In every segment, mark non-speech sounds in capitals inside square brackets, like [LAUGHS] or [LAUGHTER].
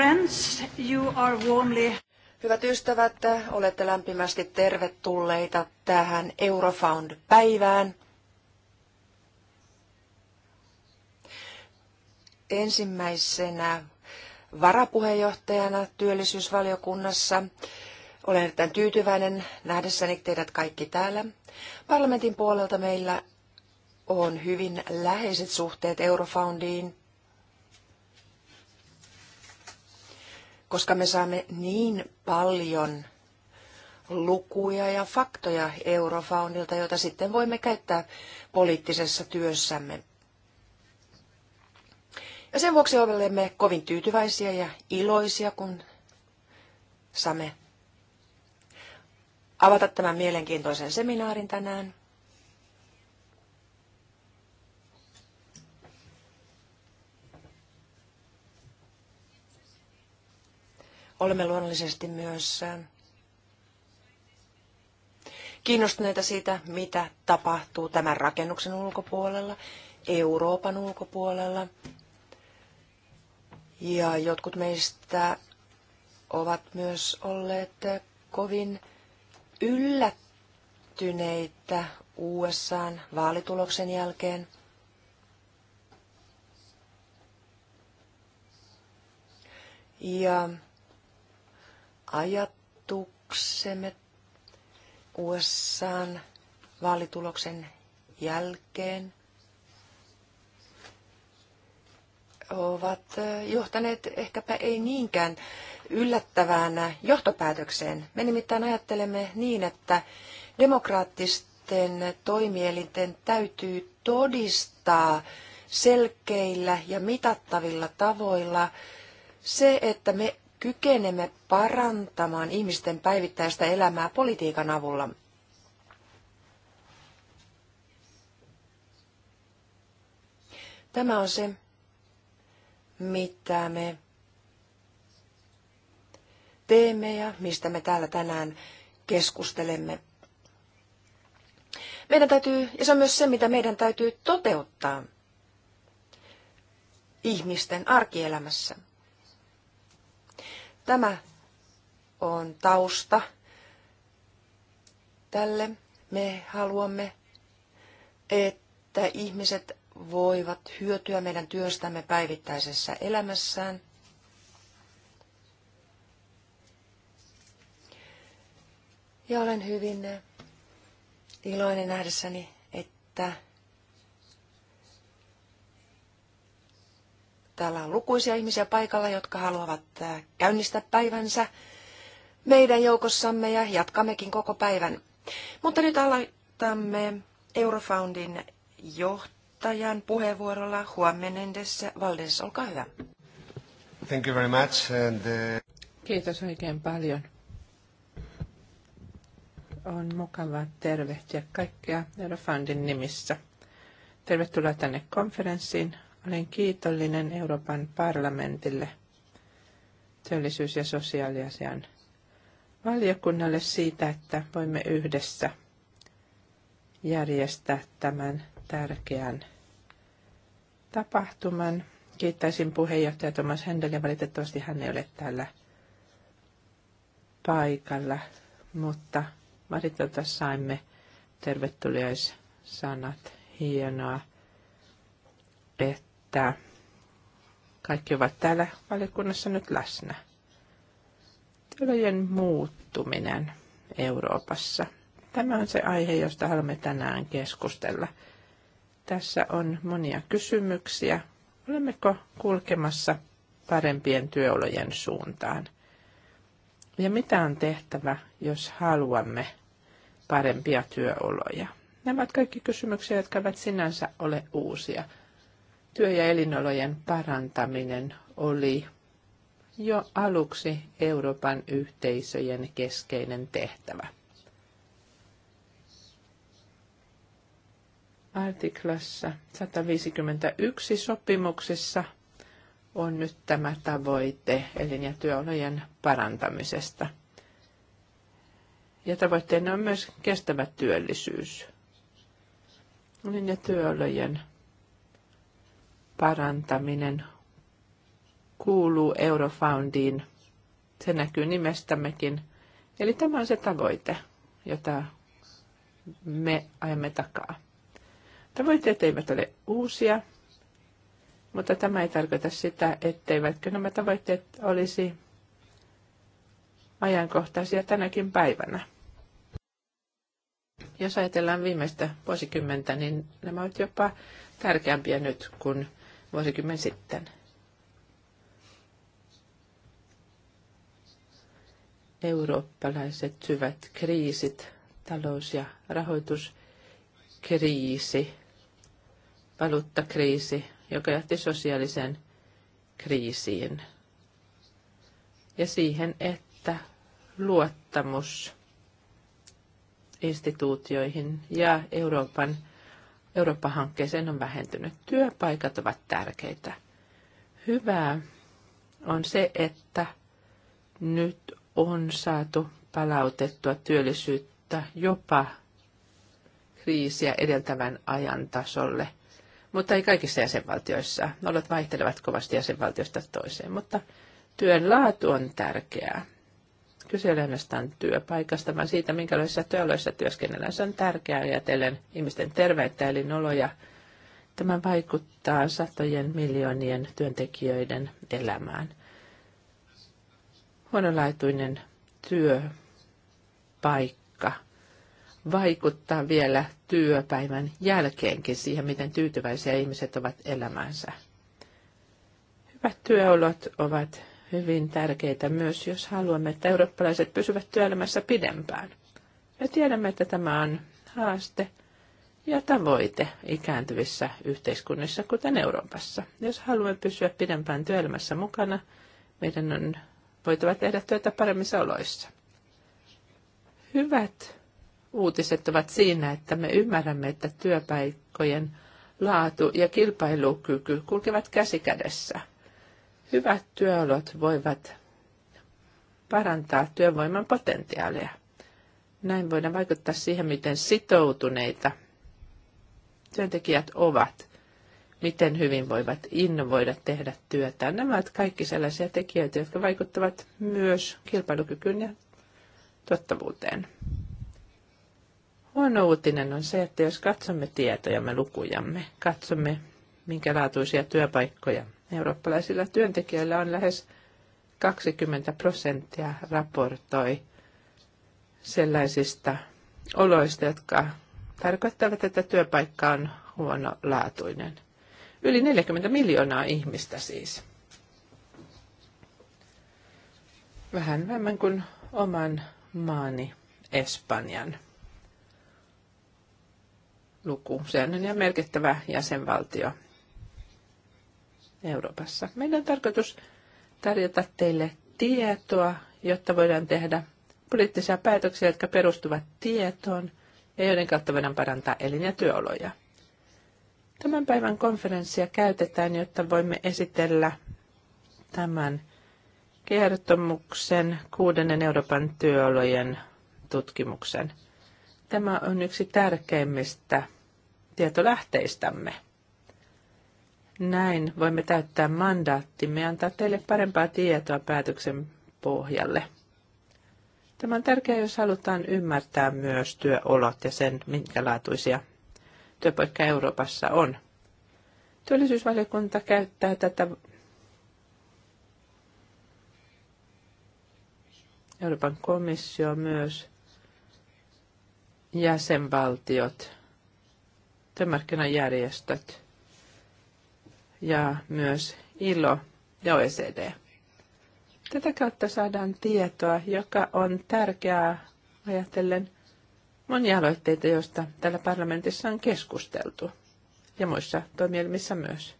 friends, you are warmly... Hyvät ystävät, olette lämpimästi tervetulleita tähän Eurofound-päivään. Ensimmäisenä varapuheenjohtajana työllisyysvaliokunnassa olen erittäin tyytyväinen nähdessäni teidät kaikki täällä. Parlamentin puolelta meillä on hyvin läheiset suhteet Eurofoundiin koska me saamme niin paljon lukuja ja faktoja Eurofaunilta, joita sitten voimme käyttää poliittisessa työssämme. Ja sen vuoksi olemme kovin tyytyväisiä ja iloisia, kun saamme avata tämän mielenkiintoisen seminaarin tänään. Olemme luonnollisesti myös kiinnostuneita siitä, mitä tapahtuu tämän rakennuksen ulkopuolella, Euroopan ulkopuolella. Ja jotkut meistä ovat myös olleet kovin yllättyneitä USAn vaalituloksen jälkeen. Ja ajatuksemme USAn vaalituloksen jälkeen ovat eh, johtaneet ehkäpä ei niinkään yllättävään johtopäätökseen. Me nimittäin ajattelemme niin, että demokraattisten toimielinten täytyy todistaa selkeillä ja mitattavilla tavoilla se, että me kykenemme parantamaan ihmisten päivittäistä elämää politiikan avulla. Tämä on se, mitä me teemme ja mistä me täällä tänään keskustelemme. Meidän täytyy, ja se on myös se, mitä meidän täytyy toteuttaa ihmisten arkielämässä. Tämä on tausta tälle. Me haluamme, että ihmiset voivat hyötyä meidän työstämme päivittäisessä elämässään. Ja olen hyvin iloinen nähdessäni, että Täällä on lukuisia ihmisiä paikalla, jotka haluavat äh, käynnistää päivänsä meidän joukossamme ja jatkammekin koko päivän. Mutta nyt aloitamme Eurofoundin johtajan puheenvuorolla Juan Menendez Valdes. Olkaa hyvä. Thank you very much. And, uh... Kiitos oikein paljon. On mukava tervehtiä kaikkia Eurofoundin nimissä. Tervetuloa tänne konferenssiin. Olen kiitollinen Euroopan parlamentille, työllisyys- ja sosiaaliasian valiokunnalle siitä, että voimme yhdessä järjestää tämän tärkeän tapahtuman. Kiittäisin puheenjohtaja Thomas ja Valitettavasti hän ei ole täällä paikalla, mutta Maritolta saimme tervetuliaissanat. Hienoa, että että kaikki ovat täällä valiokunnassa nyt läsnä. Tulojen muuttuminen Euroopassa. Tämä on se aihe, josta haluamme tänään keskustella. Tässä on monia kysymyksiä. Olemmeko kulkemassa parempien työolojen suuntaan? Ja mitä on tehtävä, jos haluamme parempia työoloja? Nämä ovat kaikki kysymyksiä, jotka eivät sinänsä ole uusia – Työ- ja elinolojen parantaminen oli jo aluksi Euroopan yhteisöjen keskeinen tehtävä. Artiklassa 151 sopimuksessa on nyt tämä tavoite elin- ja työolojen parantamisesta. Ja tavoitteena on myös kestävä työllisyys. Elin- ja työolojen parantaminen kuuluu Eurofoundiin. Se näkyy nimestämmekin. Eli tämä on se tavoite, jota me ajamme takaa. Tavoitteet eivät ole uusia, mutta tämä ei tarkoita sitä, etteivätkö nämä tavoitteet olisi ajankohtaisia tänäkin päivänä. Jos ajatellaan viimeistä vuosikymmentä, niin nämä ovat jopa tärkeämpiä nyt kuin vuosikymmen sitten. Eurooppalaiset syvät kriisit, talous- ja rahoituskriisi, valuuttakriisi, joka johti sosiaaliseen kriisiin. Ja siihen, että luottamus instituutioihin ja Euroopan – Eurooppa-hankkeeseen on vähentynyt. Työpaikat ovat tärkeitä. Hyvää on se, että nyt on saatu palautettua työllisyyttä jopa kriisiä edeltävän ajan tasolle. Mutta ei kaikissa jäsenvaltioissa. Olot vaihtelevat kovasti jäsenvaltiosta toiseen, mutta työn laatu on tärkeää. Kyse ei ole ainoastaan työpaikasta, vaan siitä, minkälaisissa työoloissa työskennellään. Se on tärkeää ajatellen ihmisten terveyttä, elinoloja. Tämä vaikuttaa satojen miljoonien työntekijöiden elämään. Huonolaituinen työpaikka vaikuttaa vielä työpäivän jälkeenkin siihen, miten tyytyväisiä ihmiset ovat elämäänsä. Hyvät työolot ovat hyvin tärkeitä myös, jos haluamme, että eurooppalaiset pysyvät työelämässä pidempään. Me tiedämme, että tämä on haaste ja tavoite ikääntyvissä yhteiskunnissa, kuten Euroopassa. Jos haluamme pysyä pidempään työelämässä mukana, meidän on voitava tehdä työtä paremmissa oloissa. Hyvät uutiset ovat siinä, että me ymmärrämme, että työpaikkojen laatu ja kilpailukyky kulkevat käsi kädessä. Hyvät työolot voivat parantaa työvoiman potentiaalia. Näin voidaan vaikuttaa siihen, miten sitoutuneita työntekijät ovat, miten hyvin voivat innovoida tehdä työtään. Nämä ovat kaikki sellaisia tekijöitä, jotka vaikuttavat myös kilpailukykyyn ja tuottavuuteen. Huono uutinen on se, että jos katsomme tietojamme, lukujamme, katsomme minkä laatuisia työpaikkoja eurooppalaisilla työntekijöillä on lähes 20 prosenttia raportoi sellaisista oloista, jotka tarkoittavat, että työpaikka on huonolaatuinen. Yli 40 miljoonaa ihmistä siis. Vähän vähemmän kuin oman maani Espanjan luku. Se on merkittävä jäsenvaltio Euroopassa. Meidän tarkoitus tarjota teille tietoa, jotta voidaan tehdä poliittisia päätöksiä, jotka perustuvat tietoon ja joiden kautta voidaan parantaa elin- ja työoloja. Tämän päivän konferenssia käytetään, jotta voimme esitellä tämän kertomuksen kuudennen Euroopan työolojen tutkimuksen. Tämä on yksi tärkeimmistä tietolähteistämme. Näin voimme täyttää mandaattimme ja antaa teille parempaa tietoa päätöksen pohjalle. Tämä on tärkeää, jos halutaan ymmärtää myös työolot ja sen, minkälaatuisia työpaikka Euroopassa on. Työllisyysvaliokunta käyttää tätä Euroopan komissio myös jäsenvaltiot, työmarkkinajärjestöt ja myös ILO ja OECD. Tätä kautta saadaan tietoa, joka on tärkeää ajatellen monia aloitteita, joista täällä parlamentissa on keskusteltu ja muissa toimielimissä myös.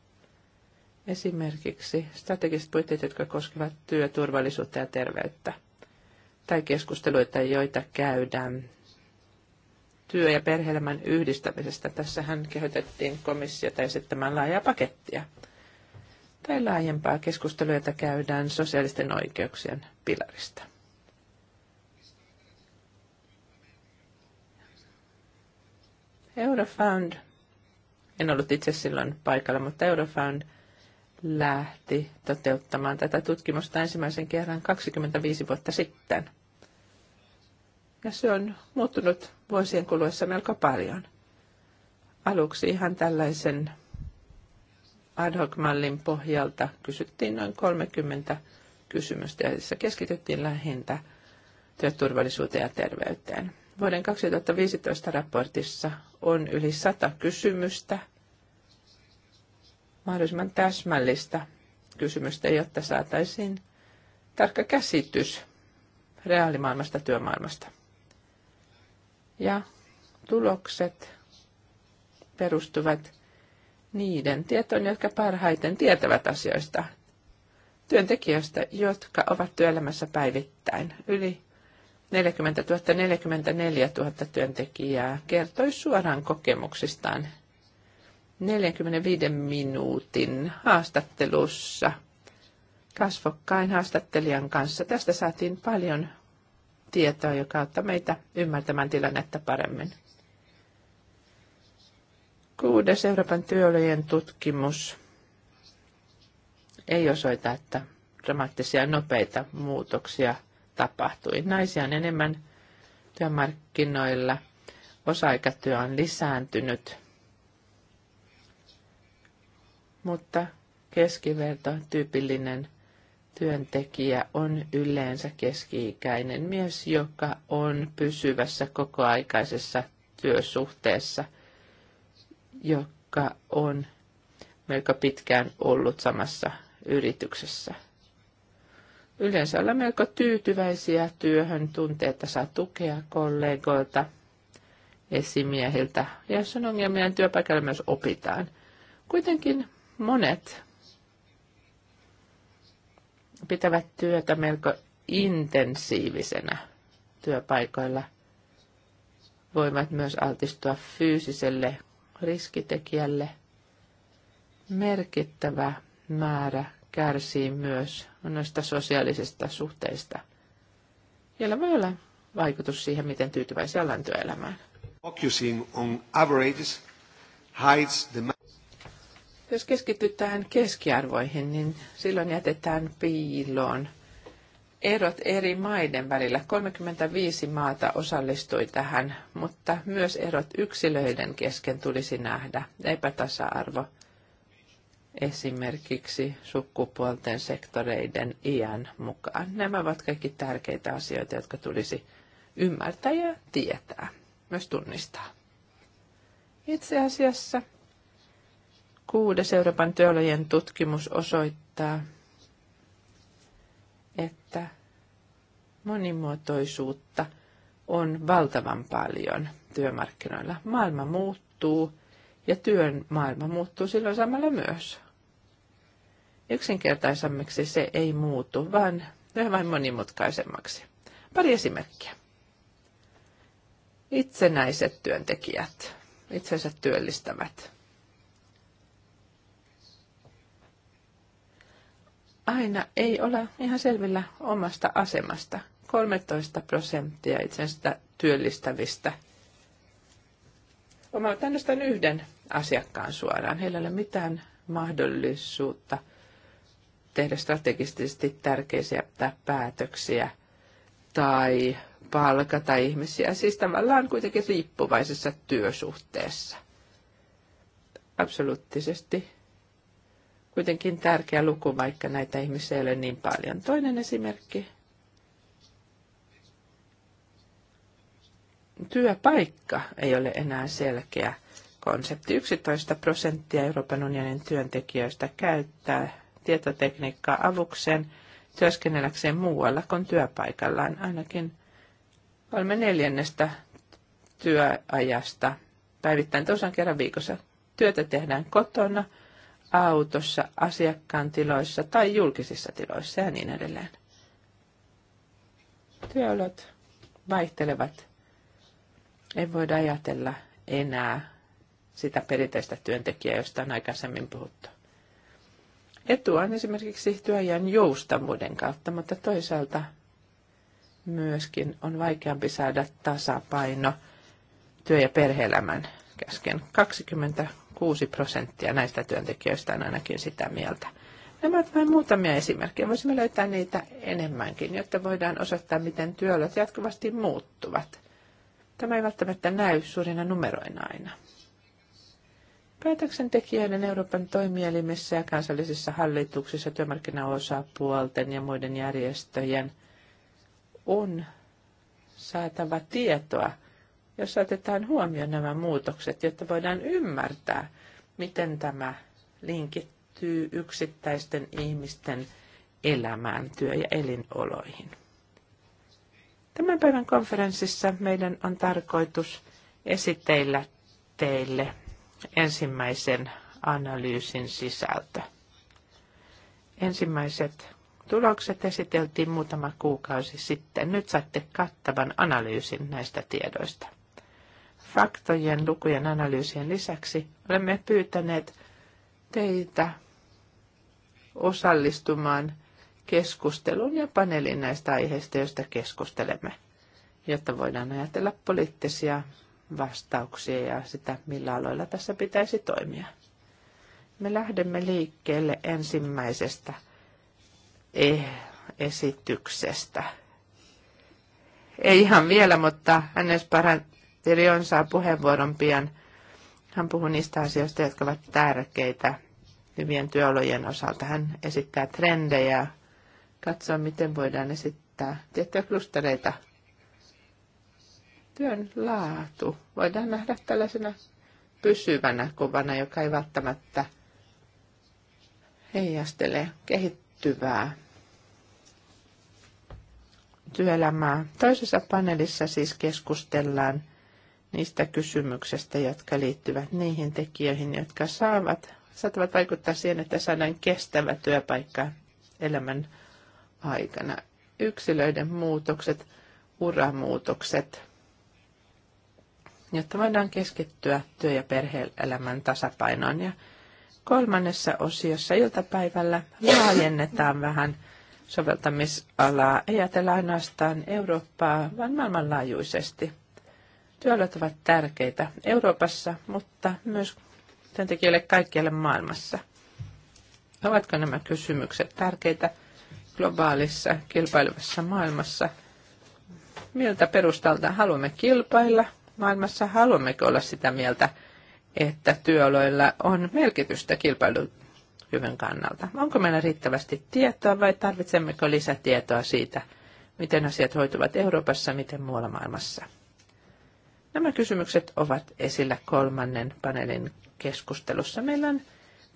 Esimerkiksi strategiset puitteet, jotka koskevat työturvallisuutta ja terveyttä, tai keskusteluita, joita käydään työ- ja perheelämän yhdistämisestä. Tässähän kehotettiin komissiota esittämään laajaa pakettia tai laajempaa keskustelua, jota käydään sosiaalisten oikeuksien pilarista. Eurofound, en ollut itse silloin paikalla, mutta Eurofound lähti toteuttamaan tätä tutkimusta ensimmäisen kerran 25 vuotta sitten. Ja se on muuttunut vuosien kuluessa melko paljon. Aluksi ihan tällaisen ad hoc-mallin pohjalta kysyttiin noin 30 kysymystä, joissa keskityttiin lähintä työturvallisuuteen ja terveyteen. Vuoden 2015 raportissa on yli 100 kysymystä, mahdollisimman täsmällistä kysymystä, jotta saataisiin tarkka käsitys reaalimaailmasta työmaailmasta. Ja tulokset perustuvat niiden tietoon, jotka parhaiten tietävät asioista, työntekijöistä, jotka ovat työelämässä päivittäin. Yli 40 000, 44 000 työntekijää kertoi suoraan kokemuksistaan 45 minuutin haastattelussa kasvokkain haastattelijan kanssa. Tästä saatiin paljon tietoa, joka auttaa meitä ymmärtämään tilannetta paremmin. Kuudes Euroopan työolojen tutkimus ei osoita, että dramaattisia nopeita muutoksia tapahtui. Naisia on enemmän työmarkkinoilla, osa-aikatyö on lisääntynyt, mutta keskiverto, tyypillinen – työntekijä on yleensä keski-ikäinen mies, joka on pysyvässä kokoaikaisessa työsuhteessa, joka on melko pitkään ollut samassa yrityksessä. Yleensä ollaan melko tyytyväisiä työhön, tuntee, että saa tukea kollegoilta, esimiehiltä. Ja jos on ongelmia, niin työpaikalla myös opitaan. Kuitenkin monet pitävät työtä melko intensiivisenä työpaikoilla, voivat myös altistua fyysiselle riskitekijälle. Merkittävä määrä kärsii myös noista sosiaalisista suhteista, joilla voi olla vaikutus siihen, miten tyytyväisiä ollaan työelämään. Focusing on average hides the jos keskitytään keskiarvoihin, niin silloin jätetään piiloon erot eri maiden välillä. 35 maata osallistui tähän, mutta myös erot yksilöiden kesken tulisi nähdä. Epätasa-arvo esimerkiksi sukupuolten sektoreiden iän mukaan. Nämä ovat kaikki tärkeitä asioita, jotka tulisi ymmärtää ja tietää, myös tunnistaa. Itse asiassa Kuudes Euroopan työolojen tutkimus osoittaa, että monimuotoisuutta on valtavan paljon työmarkkinoilla. Maailma muuttuu ja työn maailma muuttuu silloin samalla myös. Yksinkertaisemmaksi se ei muutu, vaan yhä vain monimutkaisemmaksi. Pari esimerkkiä. Itsenäiset työntekijät, itsensä työllistävät. aina ei ole ihan selvillä omasta asemasta. 13 prosenttia itsensä työllistävistä Oma ainoastaan yhden asiakkaan suoraan. Heillä ei ole mitään mahdollisuutta tehdä strategisesti tärkeisiä päätöksiä tai palkata ihmisiä, siis tavallaan kuitenkin riippuvaisessa työsuhteessa. Absoluuttisesti kuitenkin tärkeä luku, vaikka näitä ihmisiä ei ole niin paljon. Toinen esimerkki. Työpaikka ei ole enää selkeä konsepti. 11 prosenttia Euroopan unionin työntekijöistä käyttää tietotekniikkaa avukseen työskennelläkseen muualla kuin työpaikallaan. Ainakin kolme neljännestä työajasta päivittäin toisen kerran viikossa. Työtä tehdään kotona – autossa, asiakkaan tiloissa tai julkisissa tiloissa ja niin edelleen. Työolot vaihtelevat. Ei voida ajatella enää sitä perinteistä työntekijää, josta on aikaisemmin puhuttu. Etu on esimerkiksi työajan joustavuuden kautta, mutta toisaalta myöskin on vaikeampi saada tasapaino työ- ja perheelämän kesken. 20 6 prosenttia näistä työntekijöistä on ainakin sitä mieltä. Nämä ovat vain muutamia esimerkkejä. Voisimme löytää niitä enemmänkin, jotta voidaan osoittaa, miten työolot jatkuvasti muuttuvat. Tämä ei välttämättä näy suurina numeroina aina. Päätöksentekijöiden Euroopan toimielimissä ja kansallisissa hallituksissa työmarkkinaosapuolten ja muiden järjestöjen on saatava tietoa jossa otetaan huomioon nämä muutokset, jotta voidaan ymmärtää, miten tämä linkittyy yksittäisten ihmisten elämään, työ- ja elinoloihin. Tämän päivän konferenssissa meidän on tarkoitus esitellä teille ensimmäisen analyysin sisältö. Ensimmäiset tulokset esiteltiin muutama kuukausi sitten. Nyt saatte kattavan analyysin näistä tiedoista faktojen, lukujen, analyysien lisäksi olemme pyytäneet teitä osallistumaan keskusteluun ja paneeliin näistä aiheista, joista keskustelemme, jotta voidaan ajatella poliittisia vastauksia ja sitä, millä aloilla tässä pitäisi toimia. Me lähdemme liikkeelle ensimmäisestä esityksestä. Ei ihan vielä, mutta hänen Tirion saa puheenvuoron pian. Hän puhuu niistä asioista, jotka ovat tärkeitä hyvien työolojen osalta. Hän esittää trendejä, katsoo miten voidaan esittää tiettyjä klustereita. Työn laatu voidaan nähdä tällaisena pysyvänä kuvana, joka ei välttämättä heijastele kehittyvää työelämää. Toisessa paneelissa siis keskustellaan – niistä kysymyksistä, jotka liittyvät niihin tekijöihin, jotka saavat, saattavat vaikuttaa siihen, että saadaan kestävä työpaikka elämän aikana. Yksilöiden muutokset, uramuutokset, jotta voidaan keskittyä työ- ja perhe-elämän tasapainoon. Ja kolmannessa osiossa iltapäivällä laajennetaan vähän soveltamisalaa. Ei ajatella ainoastaan Eurooppaa, vaan maailmanlaajuisesti. Työlöt ovat tärkeitä Euroopassa, mutta myös työntekijöille kaikkialle maailmassa. Ovatko nämä kysymykset tärkeitä globaalissa kilpailevassa maailmassa? Miltä perustalta haluamme kilpailla maailmassa? Haluammeko olla sitä mieltä, että työoloilla on merkitystä kilpailukyvyn kannalta? Onko meillä riittävästi tietoa vai tarvitsemmeko lisätietoa siitä, miten asiat hoituvat Euroopassa, miten muualla maailmassa? Nämä kysymykset ovat esillä kolmannen paneelin keskustelussa. Meillä on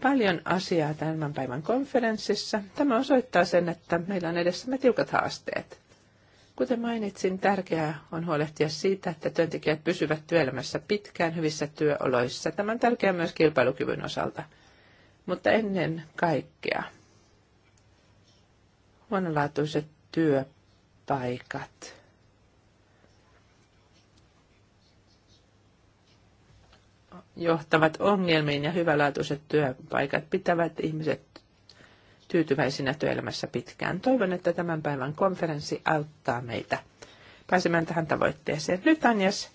paljon asiaa tämän päivän konferenssissa. Tämä osoittaa sen, että meillä on edessämme tiukat haasteet. Kuten mainitsin, tärkeää on huolehtia siitä, että työntekijät pysyvät työelämässä pitkään hyvissä työoloissa. Tämä on tärkeää myös kilpailukyvyn osalta. Mutta ennen kaikkea huonolaatuiset työpaikat johtavat ongelmiin ja hyvälaatuiset työpaikat pitävät ihmiset tyytyväisinä työelämässä pitkään. Toivon, että tämän päivän konferenssi auttaa meitä pääsemään tähän tavoitteeseen. Nyt Anjas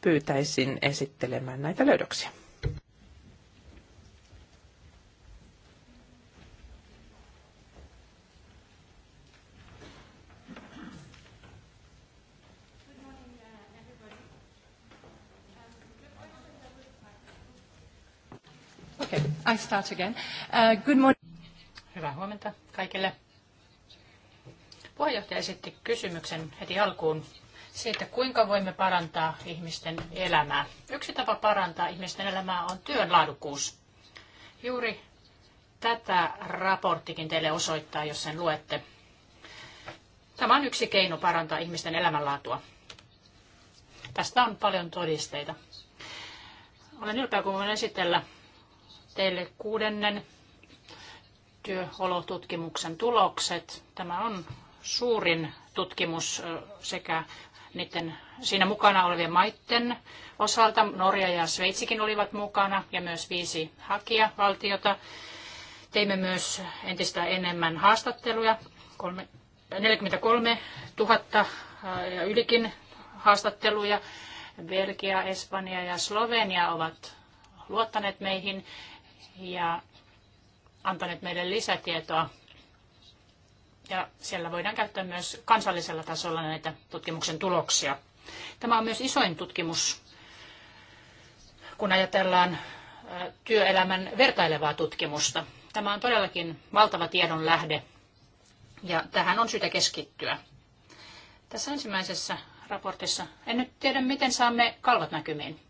pyytäisin esittelemään näitä löydöksiä. I start again. Uh, good morning. Hyvää huomenta kaikille. Puheenjohtaja esitti kysymyksen heti alkuun siitä, kuinka voimme parantaa ihmisten elämää. Yksi tapa parantaa ihmisten elämää on työn laadukkuus. Juuri tätä raporttikin teille osoittaa, jos sen luette. Tämä on yksi keino parantaa ihmisten elämänlaatua. Tästä on paljon todisteita. Olen ylpeä, kun voin esitellä teille kuudennen työolotutkimuksen tulokset. Tämä on suurin tutkimus sekä niiden siinä mukana olevien maiden osalta. Norja ja Sveitsikin olivat mukana ja myös viisi hakijavaltiota. Teimme myös entistä enemmän haastatteluja, 43 000 ja ylikin haastatteluja. Belgia, Espanja ja Slovenia ovat luottaneet meihin ja antaneet meille lisätietoa. Ja siellä voidaan käyttää myös kansallisella tasolla näitä tutkimuksen tuloksia. Tämä on myös isoin tutkimus, kun ajatellaan työelämän vertailevaa tutkimusta. Tämä on todellakin valtava tiedon lähde ja tähän on syytä keskittyä. Tässä ensimmäisessä raportissa en nyt tiedä, miten saamme kalvot näkymiin.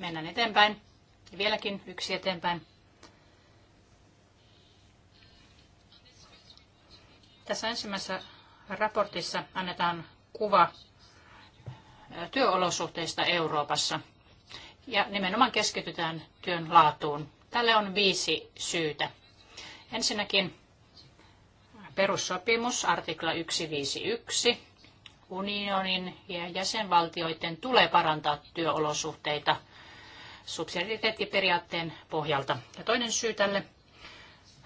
Mennään eteenpäin. Vieläkin yksi eteenpäin. Tässä ensimmäisessä raportissa annetaan kuva työolosuhteista Euroopassa ja nimenomaan keskitytään työn laatuun. Tälle on viisi syytä. Ensinnäkin perussopimus, artikla 151. Unionin ja jäsenvaltioiden tulee parantaa työolosuhteita subsidiariteettiperiaatteen pohjalta. Ja toinen syy tälle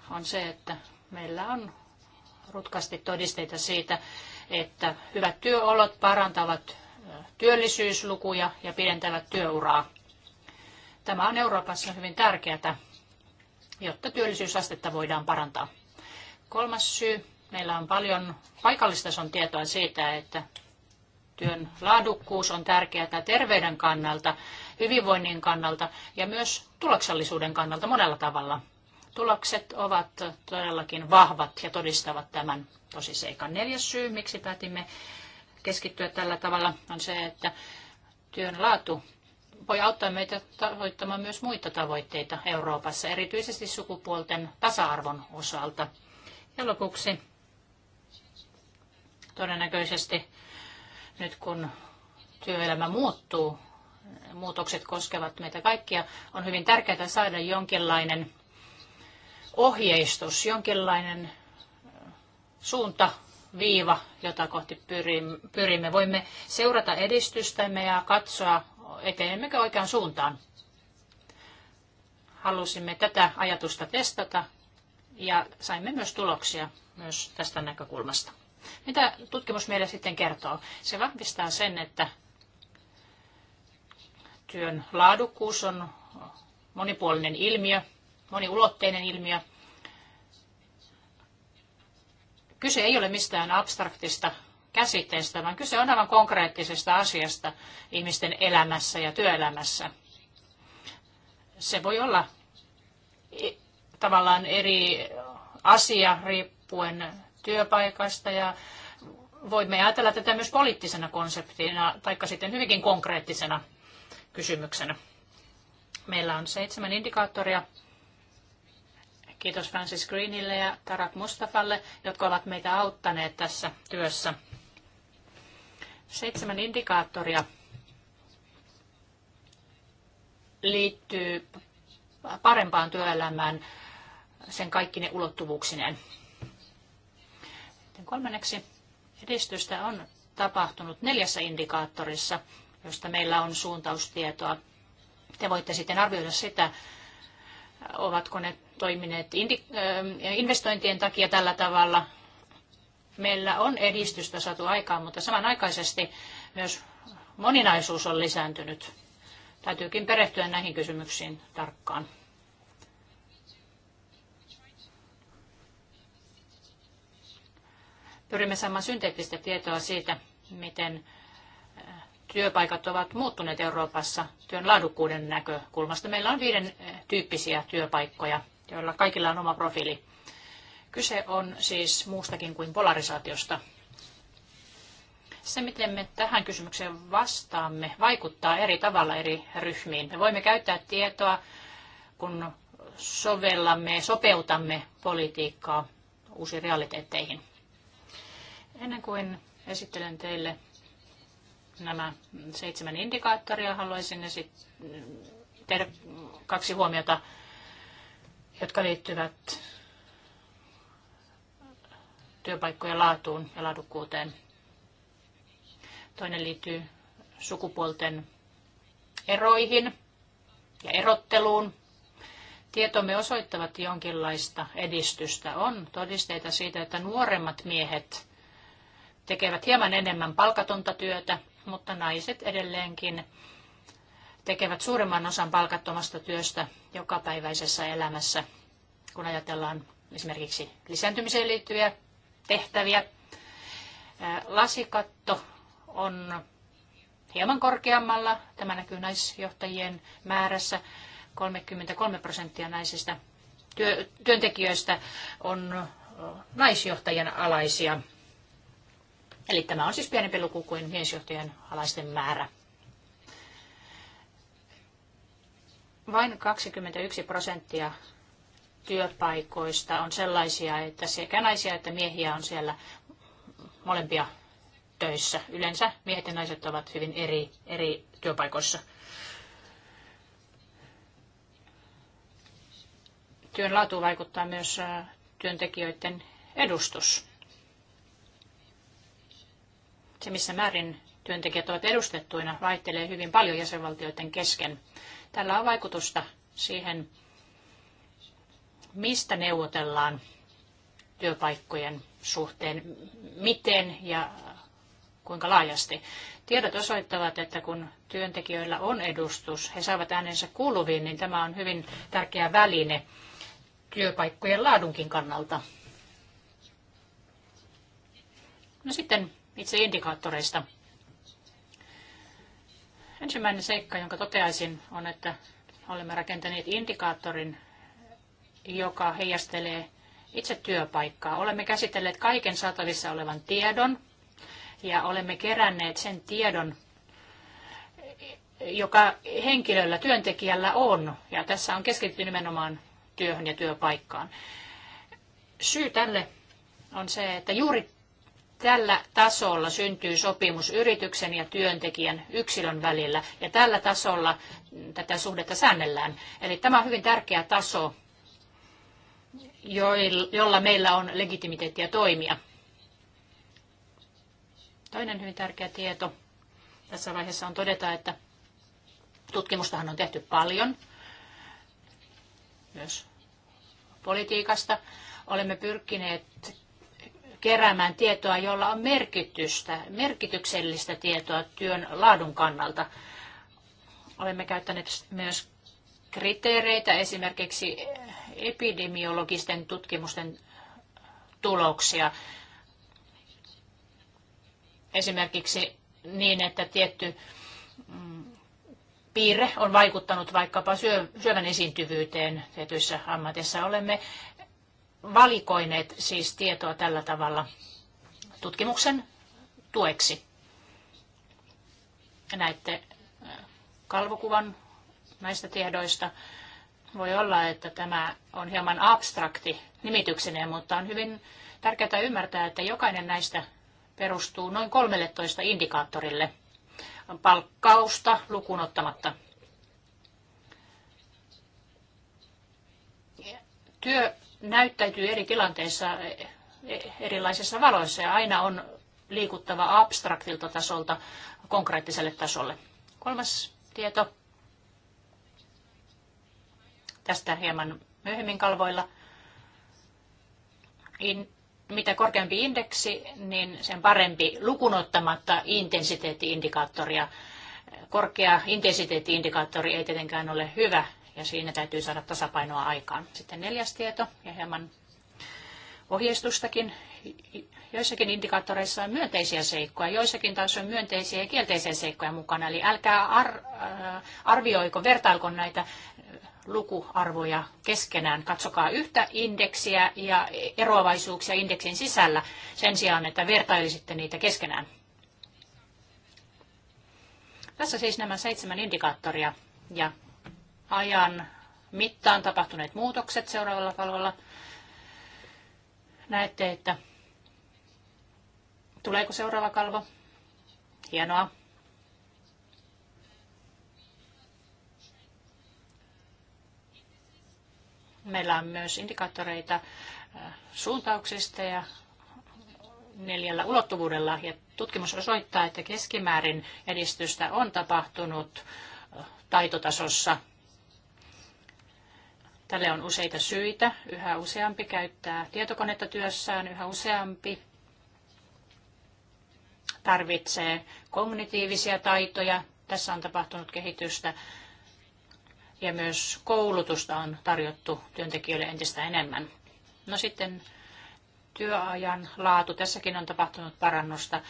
on se, että meillä on rutkasti todisteita siitä, että hyvät työolot parantavat työllisyyslukuja ja pidentävät työuraa. Tämä on Euroopassa hyvin tärkeää, jotta työllisyysastetta voidaan parantaa. Kolmas syy. Meillä on paljon paikallistason tietoa siitä, että työn laadukkuus on tärkeää terveyden kannalta hyvinvoinnin kannalta ja myös tuloksellisuuden kannalta monella tavalla. Tulokset ovat todellakin vahvat ja todistavat tämän tosiseikan. Neljäs syy, miksi päätimme keskittyä tällä tavalla, on se, että työn laatu voi auttaa meitä tavoittamaan myös muita tavoitteita Euroopassa, erityisesti sukupuolten tasa-arvon osalta. Ja lopuksi todennäköisesti nyt kun työelämä muuttuu muutokset koskevat meitä kaikkia, on hyvin tärkeää saada jonkinlainen ohjeistus, jonkinlainen suunta, viiva, jota kohti pyrimme. Voimme seurata edistystämme ja katsoa, etenemmekö oikeaan suuntaan. Halusimme tätä ajatusta testata ja saimme myös tuloksia myös tästä näkökulmasta. Mitä tutkimus meille sitten kertoo? Se vahvistaa sen, että Työn laadukkuus on monipuolinen ilmiö, moniulotteinen ilmiö. Kyse ei ole mistään abstraktista käsitteestä, vaan kyse on aivan konkreettisesta asiasta ihmisten elämässä ja työelämässä. Se voi olla tavallaan eri asia riippuen työpaikasta ja voimme ajatella tätä myös poliittisena konseptina tai sitten hyvinkin konkreettisena kysymyksenä. Meillä on seitsemän indikaattoria. Kiitos Francis Greenille ja Tarak Mustafalle, jotka ovat meitä auttaneet tässä työssä. Seitsemän indikaattoria liittyy parempaan työelämään sen kaikkine ulottuvuuksineen. Sitten kolmanneksi edistystä on tapahtunut neljässä indikaattorissa, josta meillä on suuntaustietoa. Te voitte sitten arvioida sitä, ovatko ne toimineet äh, investointien takia tällä tavalla. Meillä on edistystä saatu aikaan, mutta samanaikaisesti myös moninaisuus on lisääntynyt. Täytyykin perehtyä näihin kysymyksiin tarkkaan. Pyrimme saamaan synteettistä tietoa siitä, miten työpaikat ovat muuttuneet Euroopassa työn laadukkuuden näkökulmasta. Meillä on viiden eh, tyyppisiä työpaikkoja, joilla kaikilla on oma profiili. Kyse on siis muustakin kuin polarisaatiosta. Se, miten me tähän kysymykseen vastaamme, vaikuttaa eri tavalla eri ryhmiin. Me voimme käyttää tietoa, kun sovellamme, sopeutamme politiikkaa uusiin realiteetteihin. Ennen kuin esittelen teille nämä seitsemän indikaattoria. Haluaisin tehdä kaksi huomiota, jotka liittyvät työpaikkojen laatuun ja laadukkuuteen. Toinen liittyy sukupuolten eroihin ja erotteluun. Tietomme osoittavat jonkinlaista edistystä. On todisteita siitä, että nuoremmat miehet tekevät hieman enemmän palkatonta työtä mutta naiset edelleenkin tekevät suuremman osan palkattomasta työstä jokapäiväisessä elämässä, kun ajatellaan esimerkiksi lisääntymiseen liittyviä tehtäviä. Lasikatto on hieman korkeammalla. Tämä näkyy naisjohtajien määrässä. 33 prosenttia naisista työntekijöistä on naisjohtajien alaisia. Eli tämä on siis pienempi luku kuin miesjohtajien alaisten määrä. Vain 21 prosenttia työpaikoista on sellaisia, että sekä naisia että miehiä on siellä molempia töissä. Yleensä miehet ja naiset ovat hyvin eri, eri työpaikoissa. Työn laatu vaikuttaa myös työntekijöiden edustus se missä määrin työntekijät ovat edustettuina, vaihtelee hyvin paljon jäsenvaltioiden kesken. Tällä on vaikutusta siihen, mistä neuvotellaan työpaikkojen suhteen, miten ja kuinka laajasti. Tiedot osoittavat, että kun työntekijöillä on edustus, he saavat äänensä kuuluviin, niin tämä on hyvin tärkeä väline työpaikkojen laadunkin kannalta. No sitten itse indikaattoreista. Ensimmäinen seikka, jonka toteaisin, on, että olemme rakentaneet indikaattorin, joka heijastelee itse työpaikkaa. Olemme käsitelleet kaiken saatavissa olevan tiedon ja olemme keränneet sen tiedon, joka henkilöllä, työntekijällä on. Ja tässä on keskitty nimenomaan työhön ja työpaikkaan. Syy tälle on se, että juuri Tällä tasolla syntyy sopimus yrityksen ja työntekijän yksilön välillä, ja tällä tasolla tätä suhdetta säännellään. Eli tämä on hyvin tärkeä taso, jolla meillä on legitimiteettiä toimia. Toinen hyvin tärkeä tieto tässä vaiheessa on todeta, että tutkimustahan on tehty paljon, myös politiikasta. Olemme pyrkineet keräämään tietoa, jolla on merkitystä, merkityksellistä tietoa työn laadun kannalta. Olemme käyttäneet myös kriteereitä, esimerkiksi epidemiologisten tutkimusten tuloksia. Esimerkiksi niin, että tietty mm, piirre on vaikuttanut vaikkapa syövän esiintyvyyteen tietyissä ammatissa. Olemme valikoineet siis tietoa tällä tavalla tutkimuksen tueksi. Näette äh, kalvokuvan näistä tiedoista. Voi olla, että tämä on hieman abstrakti nimitykseneen, mutta on hyvin tärkeää ymmärtää, että jokainen näistä perustuu noin 13 indikaattorille palkkausta lukuun ottamatta. Työ näyttäytyy eri tilanteissa e, e, erilaisissa valoissa ja aina on liikuttava abstraktilta tasolta konkreettiselle tasolle. Kolmas tieto. Tästä hieman myöhemmin kalvoilla. In, mitä korkeampi indeksi, niin sen parempi lukunottamatta intensiteettiindikaattoria. Korkea intensiteettiindikaattori ei tietenkään ole hyvä ja siinä täytyy saada tasapainoa aikaan. Sitten neljäs tieto ja hieman ohjeistustakin. Joissakin indikaattoreissa on myönteisiä seikkoja, joissakin taas on myönteisiä ja kielteisiä seikkoja mukana. Eli älkää ar- äh, arvioiko, vertailko näitä lukuarvoja keskenään. Katsokaa yhtä indeksiä ja eroavaisuuksia indeksin sisällä sen sijaan, että vertailisitte niitä keskenään. Tässä siis nämä seitsemän indikaattoria ja ajan mittaan tapahtuneet muutokset seuraavalla kalvolla. Näette, että tuleeko seuraava kalvo? Hienoa. Meillä on myös indikaattoreita äh, suuntauksista ja neljällä ulottuvuudella. Ja tutkimus osoittaa, että keskimäärin edistystä on tapahtunut äh, taitotasossa Tälle on useita syitä. Yhä useampi käyttää tietokonetta työssään, yhä useampi tarvitsee kognitiivisia taitoja. Tässä on tapahtunut kehitystä ja myös koulutusta on tarjottu työntekijöille entistä enemmän. No sitten työajan laatu. Tässäkin on tapahtunut parannusta.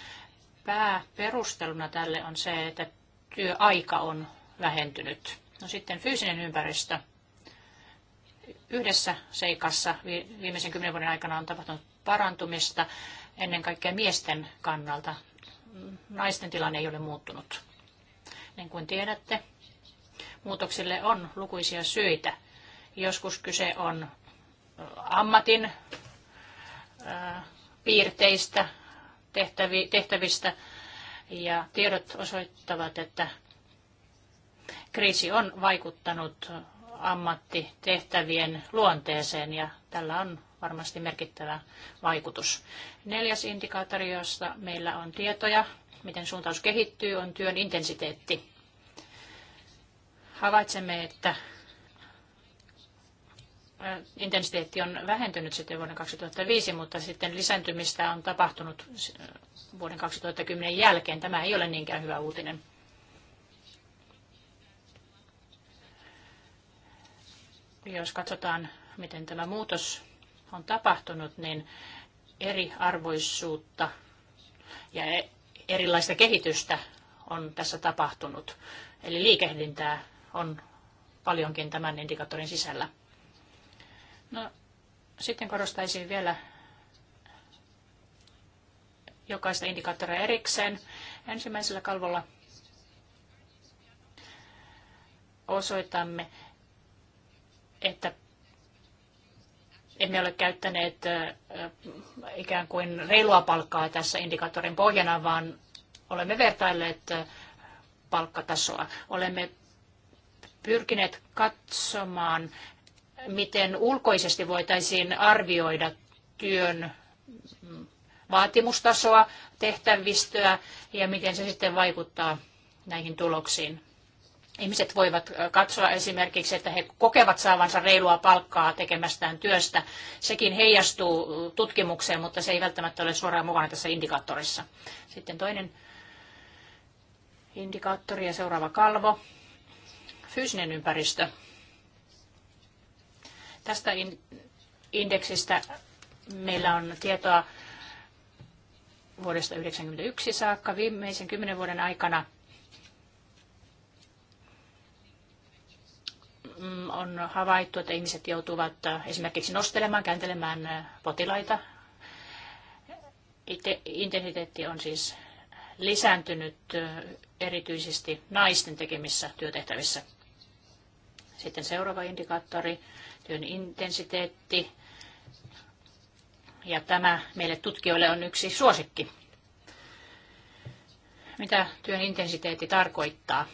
Pääperusteluna tälle on se, että työaika on vähentynyt. No sitten fyysinen ympäristö yhdessä seikassa viimeisen kymmenen vuoden aikana on tapahtunut parantumista ennen kaikkea miesten kannalta. Naisten tilanne ei ole muuttunut. Niin kuin tiedätte, muutoksille on lukuisia syitä. Joskus kyse on äh, ammatin äh, piirteistä, tehtävistä ja tiedot osoittavat, että kriisi on vaikuttanut ammattitehtävien luonteeseen ja tällä on varmasti merkittävä vaikutus. Neljäs indikaattori, josta meillä on tietoja, miten suuntaus kehittyy, on työn intensiteetti. Havaitsemme, että intensiteetti on vähentynyt sitten vuoden 2005, mutta sitten lisääntymistä on tapahtunut vuoden 2010 jälkeen. Tämä ei ole niinkään hyvä uutinen. Jos katsotaan, miten tämä muutos on tapahtunut, niin eri arvoisuutta ja e- erilaista kehitystä on tässä tapahtunut. Eli liikehdintää on paljonkin tämän indikaattorin sisällä. No, sitten korostaisin vielä jokaista indikaattoria erikseen. Ensimmäisellä kalvolla osoitamme että emme ole käyttäneet ikään kuin reilua palkkaa tässä indikaattorin pohjana, vaan olemme vertailleet palkkatasoa. Olemme pyrkineet katsomaan, miten ulkoisesti voitaisiin arvioida työn mm, vaatimustasoa, tehtävistöä ja miten se sitten vaikuttaa näihin tuloksiin. Ihmiset voivat katsoa esimerkiksi, että he kokevat saavansa reilua palkkaa tekemästään työstä. Sekin heijastuu tutkimukseen, mutta se ei välttämättä ole suoraan mukana tässä indikaattorissa. Sitten toinen indikaattori ja seuraava kalvo. Fyysinen ympäristö. Tästä indeksistä meillä on tietoa vuodesta 1991 saakka viimeisen kymmenen vuoden aikana – Mm, on havaittu, että ihmiset joutuvat äh, esimerkiksi nostelemaan, kääntelemään äh, potilaita. Intensiteetti on siis lisääntynyt äh, erityisesti naisten tekemissä työtehtävissä. Sitten seuraava indikaattori, työn intensiteetti. Ja tämä meille tutkijoille on yksi suosikki. Mitä työn intensiteetti tarkoittaa?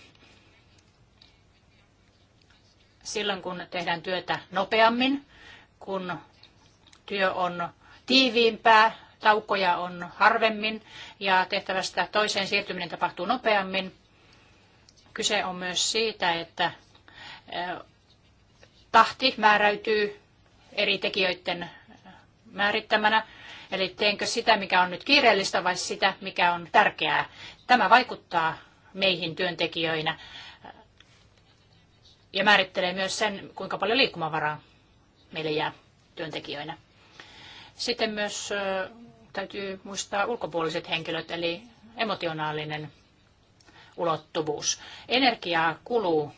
silloin, kun tehdään työtä nopeammin, kun työ on tiiviimpää, taukoja on harvemmin ja tehtävästä toiseen siirtyminen tapahtuu nopeammin. Kyse on myös siitä, että tahti määräytyy eri tekijöiden määrittämänä. Eli teenkö sitä, mikä on nyt kiireellistä vai sitä, mikä on tärkeää. Tämä vaikuttaa meihin työntekijöinä ja määrittelee myös sen, kuinka paljon liikkumavaraa meille jää työntekijöinä. Sitten myös täytyy muistaa ulkopuoliset henkilöt, eli emotionaalinen ulottuvuus. Energiaa kuluu,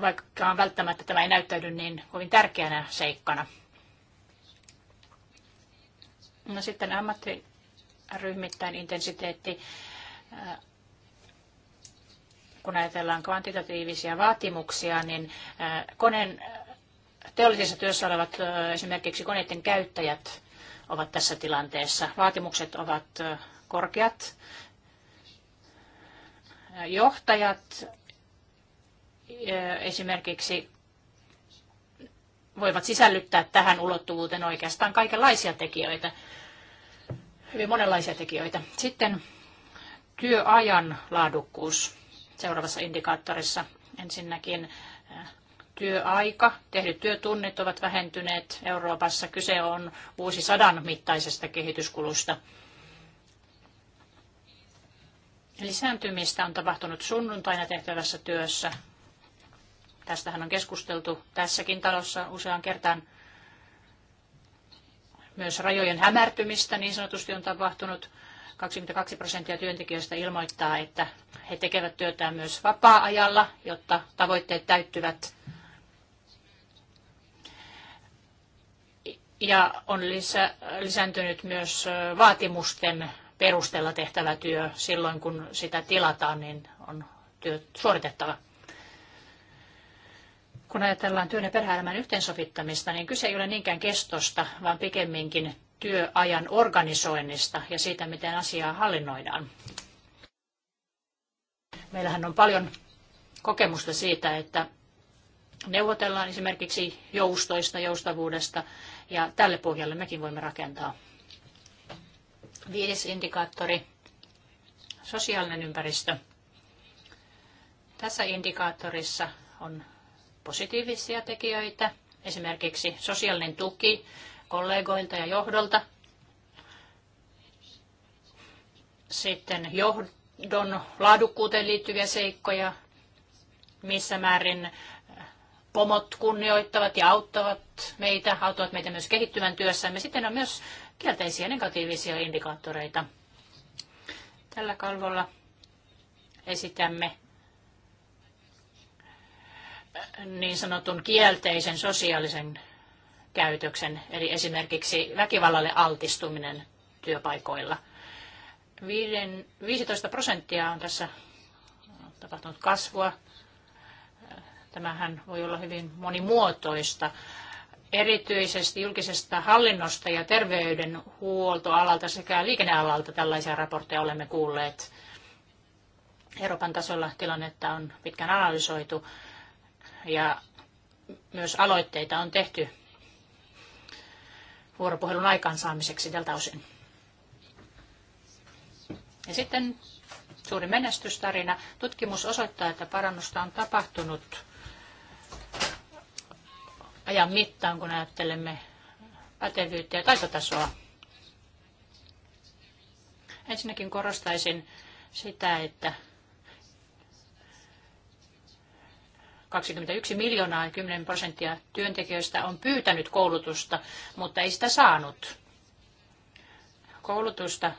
vaikka välttämättä tämä ei näyttäydy niin kovin tärkeänä seikkana. No sitten ammattiryhmittäin intensiteetti kun ajatellaan kvantitatiivisia vaatimuksia, niin koneen teollisessa työssä olevat esimerkiksi koneiden käyttäjät ovat tässä tilanteessa. Vaatimukset ovat korkeat. Johtajat esimerkiksi voivat sisällyttää tähän ulottuvuuteen oikeastaan kaikenlaisia tekijöitä, hyvin monenlaisia tekijöitä. Sitten työajan laadukkuus seuraavassa indikaattorissa. Ensinnäkin äh, työaika, tehdyt työtunnit ovat vähentyneet Euroopassa. Kyse on vuosi sadan mittaisesta kehityskulusta. Lisääntymistä on tapahtunut sunnuntaina tehtävässä työssä. Tästähän on keskusteltu tässäkin talossa usean kertaan. Myös rajojen hämärtymistä niin sanotusti on tapahtunut. 22 prosenttia työntekijöistä ilmoittaa, että he tekevät työtään myös vapaa-ajalla, jotta tavoitteet täyttyvät. Ja on lisä, lisääntynyt myös vaatimusten perusteella tehtävä työ silloin, kun sitä tilataan, niin on työ suoritettava. Kun ajatellaan työn ja perhe-elämän yhteensovittamista, niin kyse ei ole niinkään kestosta, vaan pikemminkin työajan organisoinnista ja siitä, miten asiaa hallinnoidaan. Meillähän on paljon kokemusta siitä, että neuvotellaan esimerkiksi joustoista, joustavuudesta, ja tälle pohjalle mekin voimme rakentaa. Viides indikaattori, sosiaalinen ympäristö. Tässä indikaattorissa on positiivisia tekijöitä, esimerkiksi sosiaalinen tuki, kollegoilta ja johdolta. Sitten johdon laadukkuuteen liittyviä seikkoja, missä määrin pomot kunnioittavat ja auttavat meitä, auttavat meitä myös kehittyvän työssämme. Sitten on myös kielteisiä negatiivisia indikaattoreita. Tällä kalvolla esitämme niin sanotun kielteisen sosiaalisen käytöksen, eli esimerkiksi väkivallalle altistuminen työpaikoilla. 15 prosenttia on tässä tapahtunut kasvua. Tämähän voi olla hyvin monimuotoista. Erityisesti julkisesta hallinnosta ja terveydenhuoltoalalta sekä liikennealalta tällaisia raportteja olemme kuulleet. Euroopan tasolla tilannetta on pitkään analysoitu ja myös aloitteita on tehty vuoropuhelun aikaansaamiseksi tältä osin. Ja sitten suuri menestystarina. Tutkimus osoittaa, että parannusta on tapahtunut ajan mittaan, kun ajattelemme pätevyyttä ja taitotasoa. Ensinnäkin korostaisin sitä, että 21 miljoonaa 10 prosenttia työntekijöistä on pyytänyt koulutusta, mutta ei sitä saanut. Koulutusta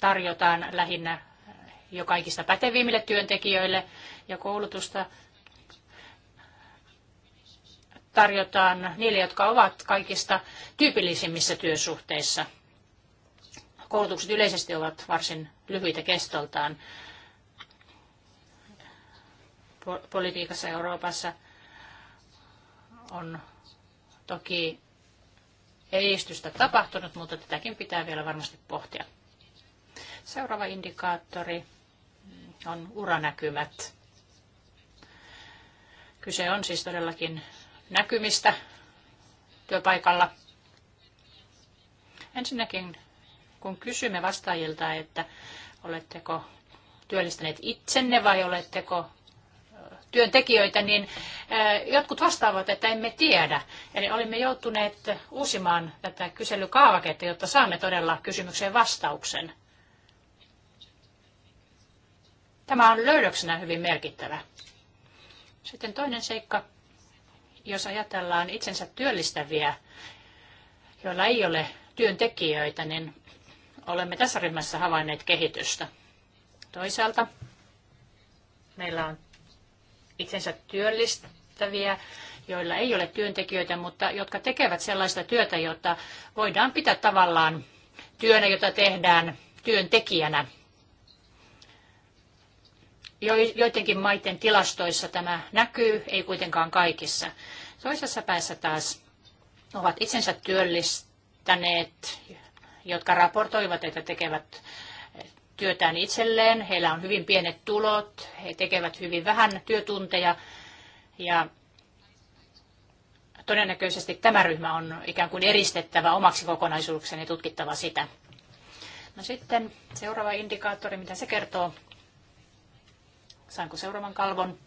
tarjotaan lähinnä jo kaikista pätevimmille työntekijöille ja koulutusta tarjotaan niille, jotka ovat kaikista tyypillisimmissä työsuhteissa. Koulutukset yleisesti ovat varsin lyhyitä kestoltaan politiikassa Euroopassa on toki edistystä tapahtunut, mutta tätäkin pitää vielä varmasti pohtia. Seuraava indikaattori on uranäkymät. Kyse on siis todellakin näkymistä työpaikalla. Ensinnäkin, kun kysymme vastaajilta, että oletteko työllistäneet itsenne vai oletteko työntekijöitä, niin eh, jotkut vastaavat, että emme tiedä. Eli olimme joutuneet uusimaan tätä kyselykaavaketta, jotta saamme todella kysymykseen vastauksen. Tämä on löydöksenä hyvin merkittävä. Sitten toinen seikka, jos ajatellaan itsensä työllistäviä, joilla ei ole työntekijöitä, niin olemme tässä ryhmässä havainneet kehitystä. Toisaalta meillä on itsensä työllistäviä, joilla ei ole työntekijöitä, mutta jotka tekevät sellaista työtä, jota voidaan pitää tavallaan työnä, jota tehdään työntekijänä. Joidenkin maiden tilastoissa tämä näkyy, ei kuitenkaan kaikissa. Toisessa päässä taas ovat itsensä työllistäneet, jotka raportoivat, että tekevät työtään itselleen, heillä on hyvin pienet tulot, he tekevät hyvin vähän työtunteja ja todennäköisesti tämä ryhmä on ikään kuin eristettävä omaksi kokonaisuudekseen ja tutkittava sitä. No sitten seuraava indikaattori, mitä se kertoo. Saanko seuraavan kalvon?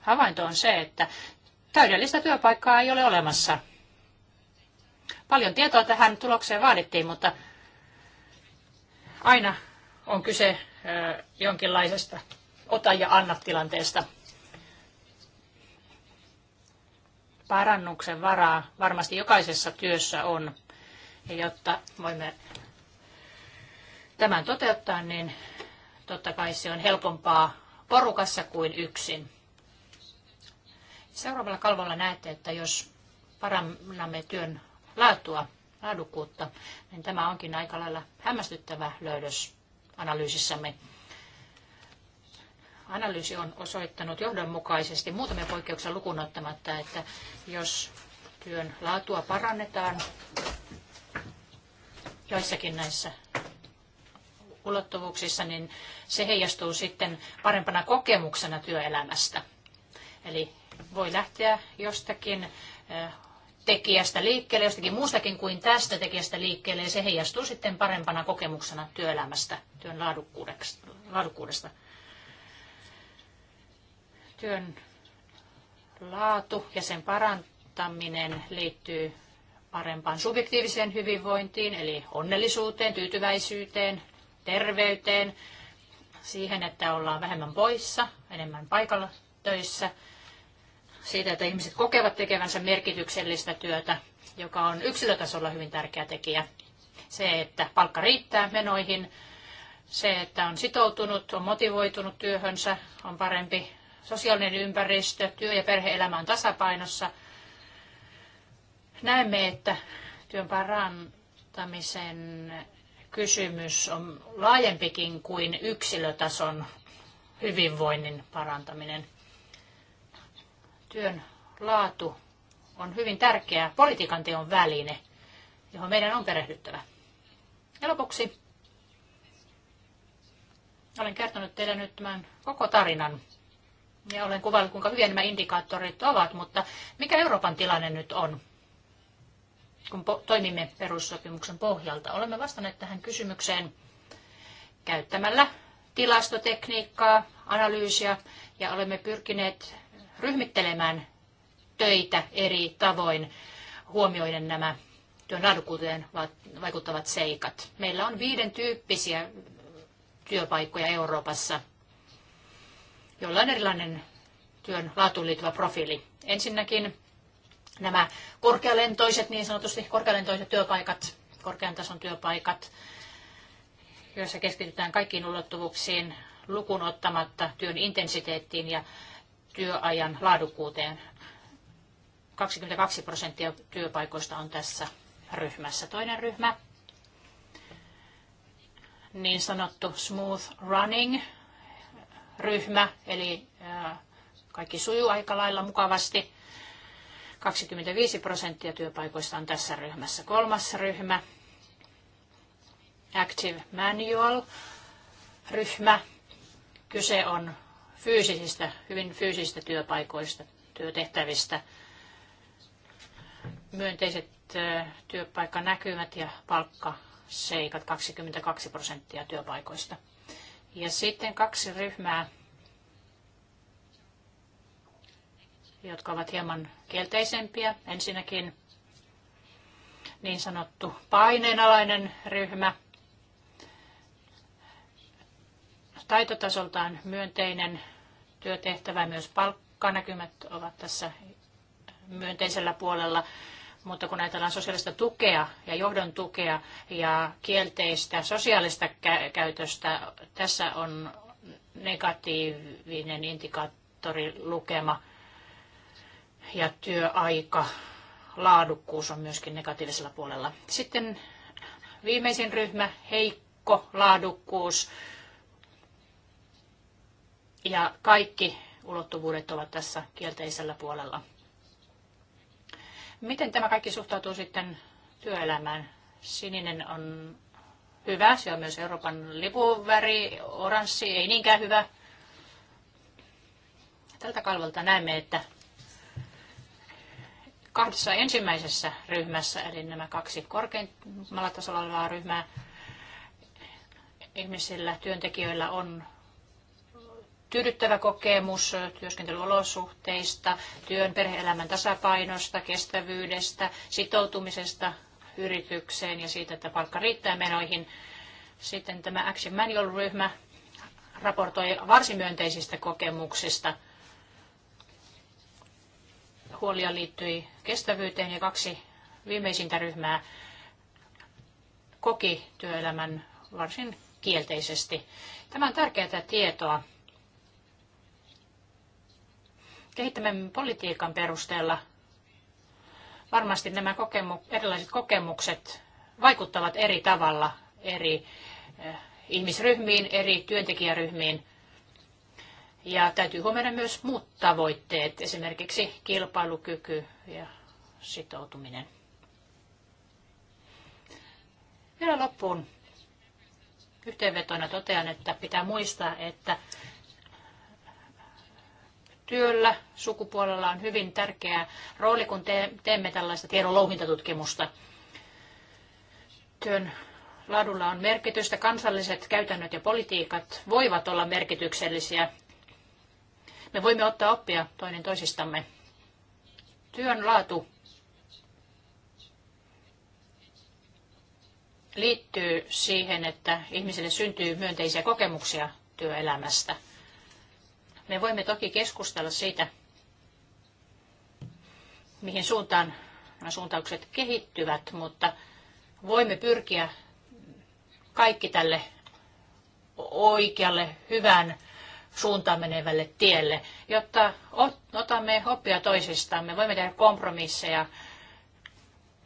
Havainto on se, että täydellistä työpaikkaa ei ole olemassa. Paljon tietoa tähän tulokseen vaadittiin, mutta Aina on kyse jonkinlaisesta ota ja anna tilanteesta. Parannuksen varaa varmasti jokaisessa työssä on. Ja jotta voimme tämän toteuttaa, niin totta kai se on helpompaa porukassa kuin yksin. Seuraavalla kalvolla näette, että jos parannamme työn laatua, laadukkuutta, niin tämä onkin aika lailla hämmästyttävä löydös analyysissämme. Analyysi on osoittanut johdonmukaisesti muutamia poikkeuksia lukuun ottamatta, että jos työn laatua parannetaan joissakin näissä ulottuvuuksissa, niin se heijastuu sitten parempana kokemuksena työelämästä. Eli voi lähteä jostakin eh, tekijästä liikkeelle, jostakin muustakin kuin tästä tekijästä liikkeelle, ja se heijastuu sitten parempana kokemuksena työelämästä, työn laadukkuudesta. Työn laatu ja sen parantaminen liittyy parempaan subjektiiviseen hyvinvointiin, eli onnellisuuteen, tyytyväisyyteen, terveyteen, siihen, että ollaan vähemmän poissa, enemmän paikalla töissä – siitä, että ihmiset kokevat tekevänsä merkityksellistä työtä, joka on yksilötasolla hyvin tärkeä tekijä. Se, että palkka riittää menoihin, se, että on sitoutunut, on motivoitunut työhönsä, on parempi sosiaalinen ympäristö, työ- ja perhe-elämä on tasapainossa. Näemme, että työn parantamisen kysymys on laajempikin kuin yksilötason hyvinvoinnin parantaminen. Työn laatu on hyvin tärkeä politiikan teon väline, johon meidän on perehdyttävä. Ja lopuksi olen kertonut teille nyt tämän koko tarinan. Ja olen kuvannut kuinka hyviä nämä indikaattorit ovat, mutta mikä Euroopan tilanne nyt on, kun toimimme perussopimuksen pohjalta? Olemme vastanneet tähän kysymykseen käyttämällä tilastotekniikkaa, analyysiä ja olemme pyrkineet ryhmittelemään töitä eri tavoin huomioiden nämä työn laadukkuuteen vaikuttavat seikat. Meillä on viiden tyyppisiä työpaikkoja Euroopassa, joilla on erilainen työn laatuun liittyvä profiili. Ensinnäkin nämä korkealentoiset, niin sanotusti korkealentoiset työpaikat, korkean tason työpaikat, joissa keskitytään kaikkiin ulottuvuuksiin lukuun ottamatta työn intensiteettiin ja työajan laadukkuuteen. 22 prosenttia työpaikoista on tässä ryhmässä. Toinen ryhmä, niin sanottu smooth running ryhmä, eli äh, kaikki sujuu aika lailla mukavasti. 25 prosenttia työpaikoista on tässä ryhmässä. Kolmas ryhmä, Active Manual ryhmä. Kyse on fyysisistä, hyvin fyysisistä työpaikoista, työtehtävistä. Myönteiset työpaikkanäkymät ja palkkaseikat 22 prosenttia työpaikoista. Ja sitten kaksi ryhmää, jotka ovat hieman kielteisempiä. Ensinnäkin niin sanottu paineenalainen ryhmä, taitotasoltaan myönteinen Työtehtävä Myös palkkanäkymät ovat tässä myönteisellä puolella. Mutta kun ajatellaan sosiaalista tukea ja johdon tukea ja kielteistä sosiaalista käytöstä, tässä on negatiivinen indikaattorilukema ja työaika laadukkuus on myöskin negatiivisella puolella. Sitten viimeisin ryhmä, heikko laadukkuus ja kaikki ulottuvuudet ovat tässä kielteisellä puolella. Miten tämä kaikki suhtautuu sitten työelämään? Sininen on hyvä, se on myös Euroopan lipuväri, oranssi ei niinkään hyvä. Tältä kalvolta näemme, että kahdessa ensimmäisessä ryhmässä, eli nämä kaksi korkeimmalla tasolla olevaa ryhmää, ihmisillä, työntekijöillä on tyydyttävä kokemus työskentelyolosuhteista, työn perheelämän tasapainosta, kestävyydestä, sitoutumisesta yritykseen ja siitä, että palkka riittää menoihin. Sitten tämä Action Manual-ryhmä raportoi varsin myönteisistä kokemuksista. Huolia liittyi kestävyyteen ja kaksi viimeisintä ryhmää koki työelämän varsin kielteisesti. Tämä on tärkeää tietoa kehittämämme politiikan perusteella varmasti nämä kokemu- erilaiset kokemukset vaikuttavat eri tavalla eri eh, ihmisryhmiin, eri työntekijäryhmiin. Ja täytyy huomioida myös muut tavoitteet, esimerkiksi kilpailukyky ja sitoutuminen. Vielä loppuun yhteenvetona totean, että pitää muistaa, että Työllä, sukupuolella on hyvin tärkeä rooli, kun teemme tällaista tiedon louhintatutkimusta. Työn laadulla on merkitystä. Kansalliset käytännöt ja politiikat voivat olla merkityksellisiä. Me voimme ottaa oppia toinen toisistamme. Työn laatu liittyy siihen, että ihmisille syntyy myönteisiä kokemuksia työelämästä – me voimme toki keskustella siitä, mihin suuntaan nämä suuntaukset kehittyvät, mutta voimme pyrkiä kaikki tälle oikealle, hyvän suuntaan menevälle tielle, jotta otamme oppia toisistamme, voimme tehdä kompromisseja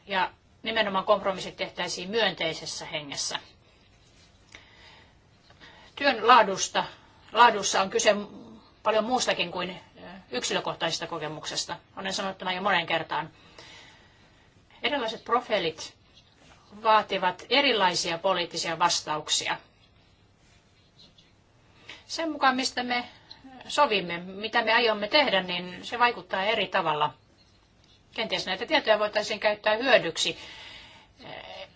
ja nimenomaan kompromissit tehtäisiin myönteisessä hengessä. Työn laadusta, laadussa on kyse paljon muustakin kuin yksilökohtaisesta kokemuksesta. Olen sanonut tämän jo monen kertaan. Erilaiset profiilit vaativat erilaisia poliittisia vastauksia. Sen mukaan, mistä me sovimme, mitä me aiomme tehdä, niin se vaikuttaa eri tavalla. Kenties näitä tietoja voitaisiin käyttää hyödyksi,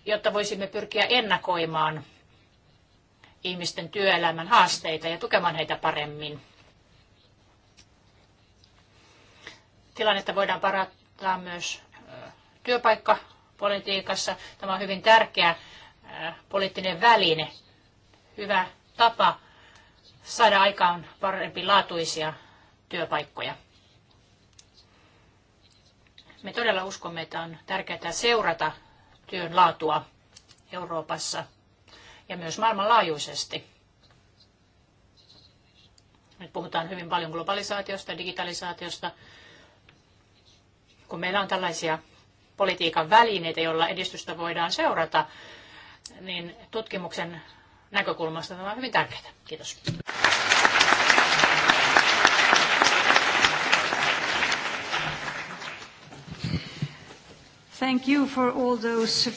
jotta voisimme pyrkiä ennakoimaan ihmisten työelämän haasteita ja tukemaan heitä paremmin. Tilannetta voidaan parantaa myös työpaikkapolitiikassa. Tämä on hyvin tärkeä poliittinen väline, hyvä tapa saada aikaan parempi laatuisia työpaikkoja. Me todella uskomme, että on tärkeää seurata työn laatua Euroopassa ja myös maailmanlaajuisesti. Nyt puhutaan hyvin paljon globalisaatiosta, digitalisaatiosta, kun meillä on tällaisia politiikan välineitä, joilla edistystä voidaan seurata, niin tutkimuksen näkökulmasta tämä on hyvin tärkeää. Kiitos. Thank you for all those...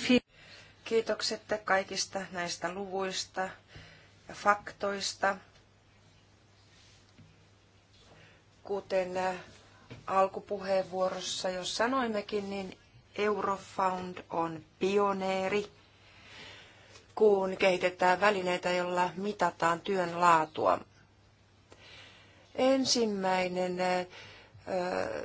Kiitokset kaikista näistä luvuista ja faktoista. Kuten äh, alkupuheenvuorossa jo sanoimmekin, niin Eurofound on pioneeri, kun kehitetään välineitä, joilla mitataan työn laatua. Ensimmäinen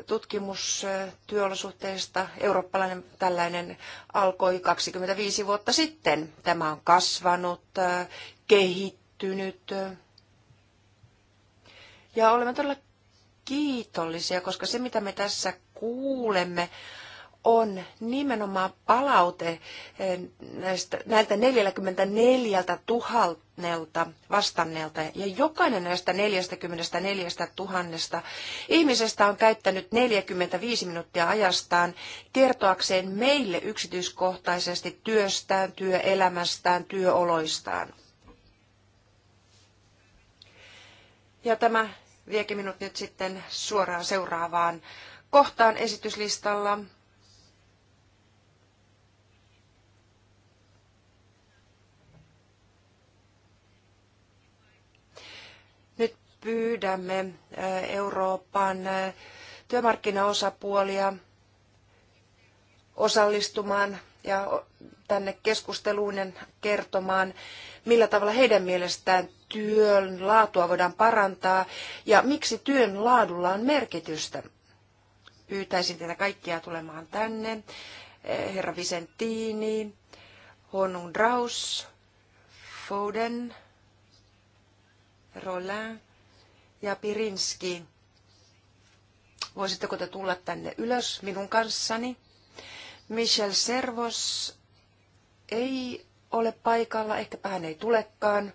tutkimus työolosuhteista, eurooppalainen tällainen, alkoi 25 vuotta sitten. Tämä on kasvanut, kehittynyt. Ja olemme todella kiitollisia, koska se mitä me tässä kuulemme on nimenomaan palaute eh, näistä, näiltä 44 000 vastanneelta. Ja jokainen näistä 44 tuhannesta ihmisestä on käyttänyt 45 minuuttia ajastaan kertoakseen meille yksityiskohtaisesti työstään, työelämästään, työoloistaan. Ja tämä viekö minut nyt sitten suoraan seuraavaan kohtaan esityslistalla. Nyt pyydämme äh, Euroopan äh, työmarkkinaosapuolia osallistumaan ja tänne keskusteluun ja kertomaan, millä tavalla heidän mielestään työn laatua voidaan parantaa ja miksi työn laadulla on merkitystä. Pyytäisin teitä kaikkia tulemaan tänne. Eh, herra Vicentini, Honung Draus, Foden, Roland ja Pirinski. Voisitteko te tulla tänne ylös minun kanssani? Michel Servos ei ole paikalla, ehkäpä hän ei tulekaan.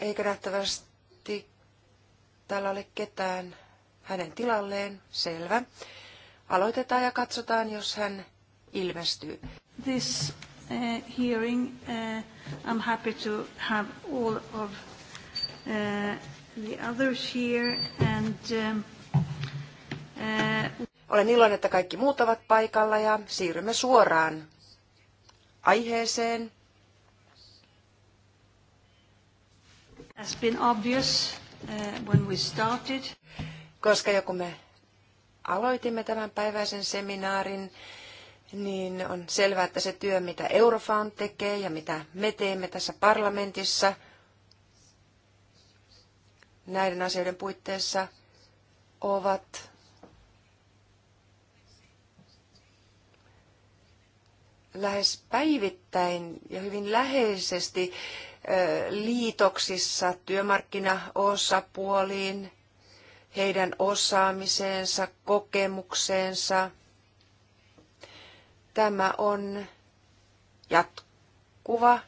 Eikä nähtävästi täällä ole ketään hänen tilalleen. Selvä. Aloitetaan ja katsotaan, jos hän ilmestyy. This uh, hearing, uh, I'm happy to have all of uh, the others here and um, uh, olen iloinen, että kaikki muut ovat paikalla ja siirrymme suoraan aiheeseen. Has been obvious, uh, when we started. Koska joku me aloitimme tämän päiväisen seminaarin, niin on selvää, että se työ, mitä Eurofound tekee ja mitä me teemme tässä parlamentissa näiden asioiden puitteissa, ovat lähes päivittäin ja hyvin läheisesti liitoksissa työmarkkinaosapuoliin, heidän osaamiseensa, kokemukseensa. Tämä on jatkuva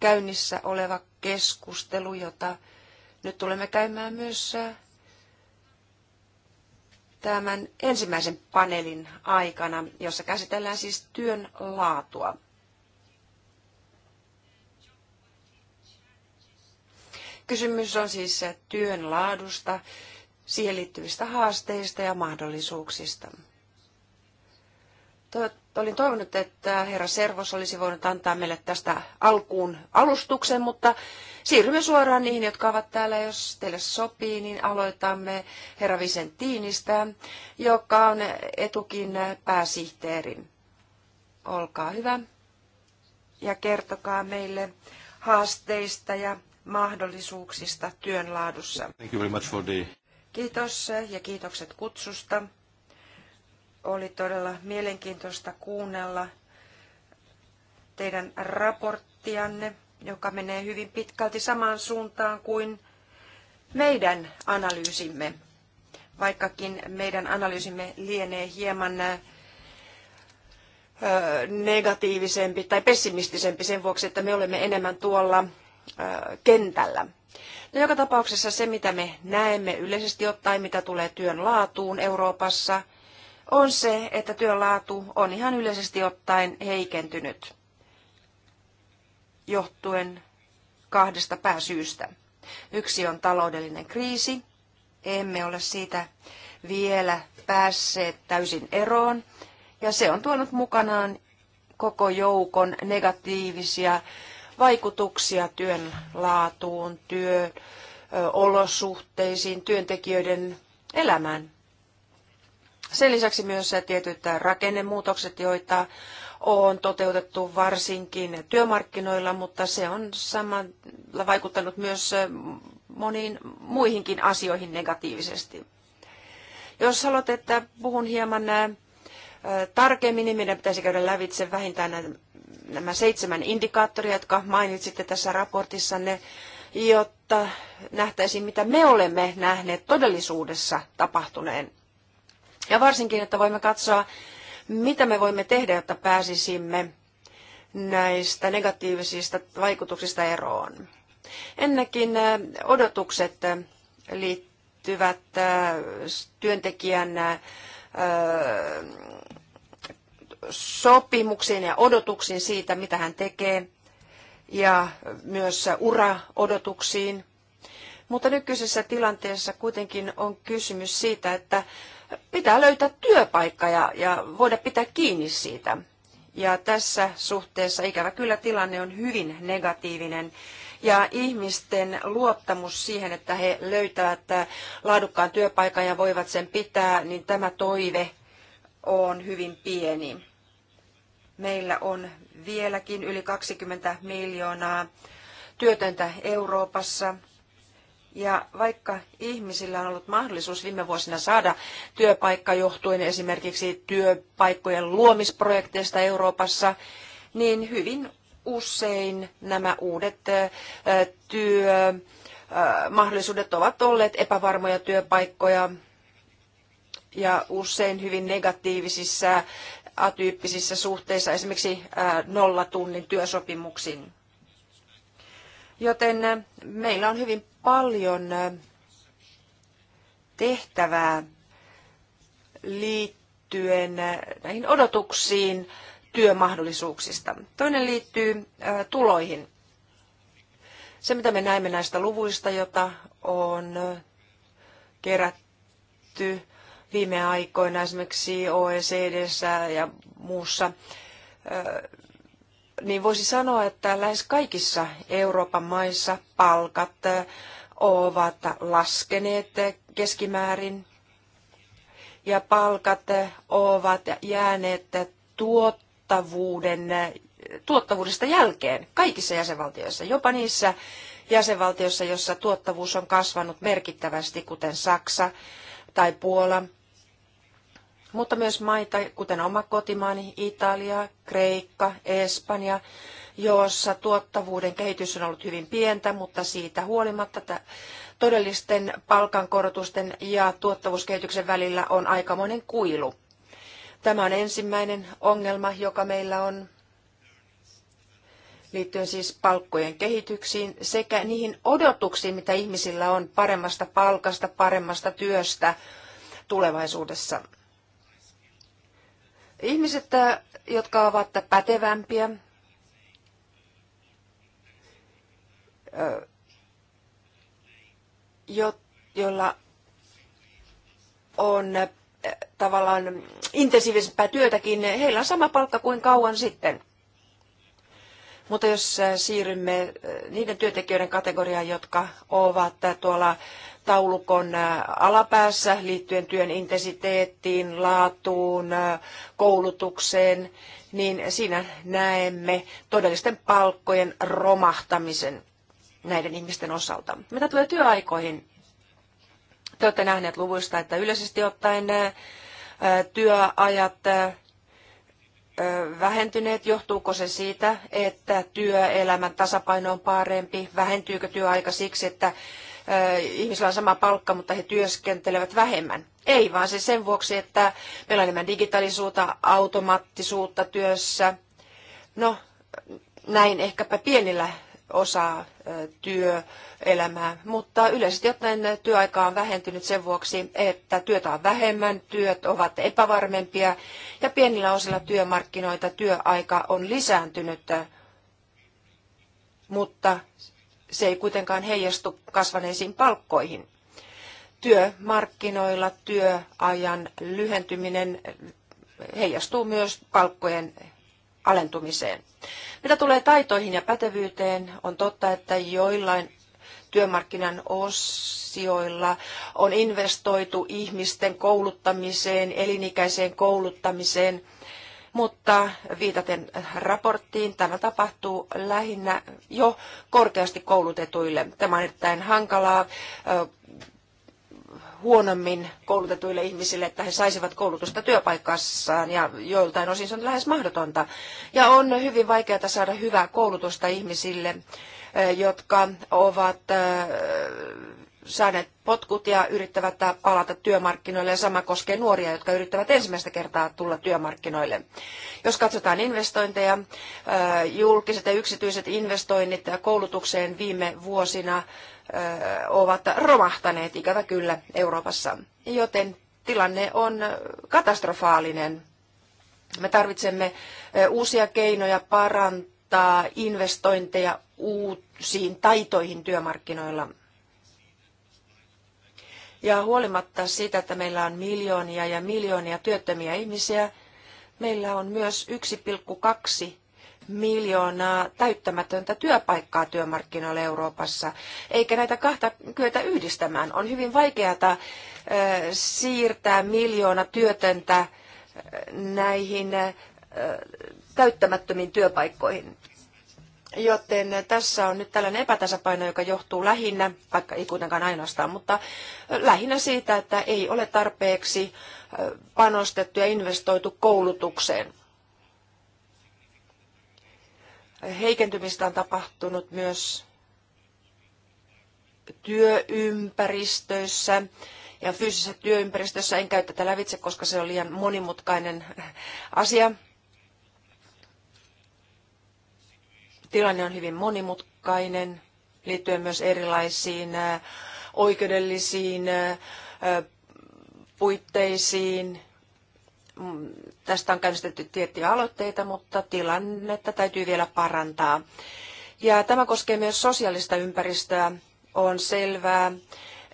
käynnissä oleva keskustelu, jota nyt tulemme käymään myös tämän ensimmäisen paneelin aikana, jossa käsitellään siis työn laatua. Kysymys on siis työn laadusta, siihen liittyvistä haasteista ja mahdollisuuksista. Olin toivonut, että herra Servos olisi voinut antaa meille tästä alkuun alustuksen, mutta siirrymme suoraan niihin, jotka ovat täällä. Jos teille sopii, niin aloitamme herra Visentiinistä, joka on etukin pääsihteeri. Olkaa hyvä ja kertokaa meille haasteista ja mahdollisuuksista työn laadussa. Kiitos ja kiitokset kutsusta. Oli todella mielenkiintoista kuunnella teidän raporttianne, joka menee hyvin pitkälti samaan suuntaan kuin meidän analyysimme, vaikkakin meidän analyysimme lienee hieman negatiivisempi tai pessimistisempi sen vuoksi, että me olemme enemmän tuolla kentällä. No joka tapauksessa se, mitä me näemme yleisesti ottaen, mitä tulee työn laatuun Euroopassa, on se, että työn laatu on ihan yleisesti ottaen heikentynyt johtuen kahdesta pääsyystä. Yksi on taloudellinen kriisi. Emme ole siitä vielä päässeet täysin eroon. Ja se on tuonut mukanaan koko joukon negatiivisia vaikutuksia työn laatuun, työolosuhteisiin, työntekijöiden elämään. Sen lisäksi myös tietyt rakennemuutokset, joita on toteutettu varsinkin työmarkkinoilla, mutta se on samalla vaikuttanut myös moniin muihinkin asioihin negatiivisesti. Jos haluat, että puhun hieman tarkemmin, niin meidän pitäisi käydä lävitse vähintään nämä seitsemän indikaattoria, jotka mainitsitte tässä raportissanne, jotta nähtäisiin, mitä me olemme nähneet todellisuudessa tapahtuneen. Ja varsinkin, että voimme katsoa, mitä me voimme tehdä, jotta pääsisimme näistä negatiivisista vaikutuksista eroon. Ennenkin äh, odotukset äh, liittyvät äh, työntekijän sopimuksiin ja odotuksiin siitä, mitä hän tekee, ja myös uraodotuksiin. Mutta nykyisessä tilanteessa kuitenkin on kysymys siitä, että pitää löytää työpaikka ja, ja voida pitää kiinni siitä. Ja tässä suhteessa ikävä kyllä tilanne on hyvin negatiivinen ja ihmisten luottamus siihen, että he löytävät laadukkaan työpaikan ja voivat sen pitää, niin tämä toive on hyvin pieni. Meillä on vieläkin yli 20 miljoonaa työtöntä Euroopassa. Ja vaikka ihmisillä on ollut mahdollisuus viime vuosina saada työpaikka johtuen esimerkiksi työpaikkojen luomisprojekteista Euroopassa, niin hyvin usein nämä uudet työmahdollisuudet ovat olleet epävarmoja työpaikkoja ja usein hyvin negatiivisissa atyyppisissä suhteissa, esimerkiksi nollatunnin työsopimuksiin. Joten meillä on hyvin paljon tehtävää liittyen näihin odotuksiin työmahdollisuuksista. Toinen liittyy tuloihin. Se, mitä me näemme näistä luvuista, jota on kerätty viime aikoina esimerkiksi OECDssä ja muussa, niin voisi sanoa, että lähes kaikissa Euroopan maissa palkat ovat laskeneet keskimäärin ja palkat ovat jääneet tuottavuuden, tuottavuudesta jälkeen kaikissa jäsenvaltioissa, jopa niissä jäsenvaltioissa, joissa tuottavuus on kasvanut merkittävästi, kuten Saksa tai Puola – mutta myös maita, kuten oma kotimaani, Italia, Kreikka, Espanja, joissa tuottavuuden kehitys on ollut hyvin pientä, mutta siitä huolimatta todellisten palkankorotusten ja tuottavuuskehityksen välillä on aikamoinen kuilu. Tämä on ensimmäinen ongelma, joka meillä on liittyen siis palkkojen kehityksiin sekä niihin odotuksiin, mitä ihmisillä on paremmasta palkasta, paremmasta työstä tulevaisuudessa. Ihmiset, jotka ovat pätevämpiä, jo, joilla on tavallaan intensiivisempää työtäkin, heillä on sama palkka kuin kauan sitten. Mutta jos siirrymme niiden työntekijöiden kategoriaan, jotka ovat tuolla taulukon äh, alapäässä liittyen työn intensiteettiin, laatuun, äh, koulutukseen, niin siinä näemme todellisten palkkojen romahtamisen näiden ihmisten osalta. Mitä tulee työaikoihin? Te olette nähneet luvuista, että yleisesti ottaen äh, työajat vähentyneet? Johtuuko se siitä, että työelämän tasapaino on parempi? Vähentyykö työaika siksi, että ihmisillä on sama palkka, mutta he työskentelevät vähemmän. Ei, vaan se siis sen vuoksi, että meillä on enemmän digitaalisuutta, automaattisuutta työssä. No, näin ehkäpä pienillä osaa työelämää, mutta yleisesti ottaen työaika on vähentynyt sen vuoksi, että työtä on vähemmän, työt ovat epävarmempia ja pienillä osilla työmarkkinoita työaika on lisääntynyt, mutta se ei kuitenkaan heijastu kasvaneisiin palkkoihin. Työmarkkinoilla työajan lyhentyminen heijastuu myös palkkojen alentumiseen. Mitä tulee taitoihin ja pätevyyteen, on totta, että joillain työmarkkinan osioilla on investoitu ihmisten kouluttamiseen, elinikäiseen kouluttamiseen – mutta viitaten raporttiin tämä tapahtuu lähinnä jo korkeasti koulutetuille. Tämä on erittäin hankalaa huonommin koulutetuille ihmisille, että he saisivat koulutusta työpaikassaan ja joiltain osin se on lähes mahdotonta. Ja on hyvin vaikeaa saada hyvää koulutusta ihmisille, jotka ovat saaneet potkut ja yrittävät palata työmarkkinoille. Ja sama koskee nuoria, jotka yrittävät ensimmäistä kertaa tulla työmarkkinoille. Jos katsotaan investointeja, äh, julkiset ja yksityiset investoinnit koulutukseen viime vuosina äh, ovat romahtaneet ikävä kyllä Euroopassa. Joten tilanne on katastrofaalinen. Me tarvitsemme äh, uusia keinoja parantaa investointeja uusiin taitoihin työmarkkinoilla – ja huolimatta siitä, että meillä on miljoonia ja miljoonia työttömiä ihmisiä, meillä on myös 1,2 miljoonaa täyttämätöntä työpaikkaa työmarkkinoilla Euroopassa, eikä näitä kahta kyetä yhdistämään. On hyvin vaikeata siirtää miljoona työtöntä näihin täyttämättömiin työpaikkoihin. Joten tässä on nyt tällainen epätasapaino, joka johtuu lähinnä, vaikka ei kuitenkaan ainoastaan, mutta lähinnä siitä, että ei ole tarpeeksi panostettu ja investoitu koulutukseen. Heikentymistä on tapahtunut myös työympäristöissä ja fyysisessä työympäristössä. En käytä tätä lävitse, koska se on liian monimutkainen asia Tilanne on hyvin monimutkainen liittyen myös erilaisiin äh, oikeudellisiin äh, puitteisiin. Mm, tästä on käynnistetty tiettyjä aloitteita, mutta tilannetta täytyy vielä parantaa. Ja tämä koskee myös sosiaalista ympäristöä. On selvää,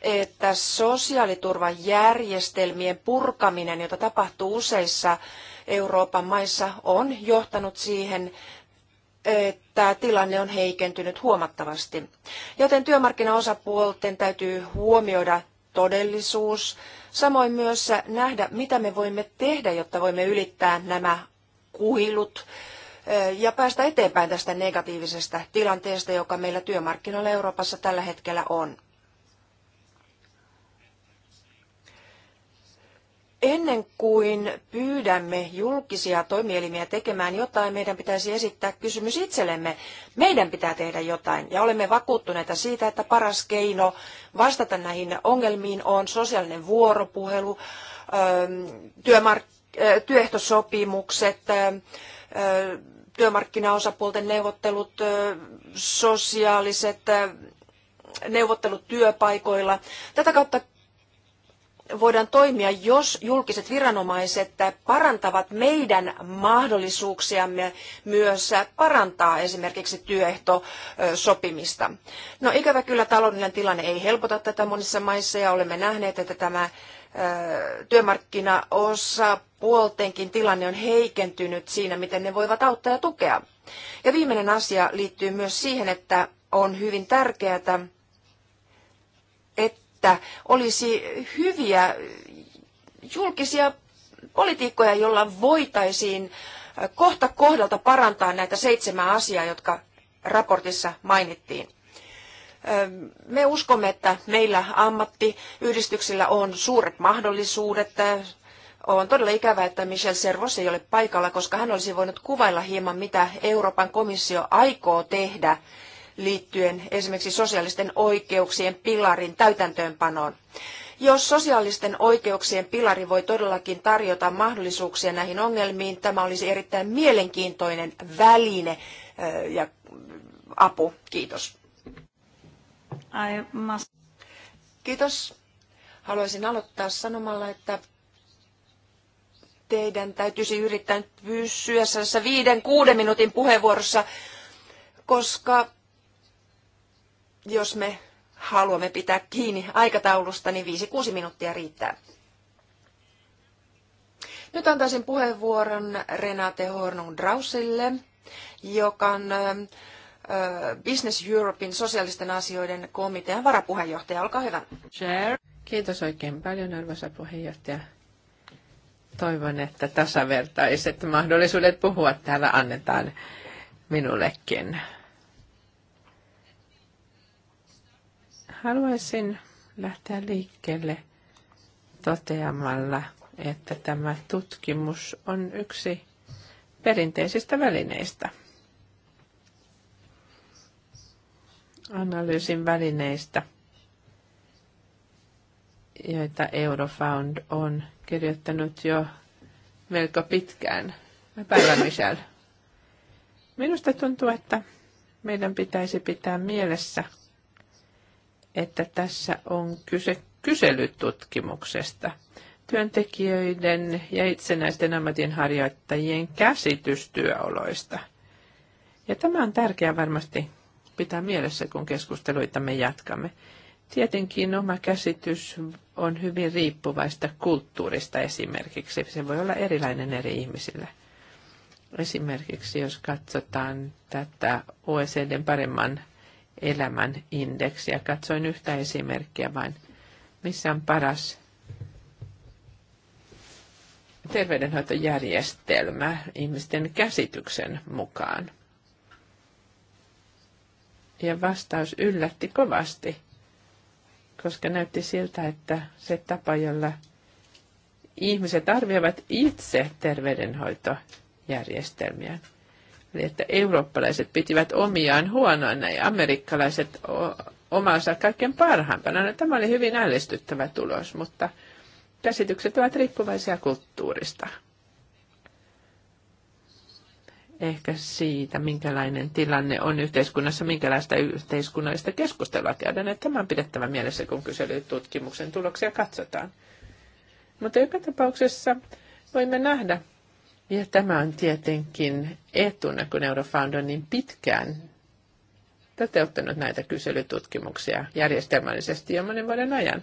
että sosiaaliturvajärjestelmien purkaminen, jota tapahtuu useissa Euroopan maissa, on johtanut siihen, että tilanne on heikentynyt huomattavasti. Joten työmarkkinaosapuolten täytyy huomioida todellisuus, samoin myös nähdä, mitä me voimme tehdä, jotta voimme ylittää nämä kuilut ja päästä eteenpäin tästä negatiivisesta tilanteesta, joka meillä työmarkkinoilla Euroopassa tällä hetkellä on. Ennen kuin pyydämme julkisia toimielimiä tekemään jotain, meidän pitäisi esittää kysymys itsellemme. Meidän pitää tehdä jotain ja olemme vakuuttuneita siitä, että paras keino vastata näihin ongelmiin on sosiaalinen vuoropuhelu, työmark- työehtosopimukset, työmarkkinaosapuolten neuvottelut, sosiaaliset neuvottelut työpaikoilla. Tätä kautta voidaan toimia, jos julkiset viranomaiset parantavat meidän mahdollisuuksiamme myös parantaa esimerkiksi työehtosopimista. No ikävä kyllä taloudellinen tilanne ei helpota tätä monissa maissa ja olemme nähneet, että tämä työmarkkinaosapuoltenkin tilanne on heikentynyt siinä, miten ne voivat auttaa ja tukea. Ja viimeinen asia liittyy myös siihen, että on hyvin tärkeää, että että olisi hyviä julkisia politiikkoja, joilla voitaisiin kohta kohdalta parantaa näitä seitsemää asiaa, jotka raportissa mainittiin. Me uskomme, että meillä ammattiyhdistyksillä on suuret mahdollisuudet. On todella ikävää, että Michel Servos ei ole paikalla, koska hän olisi voinut kuvailla hieman, mitä Euroopan komissio aikoo tehdä liittyen esimerkiksi sosiaalisten oikeuksien pilarin täytäntöönpanoon. Jos sosiaalisten oikeuksien pilari voi todellakin tarjota mahdollisuuksia näihin ongelmiin, tämä olisi erittäin mielenkiintoinen väline ja apu. Kiitos. Kiitos. Haluaisin aloittaa sanomalla, että teidän täytyisi yrittää pysyä viiden, kuuden minuutin puheenvuorossa, koska jos me haluamme pitää kiinni aikataulusta, niin viisi kuusi minuuttia riittää. Nyt antaisin puheenvuoron Renate Hornung Drausille, joka on Business Europein sosiaalisten asioiden komitean varapuheenjohtaja. Olkaa hyvä. Chair. Kiitos oikein paljon, arvoisa puheenjohtaja. Toivon, että tasavertaiset mahdollisuudet puhua täällä annetaan minullekin. Haluaisin lähteä liikkeelle toteamalla, että tämä tutkimus on yksi perinteisistä välineistä. Analyysin välineistä, joita Eurofound on kirjoittanut jo melko pitkään. Päivä Michelle. Minusta tuntuu, että meidän pitäisi pitää mielessä – että tässä on kyse kyselytutkimuksesta. Työntekijöiden ja itsenäisten ammatinharjoittajien käsitys työoloista. Ja tämä on tärkeää varmasti pitää mielessä, kun keskusteluita me jatkamme. Tietenkin oma käsitys on hyvin riippuvaista kulttuurista esimerkiksi. Se voi olla erilainen eri ihmisillä. Esimerkiksi jos katsotaan tätä OECDn paremman elämän indeksiä. Katsoin yhtä esimerkkiä vain, missä on paras terveydenhoitojärjestelmä ihmisten käsityksen mukaan. Ja vastaus yllätti kovasti, koska näytti siltä, että se tapa, jolla ihmiset arvioivat itse terveydenhoitojärjestelmiä, Eli niin, että eurooppalaiset pitivät omiaan huonoina ja amerikkalaiset omansa kaikkein parhaimpana. No, tämä oli hyvin ällistyttävä tulos, mutta käsitykset ovat riippuvaisia kulttuurista. Ehkä siitä, minkälainen tilanne on yhteiskunnassa, minkälaista yhteiskunnallista keskustelua käydään. Että tämä on pidettävä mielessä, kun kyselytutkimuksen tuloksia katsotaan. Mutta joka tapauksessa voimme nähdä, ja tämä on tietenkin etuna, kun Eurofound on niin pitkään toteuttanut näitä kyselytutkimuksia järjestelmällisesti jo monen vuoden ajan.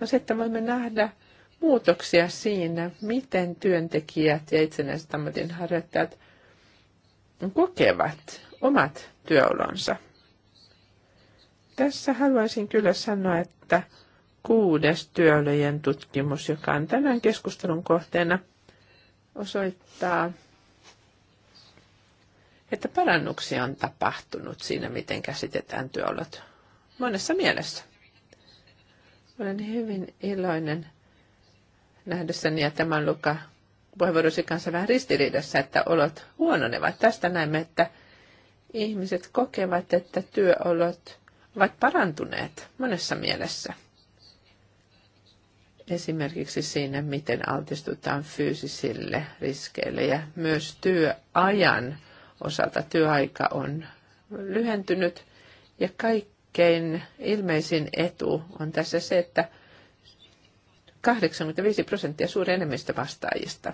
No se, että voimme nähdä muutoksia siinä, miten työntekijät ja itsenäiset ammatinharjoittajat kokevat omat työolonsa. Tässä haluaisin kyllä sanoa, että kuudes työolojen tutkimus, joka on tänään keskustelun kohteena – osoittaa, että parannuksia on tapahtunut siinä, miten käsitetään työolot monessa mielessä. Olen hyvin iloinen nähdessäni, ja tämän Luka puheenvuorosi kanssa vähän ristiriidassa, että olot huononevat. Tästä näemme, että ihmiset kokevat, että työolot ovat parantuneet monessa mielessä – esimerkiksi siinä, miten altistutaan fyysisille riskeille ja myös työajan osalta työaika on lyhentynyt ja kaikkein ilmeisin etu on tässä se, että 85 prosenttia suuri enemmistö vastaajista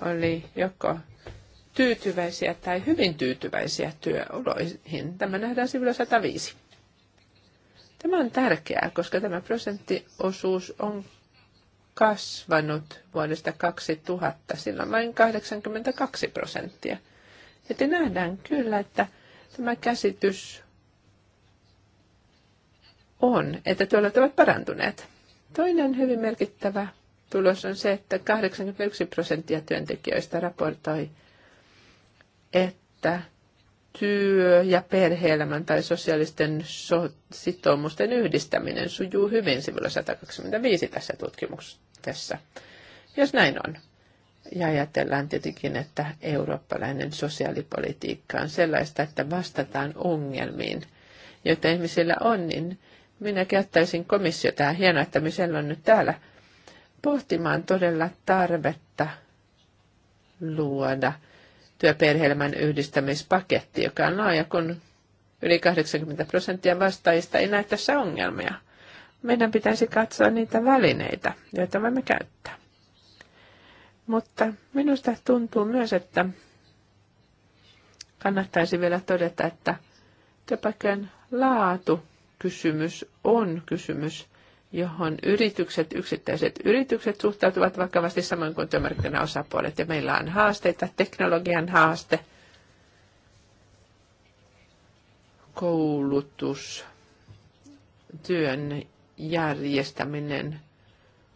oli joko tyytyväisiä tai hyvin tyytyväisiä työoloihin. Tämä nähdään sivulla 105. Tämä on tärkeää, koska tämä prosenttiosuus on kasvanut vuodesta 2000, silloin vain 82 prosenttia. Että nähdään kyllä, että tämä käsitys on, että tuolla ovat parantuneet. Toinen hyvin merkittävä tulos on se, että 81 prosenttia työntekijöistä raportoi, että työ- ja perheelämän tai sosiaalisten so- sitoumusten yhdistäminen sujuu hyvin sivulla 125 tässä tutkimuksessa. Jos näin on, ja ajatellaan tietenkin, että eurooppalainen sosiaalipolitiikka on sellaista, että vastataan ongelmiin, joita ihmisillä on, niin minä käyttäisin komissiota, ja hienoa, että me on nyt täällä, pohtimaan todella tarvetta luoda – työperheelämän yhdistämispaketti, joka on laaja, kun yli 80 prosenttia vastaajista ei näe tässä ongelmia. Meidän pitäisi katsoa niitä välineitä, joita voimme käyttää. Mutta minusta tuntuu myös, että kannattaisi vielä todeta, että työpaikkojen laatu kysymys on kysymys, johon yritykset, yksittäiset yritykset suhtautuvat vakavasti samoin kuin työmarkkinaosapuolet. Ja meillä on haasteita, teknologian haaste, koulutus, työn järjestäminen,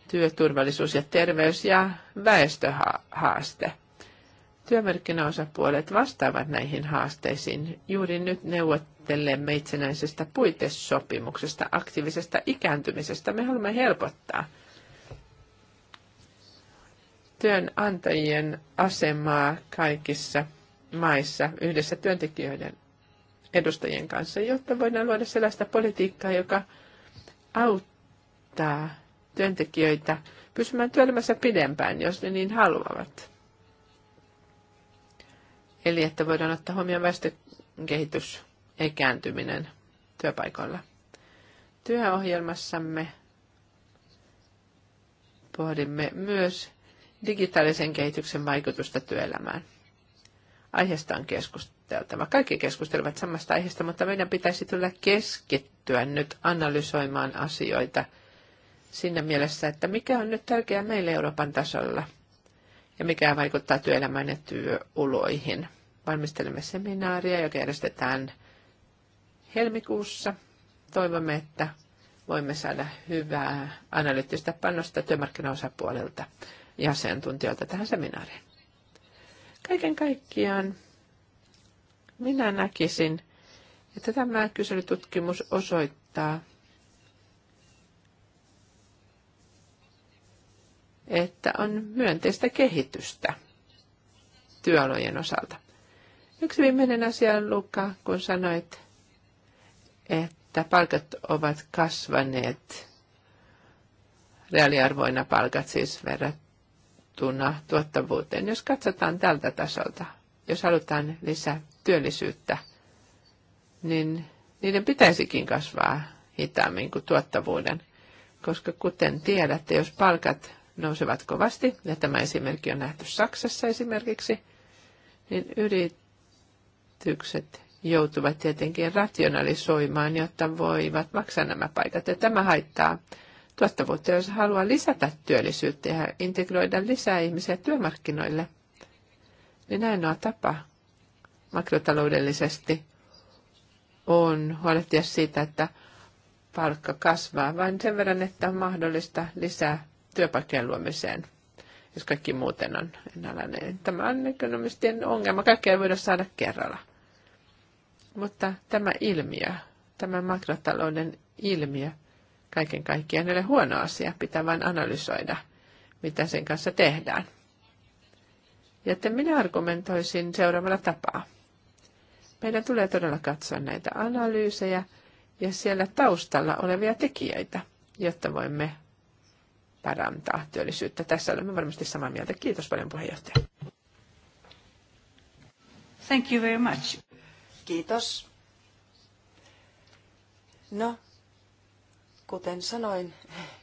työturvallisuus ja terveys ja väestöhaaste. Työmarkkinaosapuolet vastaavat näihin haasteisiin. Juuri nyt neuvot neuvottelemme itsenäisestä puitesopimuksesta, aktiivisesta ikääntymisestä. Me haluamme helpottaa työnantajien asemaa kaikissa maissa yhdessä työntekijöiden edustajien kanssa, jotta voidaan luoda sellaista politiikkaa, joka auttaa työntekijöitä pysymään työelämässä pidempään, jos ne niin haluavat. Eli että voidaan ottaa huomioon väestökehitys kääntyminen työpaikoilla. Työohjelmassamme pohdimme myös digitaalisen kehityksen vaikutusta työelämään. Aiheesta on keskusteltava. Kaikki keskustelevat samasta aiheesta, mutta meidän pitäisi tulla keskittyä nyt analysoimaan asioita siinä mielessä, että mikä on nyt tärkeää meille Euroopan tasolla ja mikä vaikuttaa työelämään ja työuloihin. Valmistelemme seminaaria, joka järjestetään – helmikuussa. Toivomme, että voimme saada hyvää analyyttistä panosta työmarkkinaosapuolelta ja asiantuntijoilta tähän seminaariin. Kaiken kaikkiaan minä näkisin, että tämä kyselytutkimus osoittaa, että on myönteistä kehitystä työalojen osalta. Yksi viimeinen asia, Luka, kun sanoit, että palkat ovat kasvaneet, reaaliarvoina palkat siis verrattuna tuottavuuteen. Jos katsotaan tältä tasolta, jos halutaan lisää työllisyyttä, niin niiden pitäisikin kasvaa hitaammin kuin tuottavuuden. Koska kuten tiedätte, jos palkat nousevat kovasti, ja tämä esimerkki on nähty Saksassa esimerkiksi, niin yritykset joutuvat tietenkin rationalisoimaan, jotta voivat maksaa nämä paikat. Ja tämä haittaa tuottavuutta, jos haluaa lisätä työllisyyttä ja integroida lisää ihmisiä työmarkkinoille. Niin on tapa makrotaloudellisesti on huolehtia siitä, että palkka kasvaa vain sen verran, että on mahdollista lisää työpaikkojen luomiseen, jos kaikki muuten on ennallaan. Tämä on ekonomistien ongelma. Kaikkea ei voida saada kerralla. Mutta tämä ilmiö, tämä makrotalouden ilmiö kaiken kaikkiaan ei ole huono asia. Pitää vain analysoida, mitä sen kanssa tehdään. Ja että minä argumentoisin seuraavalla tapaa. Meidän tulee todella katsoa näitä analyysejä ja siellä taustalla olevia tekijöitä, jotta voimme parantaa työllisyyttä. Tässä olemme varmasti samaa mieltä. Kiitos paljon puheenjohtaja. Thank you very much. Kiitos. No, kuten sanoin,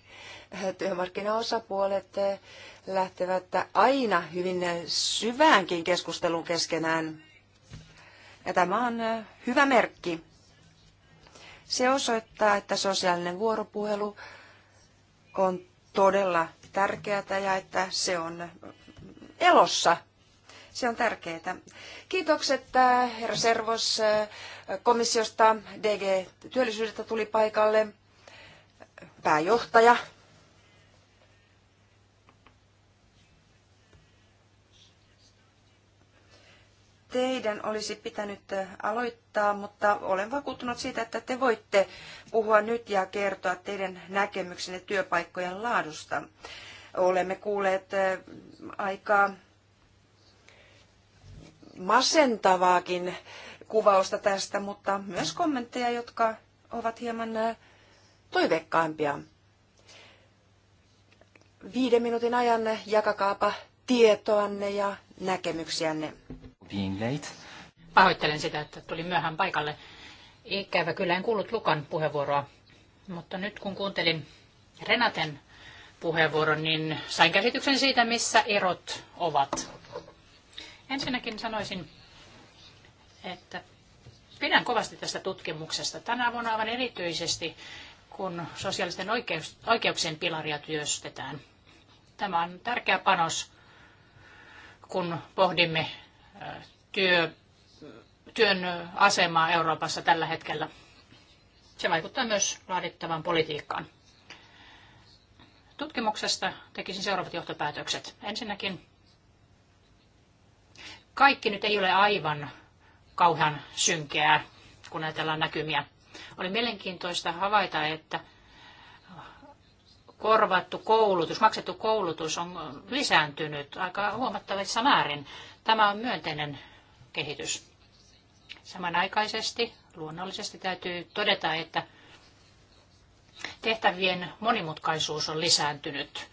[LAUGHS] työmarkkinaosapuolet eh, lähtevät aina hyvin eh, syväänkin keskusteluun keskenään. Ja tämä on eh, hyvä merkki. Se osoittaa, että sosiaalinen vuoropuhelu on todella tärkeää ja että se on elossa se on tärkeää. Kiitokset äh, herra Servos äh, komissiosta. DG Työllisyydestä tuli paikalle pääjohtaja. Teidän olisi pitänyt äh, aloittaa, mutta olen vakuuttunut siitä, että te voitte puhua nyt ja kertoa teidän näkemyksenne työpaikkojen laadusta. Olemme kuulleet aika masentavaakin kuvausta tästä, mutta myös kommentteja, jotka ovat hieman äh, toiveikkaampia. Viiden minuutin ajan jakakaapa tietoanne ja näkemyksiänne. Being late. Pahoittelen sitä, että tulin myöhään paikalle. Ikävä kyllä en kuullut Lukan puheenvuoroa, mutta nyt kun kuuntelin Renaten puheenvuoron, niin sain käsityksen siitä, missä erot ovat Ensinnäkin sanoisin, että pidän kovasti tästä tutkimuksesta. Tänä vuonna aivan erityisesti, kun sosiaalisten oikeus, oikeuksien pilaria työstetään. Tämä on tärkeä panos, kun pohdimme työ, työn asemaa Euroopassa tällä hetkellä. Se vaikuttaa myös laadittavaan politiikkaan. Tutkimuksesta tekisin seuraavat johtopäätökset. Ensinnäkin kaikki nyt ei ole aivan kauhean synkeää, kun ajatellaan näkymiä. Oli mielenkiintoista havaita, että korvattu koulutus, maksettu koulutus on lisääntynyt aika huomattavissa määrin. Tämä on myönteinen kehitys. Samanaikaisesti luonnollisesti täytyy todeta, että tehtävien monimutkaisuus on lisääntynyt.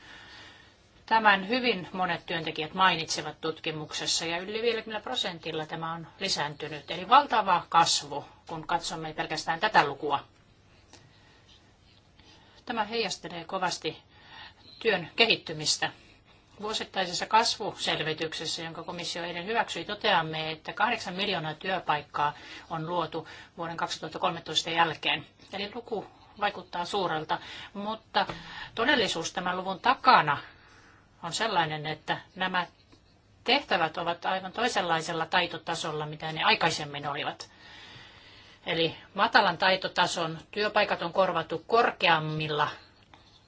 Tämän hyvin monet työntekijät mainitsevat tutkimuksessa ja yli 50 prosentilla tämä on lisääntynyt. Eli valtava kasvu, kun katsomme pelkästään tätä lukua. Tämä heijastelee kovasti työn kehittymistä. Vuosittaisessa kasvuselvityksessä, jonka komissio eilen hyväksyi, toteamme, että 8 miljoonaa työpaikkaa on luotu vuoden 2013 jälkeen. Eli luku vaikuttaa suurelta, mutta todellisuus tämän luvun takana on sellainen, että nämä tehtävät ovat aivan toisenlaisella taitotasolla, mitä ne aikaisemmin olivat. Eli matalan taitotason työpaikat on korvattu korkeammilla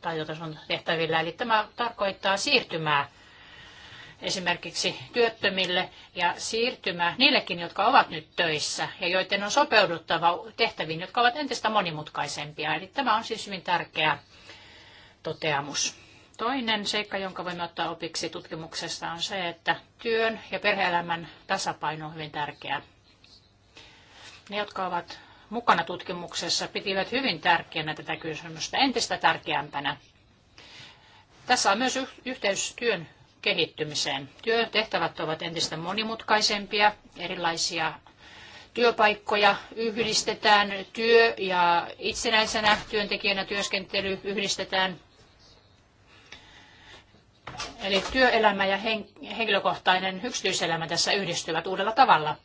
taitotason tehtävillä. Eli tämä tarkoittaa siirtymää esimerkiksi työttömille ja siirtymää niillekin, jotka ovat nyt töissä ja joiden on sopeuduttava tehtäviin, jotka ovat entistä monimutkaisempia. Eli tämä on siis hyvin tärkeä toteamus. Toinen seikka, jonka voimme ottaa opiksi tutkimuksesta, on se, että työn ja perheelämän tasapaino on hyvin tärkeää. Ne, jotka ovat mukana tutkimuksessa, pitivät hyvin tärkeänä tätä kysymystä, entistä tärkeämpänä. Tässä on myös yhteys työn kehittymiseen. Työtehtävät ovat entistä monimutkaisempia, erilaisia työpaikkoja yhdistetään, työ ja itsenäisenä työntekijänä työskentely yhdistetään Eli työelämä ja henkilökohtainen yksityiselämä tässä yhdistyvät uudella tavalla.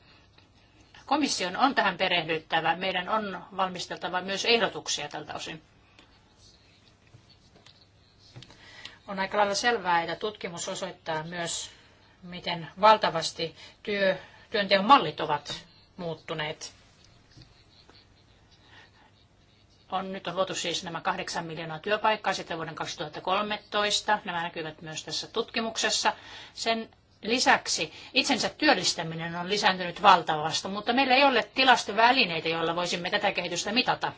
Komission on tähän perehdyttävä. Meidän on valmisteltava myös ehdotuksia tältä osin. On aika lailla selvää, että tutkimus osoittaa myös, miten valtavasti työ, työnteon mallit ovat muuttuneet. on, nyt on luotu siis nämä kahdeksan miljoonaa työpaikkaa sitten vuoden 2013. Nämä näkyvät myös tässä tutkimuksessa. Sen lisäksi itsensä työllistäminen on lisääntynyt valtavasti, mutta meillä ei ole tilastovälineitä, joilla voisimme tätä kehitystä mitata.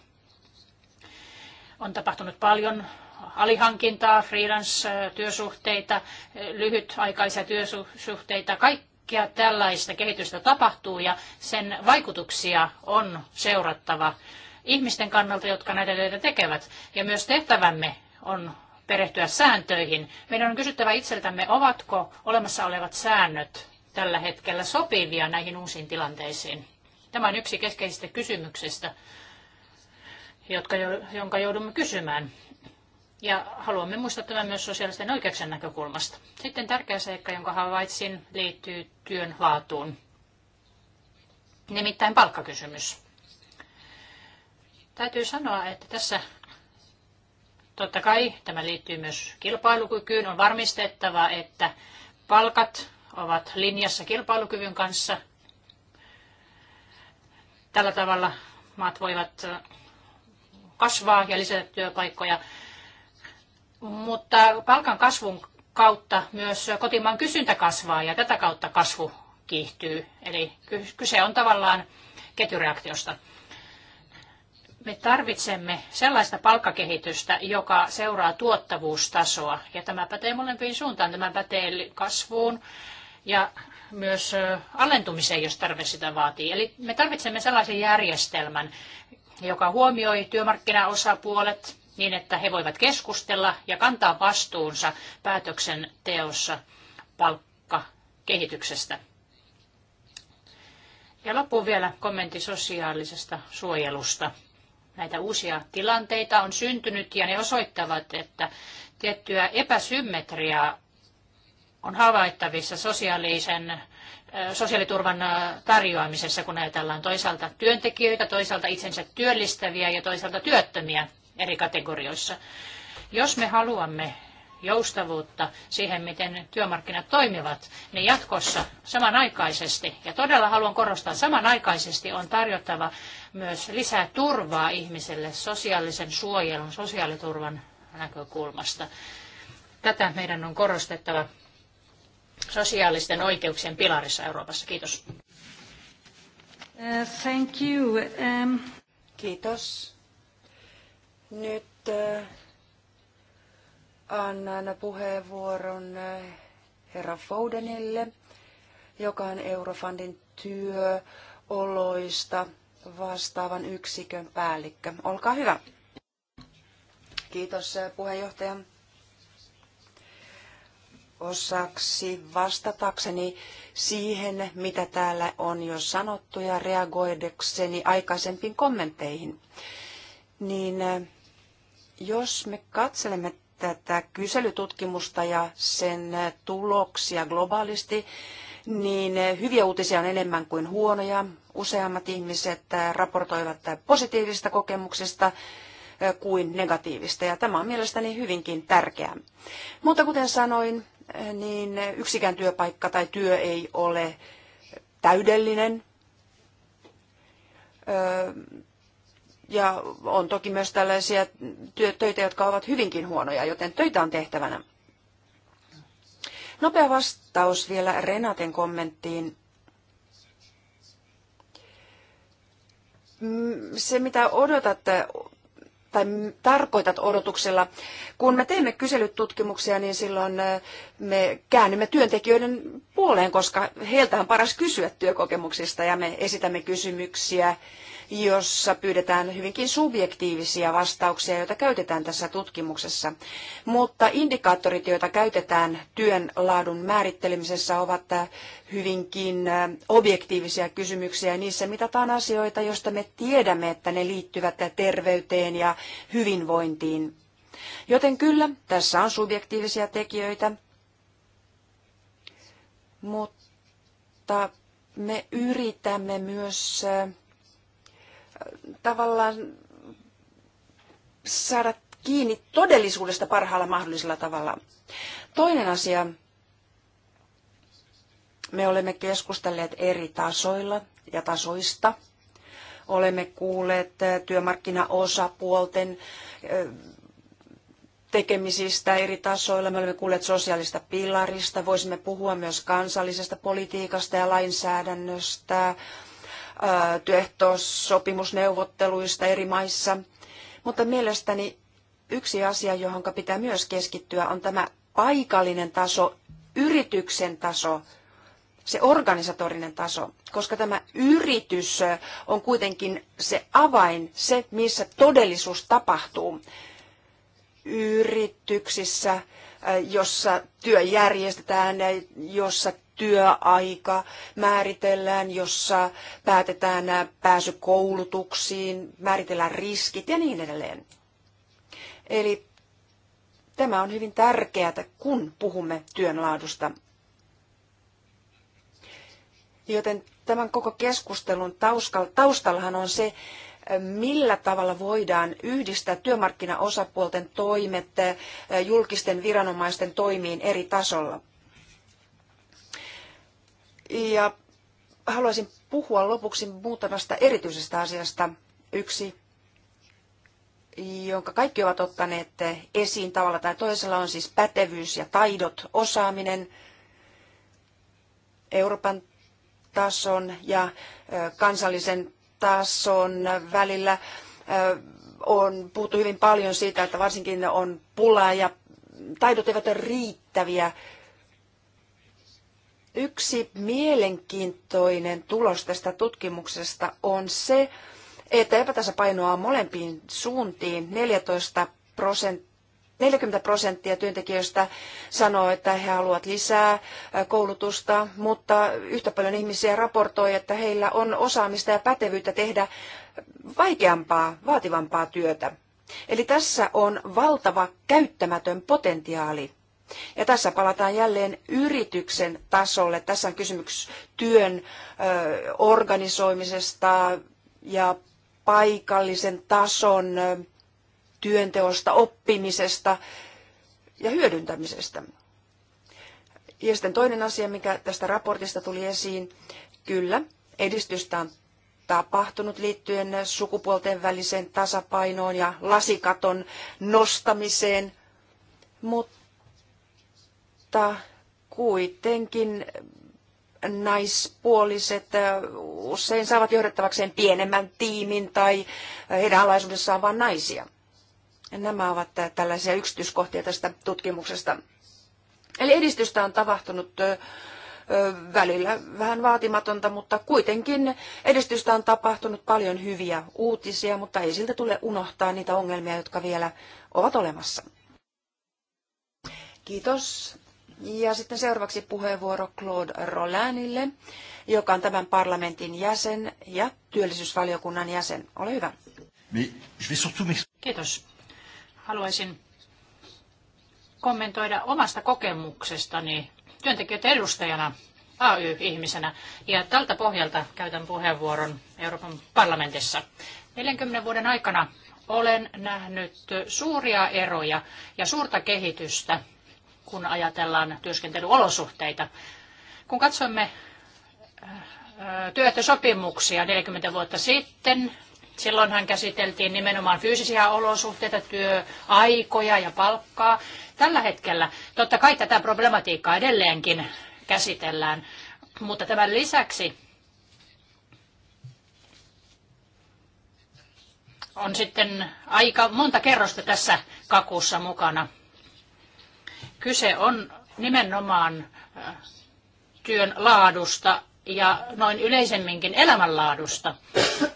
On tapahtunut paljon alihankintaa, freelance-työsuhteita, lyhytaikaisia työsuhteita. Kaikkea tällaista kehitystä tapahtuu ja sen vaikutuksia on seurattava ihmisten kannalta, jotka näitä töitä tekevät. Ja myös tehtävämme on perehtyä sääntöihin. Meidän on kysyttävä itseltämme, ovatko olemassa olevat säännöt tällä hetkellä sopivia näihin uusiin tilanteisiin. Tämä on yksi keskeisistä kysymyksistä, jotka, jonka joudumme kysymään. Ja haluamme muistaa tämän myös sosiaalisten oikeuksien näkökulmasta. Sitten tärkeä seikka, jonka havaitsin, liittyy työn laatuun. Nimittäin palkkakysymys. Täytyy sanoa, että tässä totta kai tämä liittyy myös kilpailukykyyn. On varmistettava, että palkat ovat linjassa kilpailukyvyn kanssa. Tällä tavalla maat voivat kasvaa ja lisätä työpaikkoja. Mutta palkan kasvun kautta myös kotimaan kysyntä kasvaa ja tätä kautta kasvu kiihtyy. Eli kyse on tavallaan ketjureaktiosta. Me tarvitsemme sellaista palkkakehitystä, joka seuraa tuottavuustasoa. Ja tämä pätee molempiin suuntaan. Tämä pätee kasvuun ja myös alentumiseen, jos tarve sitä vaatii. Eli me tarvitsemme sellaisen järjestelmän, joka huomioi työmarkkinaosapuolet niin, että he voivat keskustella ja kantaa vastuunsa päätöksenteossa palkkakehityksestä. Ja loppuun vielä kommentti sosiaalisesta suojelusta. Näitä uusia tilanteita on syntynyt ja ne osoittavat, että tiettyä epäsymmetriaa on havaittavissa sosiaalisen sosiaaliturvan tarjoamisessa, kun ajatellaan toisaalta työntekijöitä, toisaalta itsensä työllistäviä ja toisaalta työttömiä eri kategorioissa. Jos me haluamme joustavuutta siihen, miten työmarkkinat toimivat, niin jatkossa samanaikaisesti, ja todella haluan korostaa, samanaikaisesti on tarjottava myös lisää turvaa ihmiselle sosiaalisen suojelun, sosiaaliturvan näkökulmasta. Tätä meidän on korostettava sosiaalisten oikeuksien pilarissa Euroopassa. Kiitos. Uh, thank you. Um... Kiitos. Nyt uh annan puheenvuoron eh, herra Fodenille, joka on Eurofundin työoloista vastaavan yksikön päällikkö. Olkaa hyvä. Kiitos eh, puheenjohtaja. Osaksi vastatakseni siihen, mitä täällä on jo sanottu ja reagoidekseni aikaisempiin kommentteihin, niin eh, jos me katselemme tätä kyselytutkimusta ja sen tuloksia globaalisti, niin hyviä uutisia on enemmän kuin huonoja. Useammat ihmiset raportoivat positiivisista kokemuksista kuin negatiivista, ja tämä on mielestäni hyvinkin tärkeää. Mutta kuten sanoin, niin yksikään työpaikka tai työ ei ole täydellinen. Ja on toki myös tällaisia töitä, jotka ovat hyvinkin huonoja, joten töitä on tehtävänä. Nopea vastaus vielä Renaten kommenttiin. Mm, se, mitä odotatte tai tarkoitat odotuksella. Kun me teemme kyselytutkimuksia, niin silloin me käännymme työntekijöiden puoleen, koska heiltä on paras kysyä työkokemuksista ja me esitämme kysymyksiä jossa pyydetään hyvinkin subjektiivisia vastauksia, joita käytetään tässä tutkimuksessa. Mutta indikaattorit, joita käytetään työn laadun määrittelemisessä, ovat äh, hyvinkin äh, objektiivisia kysymyksiä. Ja niissä mitataan asioita, joista me tiedämme, että ne liittyvät terveyteen ja hyvinvointiin. Joten kyllä, tässä on subjektiivisia tekijöitä, mutta me yritämme myös äh, tavallaan saada kiinni todellisuudesta parhaalla mahdollisella tavalla. Toinen asia, me olemme keskustelleet eri tasoilla ja tasoista. Olemme kuulleet äh, työmarkkinaosapuolten äh, tekemisistä eri tasoilla. Me olemme kuulleet sosiaalista pilarista. Voisimme puhua myös kansallisesta politiikasta ja lainsäädännöstä työehtosopimusneuvotteluista eri maissa. Mutta mielestäni yksi asia, johon pitää myös keskittyä, on tämä paikallinen taso, yrityksen taso, se organisatorinen taso, koska tämä yritys on kuitenkin se avain, se missä todellisuus tapahtuu yrityksissä, jossa työ järjestetään, jossa työaika määritellään, jossa päätetään pääsy koulutuksiin, määritellään riskit ja niin edelleen. Eli tämä on hyvin tärkeää, kun puhumme työnlaadusta. Joten tämän koko keskustelun taustallahan on se, millä tavalla voidaan yhdistää työmarkkinaosapuolten toimet julkisten viranomaisten toimiin eri tasolla. Ja haluaisin puhua lopuksi muutamasta erityisestä asiasta. Yksi, jonka kaikki ovat ottaneet esiin tavalla tai toisella, on siis pätevyys ja taidot, osaaminen Euroopan tason ja kansallisen tason välillä on puhuttu hyvin paljon siitä, että varsinkin on pulaa ja taidot eivät ole riittäviä Yksi mielenkiintoinen tulos tästä tutkimuksesta on se, että epätasapainoa on molempiin suuntiin 14 prosenttia 40 prosenttia työntekijöistä sanoo, että he haluavat lisää koulutusta, mutta yhtä paljon ihmisiä raportoi, että heillä on osaamista ja pätevyyttä tehdä vaikeampaa, vaativampaa työtä. Eli tässä on valtava käyttämätön potentiaali ja tässä palataan jälleen yrityksen tasolle. Tässä on kysymys työn organisoimisesta ja paikallisen tason työnteosta, oppimisesta ja hyödyntämisestä. Ja sitten toinen asia, mikä tästä raportista tuli esiin, kyllä, edistystä on tapahtunut liittyen sukupuolten väliseen tasapainoon ja lasikaton nostamiseen, mutta mutta kuitenkin naispuoliset usein saavat johdettavakseen pienemmän tiimin tai heidän alaisuudessaan vain naisia. Nämä ovat tällaisia yksityiskohtia tästä tutkimuksesta. Eli edistystä on tapahtunut välillä vähän vaatimatonta, mutta kuitenkin edistystä on tapahtunut paljon hyviä uutisia, mutta ei siltä tule unohtaa niitä ongelmia, jotka vielä ovat olemassa. Kiitos. Ja sitten seuraavaksi puheenvuoro Claude Rolanille, joka on tämän parlamentin jäsen ja työllisyysvaliokunnan jäsen. Ole hyvä. Kiitos. Haluaisin kommentoida omasta kokemuksestani työntekijöiden edustajana, AY-ihmisenä, ja tältä pohjalta käytän puheenvuoron Euroopan parlamentissa. 40 vuoden aikana olen nähnyt suuria eroja ja suurta kehitystä kun ajatellaan työskentelyolosuhteita. Kun katsoimme äh, äh, työehtosopimuksia 40 vuotta sitten, silloinhan käsiteltiin nimenomaan fyysisiä olosuhteita, työaikoja ja palkkaa. Tällä hetkellä totta kai tätä problematiikkaa edelleenkin käsitellään, mutta tämän lisäksi on sitten aika monta kerrosta tässä kakussa mukana. Kyse on nimenomaan työn laadusta ja noin yleisemminkin elämänlaadusta.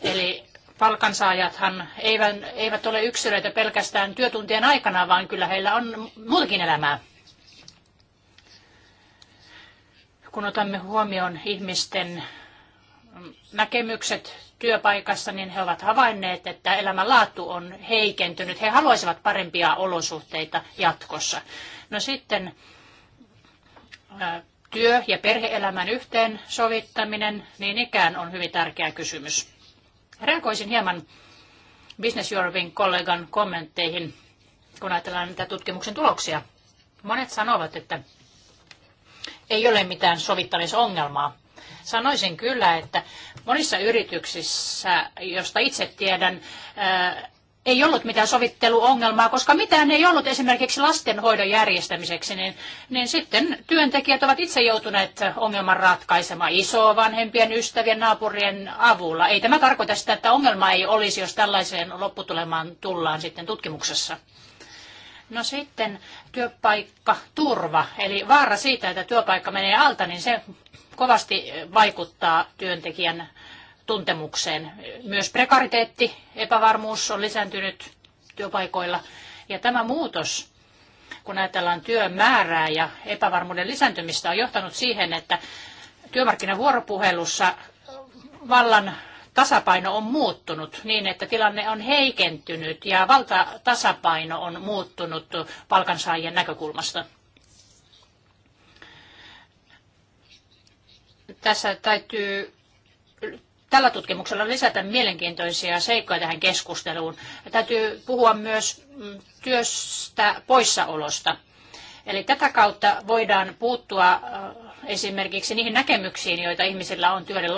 Eli palkansaajathan eivät, eivät ole yksilöitä pelkästään työtuntien aikana, vaan kyllä heillä on muutakin elämää. Kun otamme huomioon ihmisten näkemykset työpaikassa, niin he ovat havainneet, että elämänlaatu on heikentynyt. He haluaisivat parempia olosuhteita jatkossa. No sitten työ- ja perheelämän yhteensovittaminen, niin ikään on hyvin tärkeä kysymys. Reagoisin hieman Business Europein kollegan kommentteihin, kun ajatellaan näitä tutkimuksen tuloksia. Monet sanovat, että ei ole mitään sovittamisongelmaa. Sanoisin kyllä, että monissa yrityksissä, josta itse tiedän, ei ollut mitään sovitteluongelmaa, koska mitään ei ollut esimerkiksi lastenhoidon järjestämiseksi, niin, niin sitten työntekijät ovat itse joutuneet ongelman ratkaisemaan vanhempien, ystävien, naapurien avulla. Ei tämä tarkoita sitä, että ongelma ei olisi, jos tällaiseen lopputulemaan tullaan sitten tutkimuksessa. No sitten työpaikka turva, eli vaara siitä, että työpaikka menee alta, niin se kovasti vaikuttaa työntekijän tuntemukseen. Myös prekariteetti, epävarmuus on lisääntynyt työpaikoilla. Ja tämä muutos, kun ajatellaan työn määrää ja epävarmuuden lisääntymistä, on johtanut siihen, että työmarkkinavuoropuhelussa vallan tasapaino on muuttunut niin, että tilanne on heikentynyt ja valtatasapaino on muuttunut palkansaajien näkökulmasta. Tässä täytyy tällä tutkimuksella lisätä mielenkiintoisia seikkoja tähän keskusteluun. Täytyy puhua myös mm, työstä poissaolosta. Eli tätä kautta voidaan puuttua äh, esimerkiksi niihin näkemyksiin, joita ihmisillä on työiden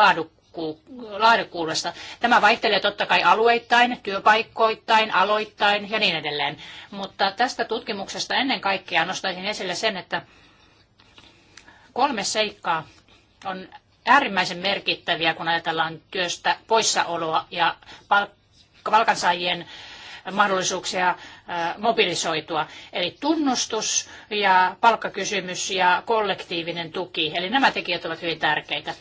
laadukkuudesta. Tämä vaihtelee totta kai alueittain, työpaikkoittain, aloittain ja niin edelleen. Mutta tästä tutkimuksesta ennen kaikkea nostaisin esille sen, että kolme seikkaa on äärimmäisen merkittäviä, kun ajatellaan työstä poissaoloa ja palkansaajien mahdollisuuksia äh, mobilisoitua. Eli tunnustus ja palkkakysymys ja kollektiivinen tuki. Eli nämä tekijät ovat hyvin tärkeitä.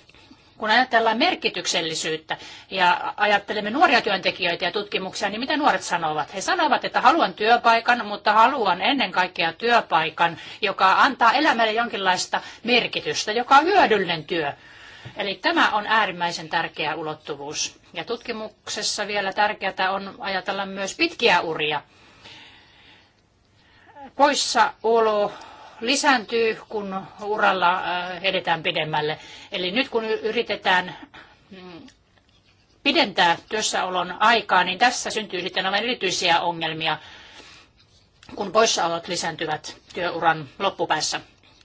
Kun ajatellaan merkityksellisyyttä ja ajattelemme nuoria työntekijöitä ja tutkimuksia, niin mitä nuoret sanovat? He sanovat, että haluan työpaikan, mutta haluan ennen kaikkea työpaikan, joka antaa elämälle jonkinlaista merkitystä, joka on hyödyllinen työ Eli tämä on äärimmäisen tärkeä ulottuvuus. Ja tutkimuksessa vielä tärkeää on ajatella myös pitkiä uria. Poissaolo lisääntyy, kun uralla äh, edetään pidemmälle. Eli nyt kun yritetään mm, pidentää työssäolon aikaa, niin tässä syntyy sitten aivan erityisiä ongelmia, kun poissaolot lisääntyvät työuran loppupäässä.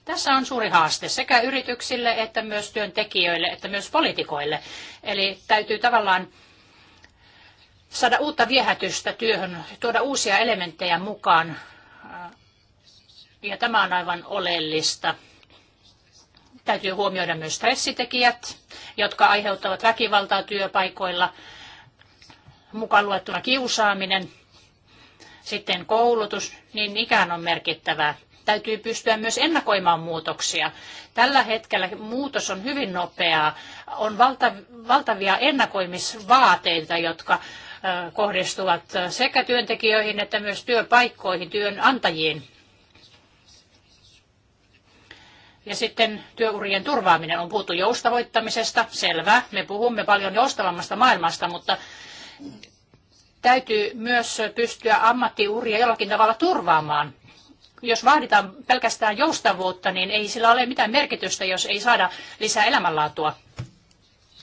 Tässä on suuri haaste sekä yrityksille, että myös työntekijöille, että myös poliitikoille. Eli täytyy tavallaan saada uutta viehätystä työhön, tuoda uusia elementtejä mukaan. Ja tämä on aivan oleellista. Täytyy huomioida myös stressitekijät, jotka aiheuttavat väkivaltaa työpaikoilla, mukaan luettuna kiusaaminen, sitten koulutus, niin ikään on merkittävää täytyy pystyä myös ennakoimaan muutoksia. Tällä hetkellä muutos on hyvin nopeaa. On valtavia ennakoimisvaateita, jotka kohdistuvat sekä työntekijöihin että myös työpaikkoihin, työnantajiin. Ja sitten työurien turvaaminen on puhuttu joustavoittamisesta, selvä. Me puhumme paljon joustavammasta maailmasta, mutta täytyy myös pystyä ammattiuria jollakin tavalla turvaamaan jos vaaditaan pelkästään joustavuutta, niin ei sillä ole mitään merkitystä, jos ei saada lisää elämänlaatua.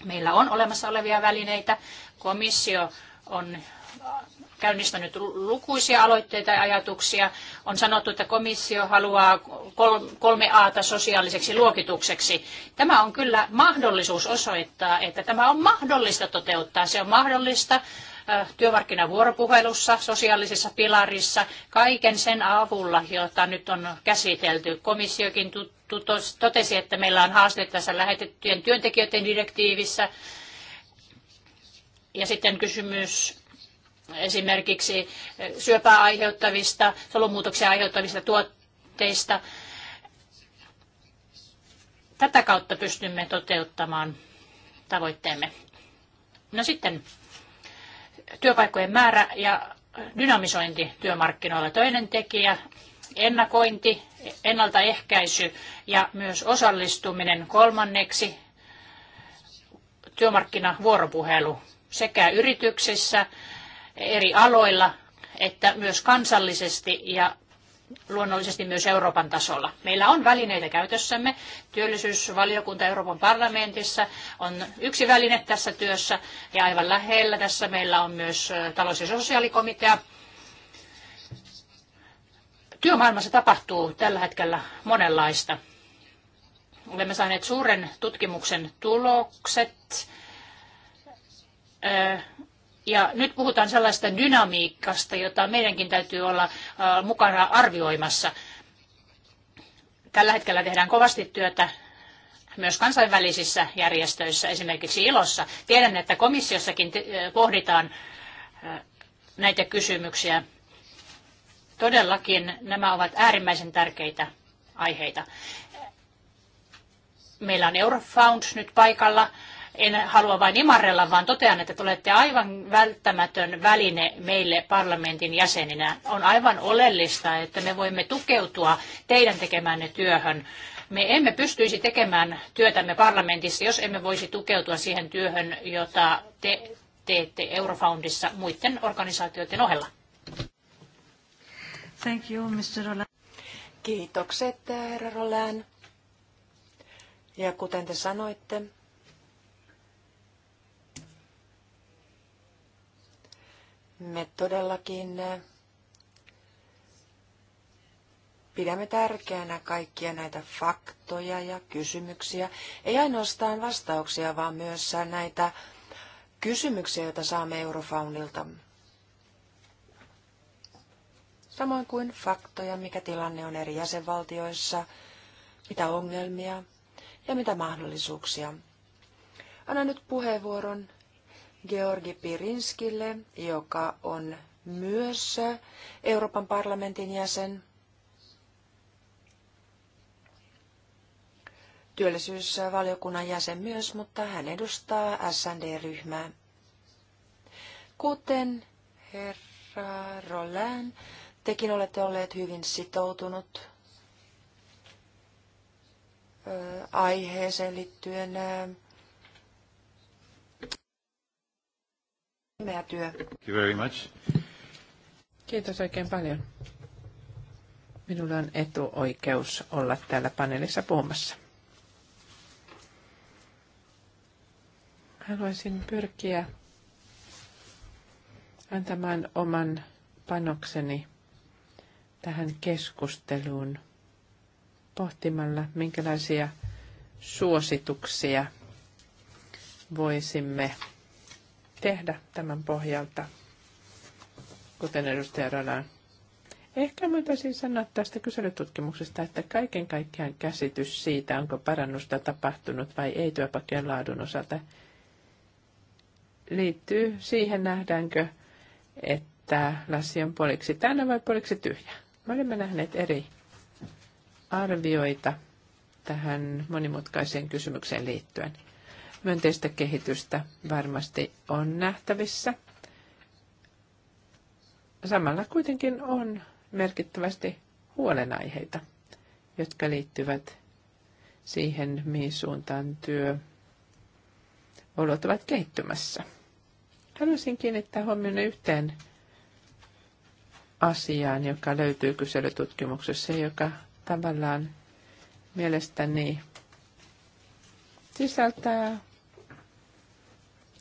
Meillä on olemassa olevia välineitä. Komissio on käynnistänyt lukuisia aloitteita ja ajatuksia. On sanottu, että komissio haluaa kolme aata sosiaaliseksi luokitukseksi. Tämä on kyllä mahdollisuus osoittaa, että tämä on mahdollista toteuttaa. Se on mahdollista Äh, työmarkkinavuoropuhelussa, sosiaalisessa pilarissa, kaiken sen avulla, jota nyt on käsitelty. Komissiokin totesi, että meillä on haaste tässä lähetettyjen työntekijöiden direktiivissä. Ja sitten kysymys esimerkiksi äh, syöpää aiheuttavista, solumuutoksia aiheuttavista tuotteista. Tätä kautta pystymme toteuttamaan tavoitteemme. No sitten työpaikkojen määrä ja dynamisointi työmarkkinoilla. Toinen tekijä, ennakointi, ennaltaehkäisy ja myös osallistuminen. Kolmanneksi, työmarkkinavuoropuhelu sekä yrityksissä eri aloilla että myös kansallisesti ja luonnollisesti myös Euroopan tasolla. Meillä on välineitä käytössämme. Työllisyysvaliokunta Euroopan parlamentissa on yksi väline tässä työssä ja aivan lähellä tässä meillä on myös talous- ja sosiaalikomitea. Työmaailmassa tapahtuu tällä hetkellä monenlaista. Olemme saaneet suuren tutkimuksen tulokset ja nyt puhutaan sellaista dynamiikasta, jota meidänkin täytyy olla äh, mukana arvioimassa. Tällä hetkellä tehdään kovasti työtä myös kansainvälisissä järjestöissä, esimerkiksi ILOssa. Tiedän, että komissiossakin äh, pohditaan äh, näitä kysymyksiä. Todellakin nämä ovat äärimmäisen tärkeitä aiheita. Meillä on Eurofound nyt paikalla en halua vain imarrella, vaan totean, että te olette aivan välttämätön väline meille parlamentin jäseninä. On aivan oleellista, että me voimme tukeutua teidän tekemänne työhön. Me emme pystyisi tekemään työtämme parlamentissa, jos emme voisi tukeutua siihen työhön, jota te teette Eurofoundissa muiden organisaatioiden ohella. Thank you, Mr. Roland. Kiitokset, herra Roland. Ja kuten te sanoitte, Me todellakin eh, pidämme tärkeänä kaikkia näitä faktoja ja kysymyksiä, ei ainoastaan vastauksia, vaan myös näitä kysymyksiä, joita saamme Eurofaunilta. Samoin kuin faktoja, mikä tilanne on eri jäsenvaltioissa, mitä ongelmia ja mitä mahdollisuuksia. Anna nyt puheenvuoron Georgi Pirinskille, joka on myös Euroopan parlamentin jäsen. Työllisyysvaliokunnan jäsen myös, mutta hän edustaa SND-ryhmää. Kuten herra Roland, tekin olette olleet hyvin sitoutunut aiheeseen liittyen Pimeä työ. Thank you very much. Kiitos oikein paljon. Minulla on etuoikeus olla täällä paneelissa puhumassa. Haluaisin pyrkiä antamaan oman panokseni tähän keskusteluun pohtimalla, minkälaisia suosituksia voisimme tehdä tämän pohjalta, kuten edustaja Radan. Ehkä taisin sanoa tästä kyselytutkimuksesta, että kaiken kaikkiaan käsitys siitä, onko parannusta tapahtunut vai ei työpaikkojen laadun osalta, liittyy siihen, nähdäänkö, että lasi on puoliksi täynnä vai puoliksi tyhjä. Me olemme nähneet eri arvioita tähän monimutkaiseen kysymykseen liittyen. Myönteistä kehitystä varmasti on nähtävissä. Samalla kuitenkin on merkittävästi huolenaiheita, jotka liittyvät siihen, mihin suuntaan työ olot ovat kehittymässä. Haluaisin kiinnittää huomioon yhteen asiaan, joka löytyy kyselytutkimuksessa, joka tavallaan mielestäni sisältää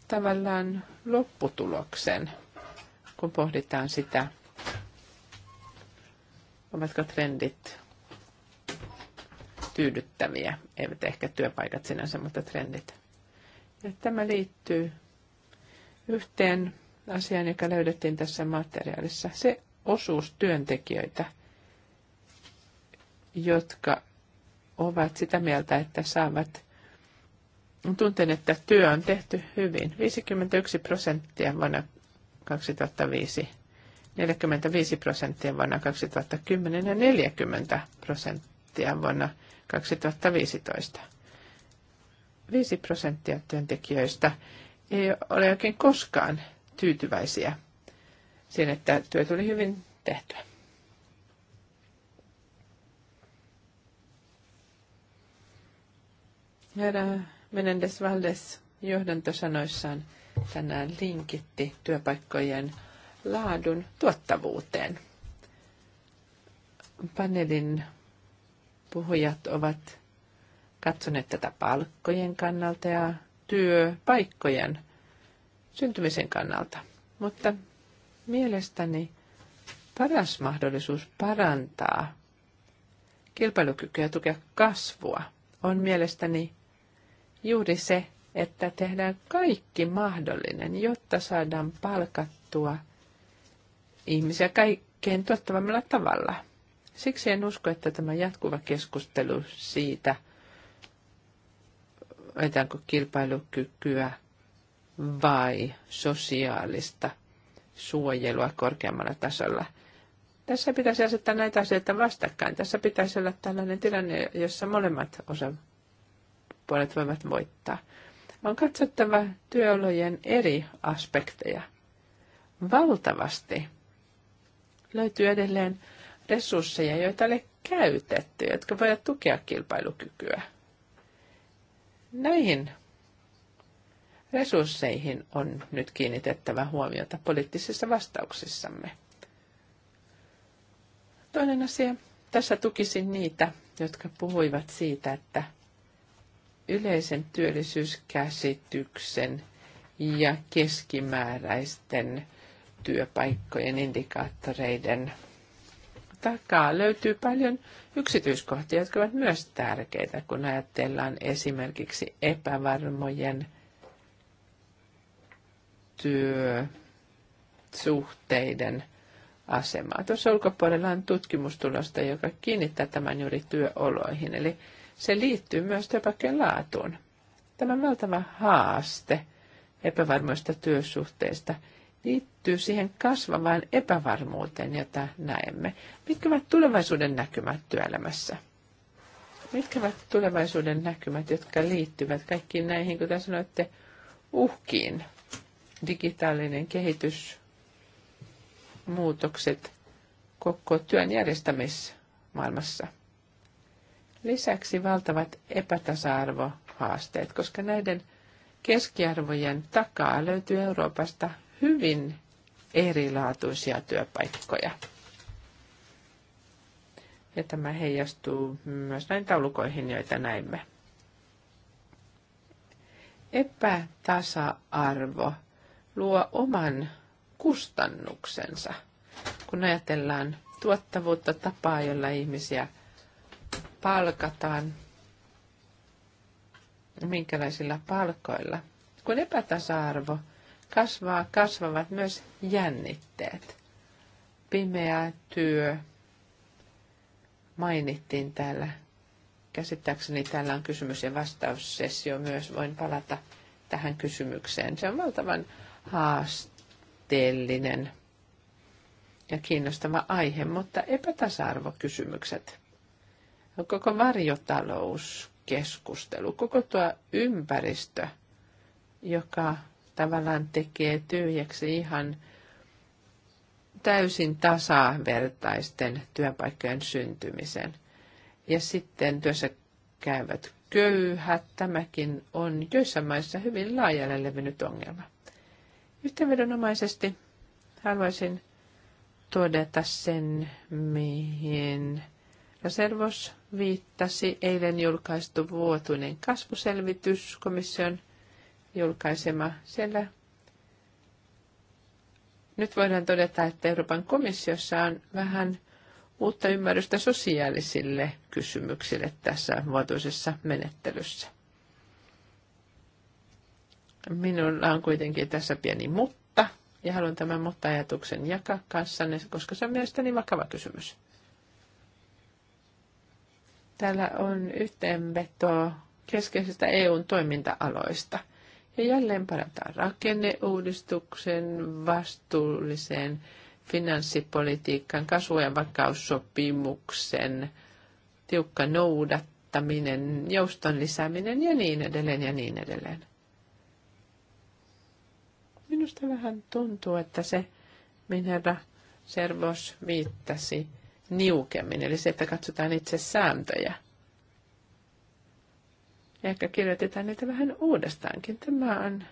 tavallaan lopputuloksen, kun pohditaan sitä, ovatko trendit tyydyttäviä, eivät ehkä työpaikat sinänsä, mutta trendit. Ja tämä liittyy yhteen asiaan, joka löydettiin tässä materiaalissa. Se osuus työntekijöitä, jotka ovat sitä mieltä, että saavat tunteen, että työ on tehty hyvin. 51 prosenttia vuonna 2005, 45 prosenttia vuonna 2010 ja 40 prosenttia vuonna 2015. 5 prosenttia työntekijöistä ei ole oikein koskaan tyytyväisiä siihen, että työ tuli hyvin tehtyä. Herää Menendez Valdes johdantosanoissaan tänään linkitti työpaikkojen laadun tuottavuuteen. Panelin puhujat ovat katsoneet tätä palkkojen kannalta ja työpaikkojen syntymisen kannalta. Mutta mielestäni paras mahdollisuus parantaa kilpailukykyä ja tukea kasvua on mielestäni juuri se, että tehdään kaikki mahdollinen, jotta saadaan palkattua ihmisiä kaikkein tuottavammalla tavalla. Siksi en usko, että tämä jatkuva keskustelu siitä, otetaanko kilpailukykyä vai sosiaalista suojelua korkeammalla tasolla. Tässä pitäisi asettaa näitä asioita vastakkain. Tässä pitäisi olla tällainen tilanne, jossa molemmat osa puolet voivat voittaa. On katsottava työolojen eri aspekteja. Valtavasti löytyy edelleen resursseja, joita ei ole käytetty, jotka voivat tukea kilpailukykyä. Näihin resursseihin on nyt kiinnitettävä huomiota poliittisissa vastauksissamme. Toinen asia. Tässä tukisin niitä, jotka puhuivat siitä, että yleisen työllisyyskäsityksen ja keskimääräisten työpaikkojen indikaattoreiden takaa löytyy paljon yksityiskohtia, jotka ovat myös tärkeitä, kun ajatellaan esimerkiksi epävarmojen työsuhteiden asemaa. Tuossa ulkopuolella on tutkimustulosta, joka kiinnittää tämän juuri työoloihin. Eli se liittyy myös työpaikkojen laatuun. Tämä valtava haaste epävarmoista työsuhteista liittyy siihen kasvavaan epävarmuuteen, jota näemme. Mitkä ovat tulevaisuuden näkymät työelämässä? Mitkä ovat tulevaisuuden näkymät, jotka liittyvät kaikkiin näihin, kuten sanoitte, uhkiin? Digitaalinen kehitys, muutokset koko työn järjestämismaailmassa – Lisäksi valtavat epätasa-arvohaasteet, koska näiden keskiarvojen takaa löytyy Euroopasta hyvin erilaatuisia työpaikkoja. Ja tämä heijastuu myös näin taulukoihin, joita näimme. Epätasa-arvo luo oman kustannuksensa, kun ajatellaan tuottavuutta, tapaa, jolla ihmisiä – palkataan, minkälaisilla palkoilla. Kun epätasa-arvo kasvaa, kasvavat myös jännitteet. Pimeä työ mainittiin täällä. Käsittääkseni täällä on kysymys- ja vastaussessio myös. Voin palata tähän kysymykseen. Se on valtavan haasteellinen ja kiinnostava aihe, mutta epätasa-arvokysymykset koko varjotalouskeskustelu, koko tuo ympäristö, joka tavallaan tekee tyhjäksi ihan täysin tasavertaisten työpaikkojen syntymisen. Ja sitten työssä käyvät köyhät, tämäkin on joissain maissa hyvin laajalle levinnyt ongelma. Yhteenvedonomaisesti haluaisin todeta sen, mihin reservos viittasi eilen julkaistu vuotuinen kasvuselvitys, komission julkaisema siellä. Nyt voidaan todeta, että Euroopan komissiossa on vähän uutta ymmärrystä sosiaalisille kysymyksille tässä vuotuisessa menettelyssä. Minulla on kuitenkin tässä pieni mutta, ja haluan tämän mutta-ajatuksen jakaa kanssanne, koska se on mielestäni vakava kysymys. Täällä on yhteenveto keskeisistä EUn toiminta-aloista. Ja jälleen parantaa rakenneuudistuksen vastuulliseen finanssipolitiikan kasvu- ja vakaussopimuksen tiukka noudattaminen, jouston lisääminen ja niin edelleen ja niin edelleen. Minusta vähän tuntuu, että se, mihin herra Servos viittasi, niukemmin, eli se, että katsotaan itse sääntöjä. Ja ehkä kirjoitetaan niitä vähän uudestaankin. Tämä on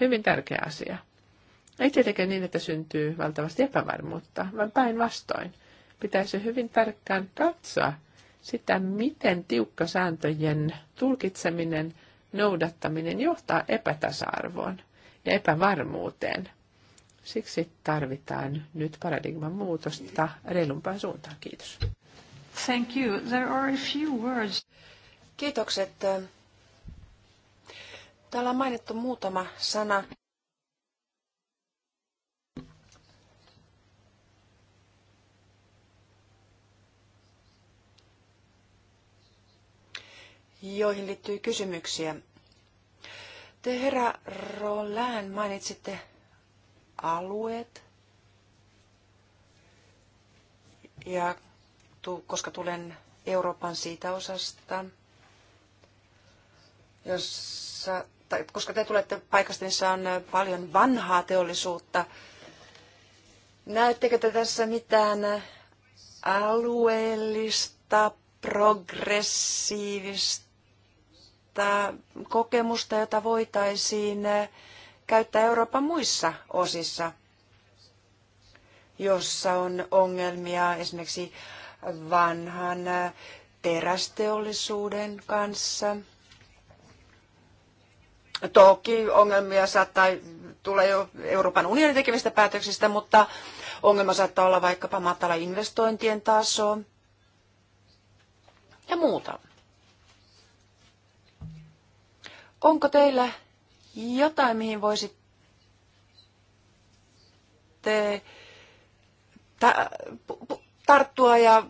hyvin tärkeä asia. Ei tietenkään niin, että syntyy valtavasti epävarmuutta, vaan päinvastoin. Pitäisi hyvin tarkkaan katsoa sitä, miten tiukka sääntöjen tulkitseminen, noudattaminen johtaa epätasa-arvoon ja epävarmuuteen. Siksi tarvitaan nyt paradigman muutosta reilumpaan suuntaan. Kiitos. Thank you. There are a few words. Kiitokset. Täällä on mainittu muutama sana. joihin liittyy kysymyksiä. Te herra Roland mainitsitte alueet. Ja koska tulen Euroopan siitä osasta, jossa, tai koska te tulette paikasta, missä on paljon vanhaa teollisuutta, näettekö te tässä mitään alueellista, progressiivista kokemusta, jota voitaisiin käyttää Euroopan muissa osissa, jossa on ongelmia esimerkiksi vanhan äh, terästeollisuuden kanssa. Toki ongelmia saattaa tulla jo Euroopan unionin tekemistä päätöksistä, mutta ongelma saattaa olla vaikkapa matala investointien taso ja muuta. Onko teillä jotain, mihin te ta- tarttua ja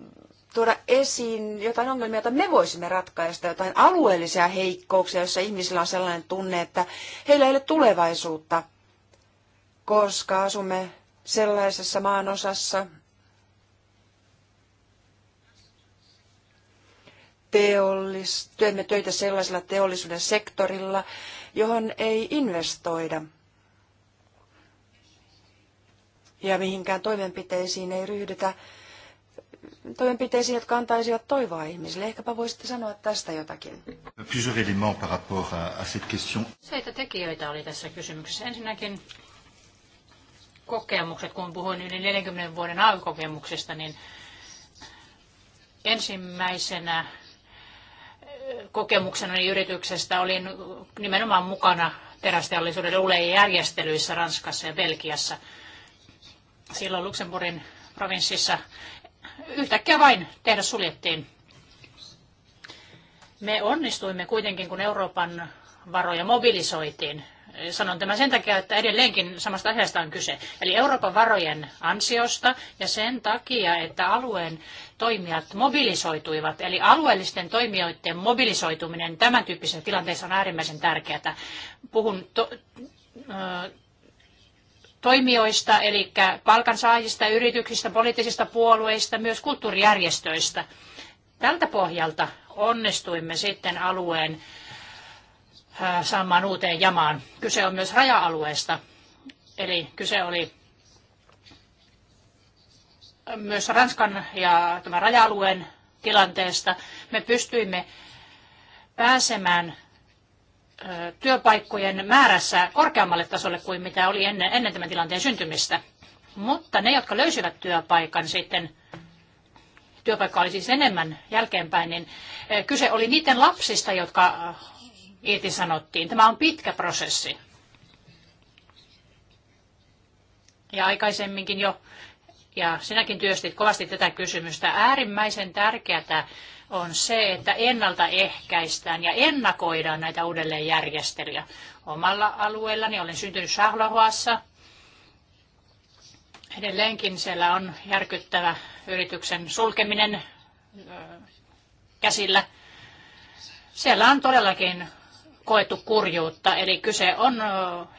tuoda esiin jotain ongelmia, joita me voisimme ratkaista, jotain alueellisia heikkouksia, joissa ihmisillä on sellainen tunne, että heillä ei ole tulevaisuutta, koska asumme sellaisessa maanosassa, teollis, teemme töitä sellaisella teollisuuden sektorilla, johon ei investoida ja mihinkään toimenpiteisiin ei ryhdytä, toimenpiteisiin, jotka antaisivat toivoa ihmisille. Ehkäpä voisitte sanoa tästä jotakin. Useita tekijöitä oli tässä kysymyksessä. Ensinnäkin kokemukset, kun puhuin yli 40 vuoden aikakokemuksesta, niin ensimmäisenä kokemukseni yrityksestä olin nimenomaan mukana terästeollisuuden ulejen järjestelyissä Ranskassa ja Belgiassa. Silloin Luxemburgin provinssissa yhtäkkiä vain tehdas suljettiin. Me onnistuimme kuitenkin, kun Euroopan varoja mobilisoitiin. Sanon tämän sen takia, että edelleenkin samasta asiasta on kyse. Eli Euroopan varojen ansiosta ja sen takia, että alueen toimijat mobilisoituivat, eli alueellisten toimijoiden mobilisoituminen tämän tyyppisessä tilanteessa on äärimmäisen tärkeää. Puhun to, ö, toimijoista, eli palkansaajista, yrityksistä, poliittisista puolueista, myös kulttuurijärjestöistä. Tältä pohjalta onnistuimme sitten alueen saamaan uuteen jamaan. Kyse on myös raja-alueesta, eli kyse oli myös Ranskan ja tämän raja-alueen tilanteesta. Me pystyimme pääsemään työpaikkojen määrässä korkeammalle tasolle kuin mitä oli ennen, ennen tämän tilanteen syntymistä. Mutta ne, jotka löysivät työpaikan sitten, työpaikka oli siis enemmän jälkeenpäin, niin kyse oli niiden lapsista, jotka sanottiin. Tämä on pitkä prosessi. Ja aikaisemminkin jo ja sinäkin työstit kovasti tätä kysymystä. Äärimmäisen tärkeää on se, että ennaltaehkäistään ja ennakoidaan näitä uudelleenjärjestelyjä. Omalla alueellani olen syntynyt Sahlahuassa. Edelleenkin siellä on järkyttävä yrityksen sulkeminen käsillä. Siellä on todellakin koettu kurjuutta, eli kyse on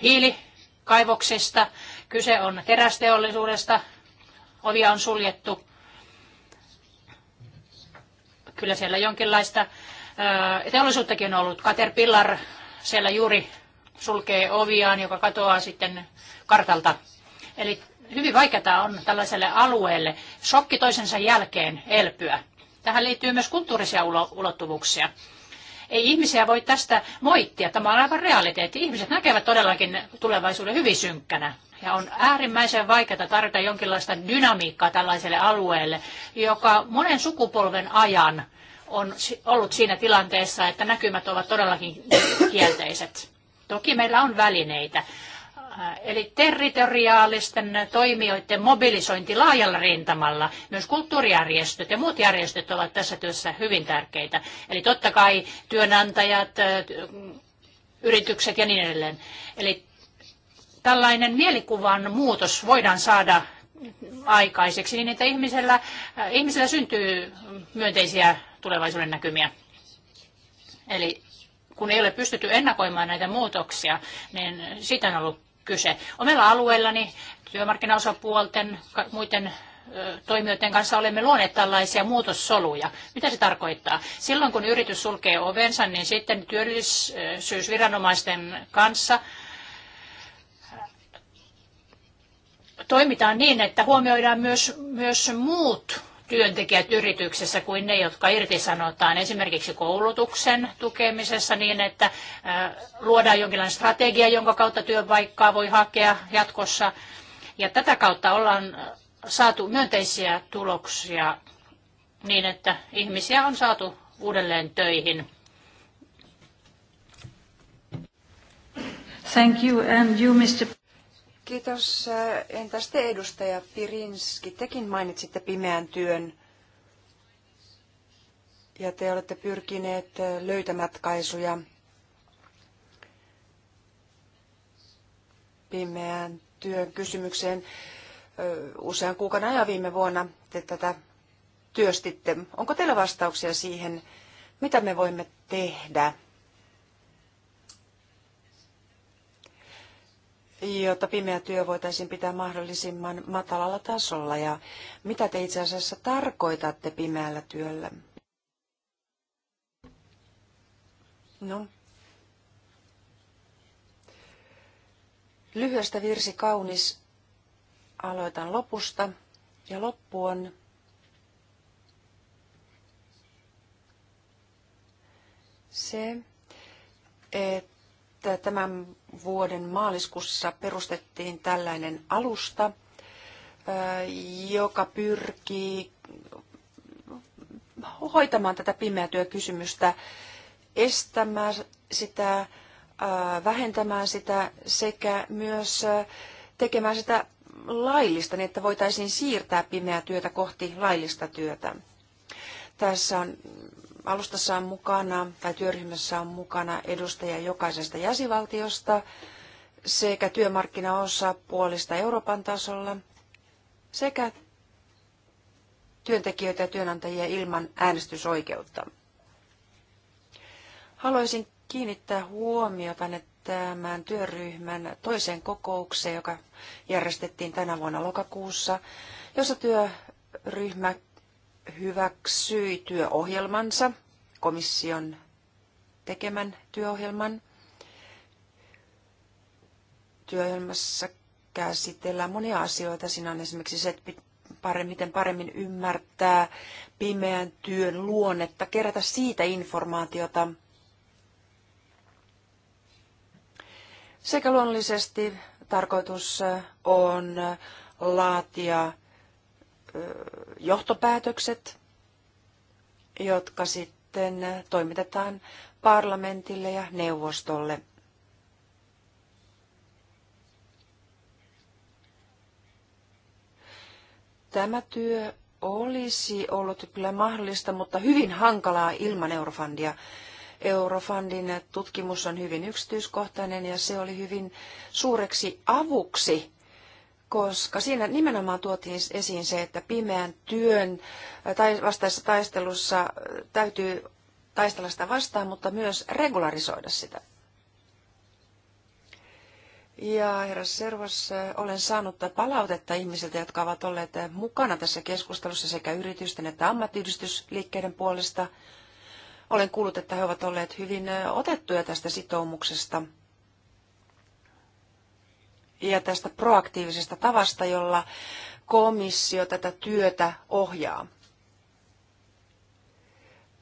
hiilikaivoksista, kyse on terästeollisuudesta, ovia on suljettu. Kyllä siellä jonkinlaista teollisuuttakin on ollut. Caterpillar siellä juuri sulkee oviaan, joka katoaa sitten kartalta. Eli hyvin vaikeaa on tällaiselle alueelle shokki toisensa jälkeen elpyä. Tähän liittyy myös kulttuurisia ulottuvuuksia. Ei ihmisiä voi tästä moittia. Tämä on aivan realiteetti. Ihmiset näkevät todellakin tulevaisuuden hyvin synkkänä. Ja on äärimmäisen vaikeaa tarjota jonkinlaista dynamiikkaa tällaiselle alueelle, joka monen sukupolven ajan on ollut siinä tilanteessa, että näkymät ovat todellakin kielteiset. Toki meillä on välineitä. Äh, eli territoriaalisten toimijoiden mobilisointi laajalla rintamalla. Myös kulttuurijärjestöt ja muut järjestöt ovat tässä työssä hyvin tärkeitä. Eli totta kai työnantajat, äh, yritykset ja niin edelleen. Eli tällainen mielikuvan muutos voidaan saada aikaiseksi niin, että ihmisellä, äh, ihmisellä syntyy myönteisiä tulevaisuuden näkymiä. Eli kun ei ole pystytty ennakoimaan näitä muutoksia, niin siitä on ollut kyse. Omilla alueillani työmarkkinaosapuolten muiden toimijoiden kanssa olemme luoneet tällaisia muutossoluja. Mitä se tarkoittaa? Silloin kun yritys sulkee ovensa, niin sitten työllisyysviranomaisten kanssa toimitaan niin, että huomioidaan myös, myös muut työntekijät yrityksessä kuin ne, jotka irtisanotaan esimerkiksi koulutuksen tukemisessa niin, että luodaan jonkinlainen strategia, jonka kautta työpaikkaa voi hakea jatkossa. Ja tätä kautta ollaan saatu myönteisiä tuloksia niin, että ihmisiä on saatu uudelleen töihin. Thank you and you, Mr. Kiitos. Äh, entäs te edustaja Pirinski? Tekin mainitsitte pimeän työn ja te olette pyrkineet äh, löytämätkaisuja pimeän työn kysymykseen. Äh, usean kuukauden ajan viime vuonna te tätä työstitte. Onko teillä vastauksia siihen, mitä me voimme tehdä? jotta pimeä työ voitaisiin pitää mahdollisimman matalalla tasolla. Ja mitä te itse asiassa tarkoitatte pimeällä työllä? No. Lyhyestä virsi kaunis. Aloitan lopusta. Ja loppu on se, että Äh, tämän vuoden maaliskuussa perustettiin tällainen alusta, äh, joka pyrkii hoitamaan tätä pimeätyökysymystä, estämään sitä, äh, vähentämään sitä sekä myös tekemään sitä laillista, niin että voitaisiin siirtää pimeää työtä kohti laillista työtä. Tässä on alustassa on mukana tai työryhmässä on mukana edustajia jokaisesta jäsenvaltiosta sekä työmarkkinaosapuolista Euroopan tasolla sekä työntekijöitä ja työnantajia ilman äänestysoikeutta. Haluaisin kiinnittää huomiota tämän työryhmän toiseen kokoukseen, joka järjestettiin tänä vuonna lokakuussa, jossa työryhmä hyväksyi työohjelmansa, komission tekemän työohjelman. Työohjelmassa käsitellään monia asioita. Siinä on esimerkiksi se, että miten paremmin ymmärtää pimeän työn luonnetta, kerätä siitä informaatiota sekä luonnollisesti tarkoitus on laatia johtopäätökset, jotka sitten toimitetaan parlamentille ja neuvostolle. Tämä työ olisi ollut kyllä mahdollista, mutta hyvin hankalaa ilman Eurofandia. Eurofandin tutkimus on hyvin yksityiskohtainen ja se oli hyvin suureksi avuksi koska siinä nimenomaan tuotiin esiin se, että pimeän työn äh, tai vastaisessa taistelussa äh, täytyy taistella sitä vastaan, mutta myös regularisoida sitä. Ja herra Servos, äh, olen saanut palautetta ihmisiltä, jotka ovat olleet mukana tässä keskustelussa sekä yritysten että ammattiyhdistysliikkeiden puolesta. Olen kuullut, että he ovat olleet hyvin otettuja tästä sitoumuksesta – ja tästä proaktiivisesta tavasta, jolla komissio tätä työtä ohjaa.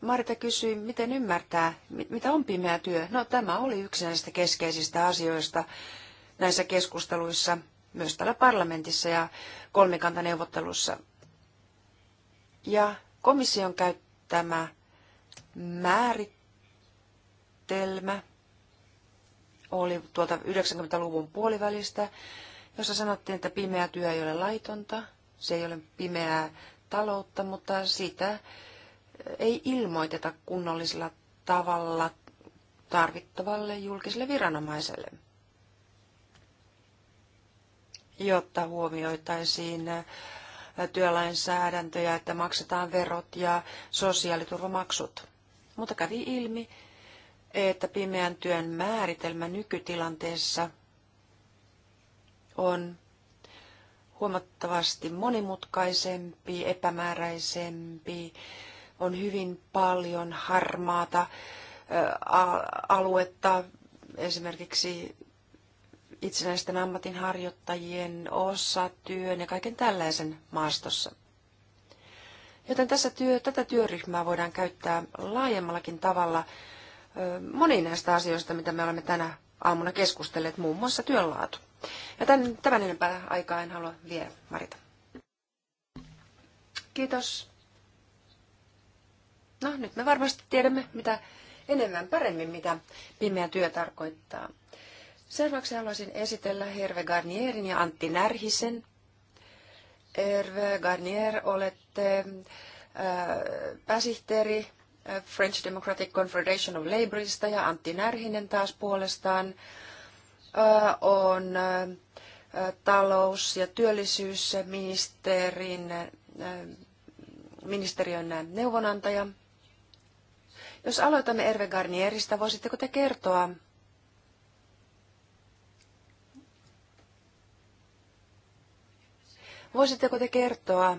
Marita kysyi, miten ymmärtää, mitä on pimeä työ. No tämä oli yksi näistä keskeisistä asioista näissä keskusteluissa, myös täällä parlamentissa ja kolmikantaneuvottelussa. Ja komission käyttämä määrittelmä, oli tuolta 90-luvun puolivälistä, jossa sanottiin, että pimeä työ ei ole laitonta, se ei ole pimeää taloutta, mutta sitä ei ilmoiteta kunnollisella tavalla tarvittavalle julkiselle viranomaiselle, jotta huomioitaisiin työlainsäädäntöjä, ja että maksetaan verot ja sosiaaliturvamaksut. Mutta kävi ilmi, että pimeän työn määritelmä nykytilanteessa on huomattavasti monimutkaisempi, epämääräisempi, on hyvin paljon harmaata aluetta esimerkiksi itsenäisten ammatinharjoittajien työn ja kaiken tällaisen maastossa. Joten tässä työ, tätä työryhmää voidaan käyttää laajemmallakin tavalla moniin näistä asioista, mitä me olemme tänä aamuna keskustelleet, muun muassa työnlaatu. Ja tämän, tämän enempää aikaa en halua vielä Marita. Kiitos. No, nyt me varmasti tiedämme, mitä enemmän paremmin, mitä pimeä työ tarkoittaa. Seuraavaksi haluaisin esitellä Herve Garnierin ja Antti Närhisen. Herve Garnier, olette pääsihteeri French Democratic Confederation of Labourista ja Antti Närhinen taas puolestaan on talous- ja työllisyysministerin ministeriön neuvonantaja. Jos aloitamme Erve Garnierista, voisitteko te kertoa, voisitteko te kertoa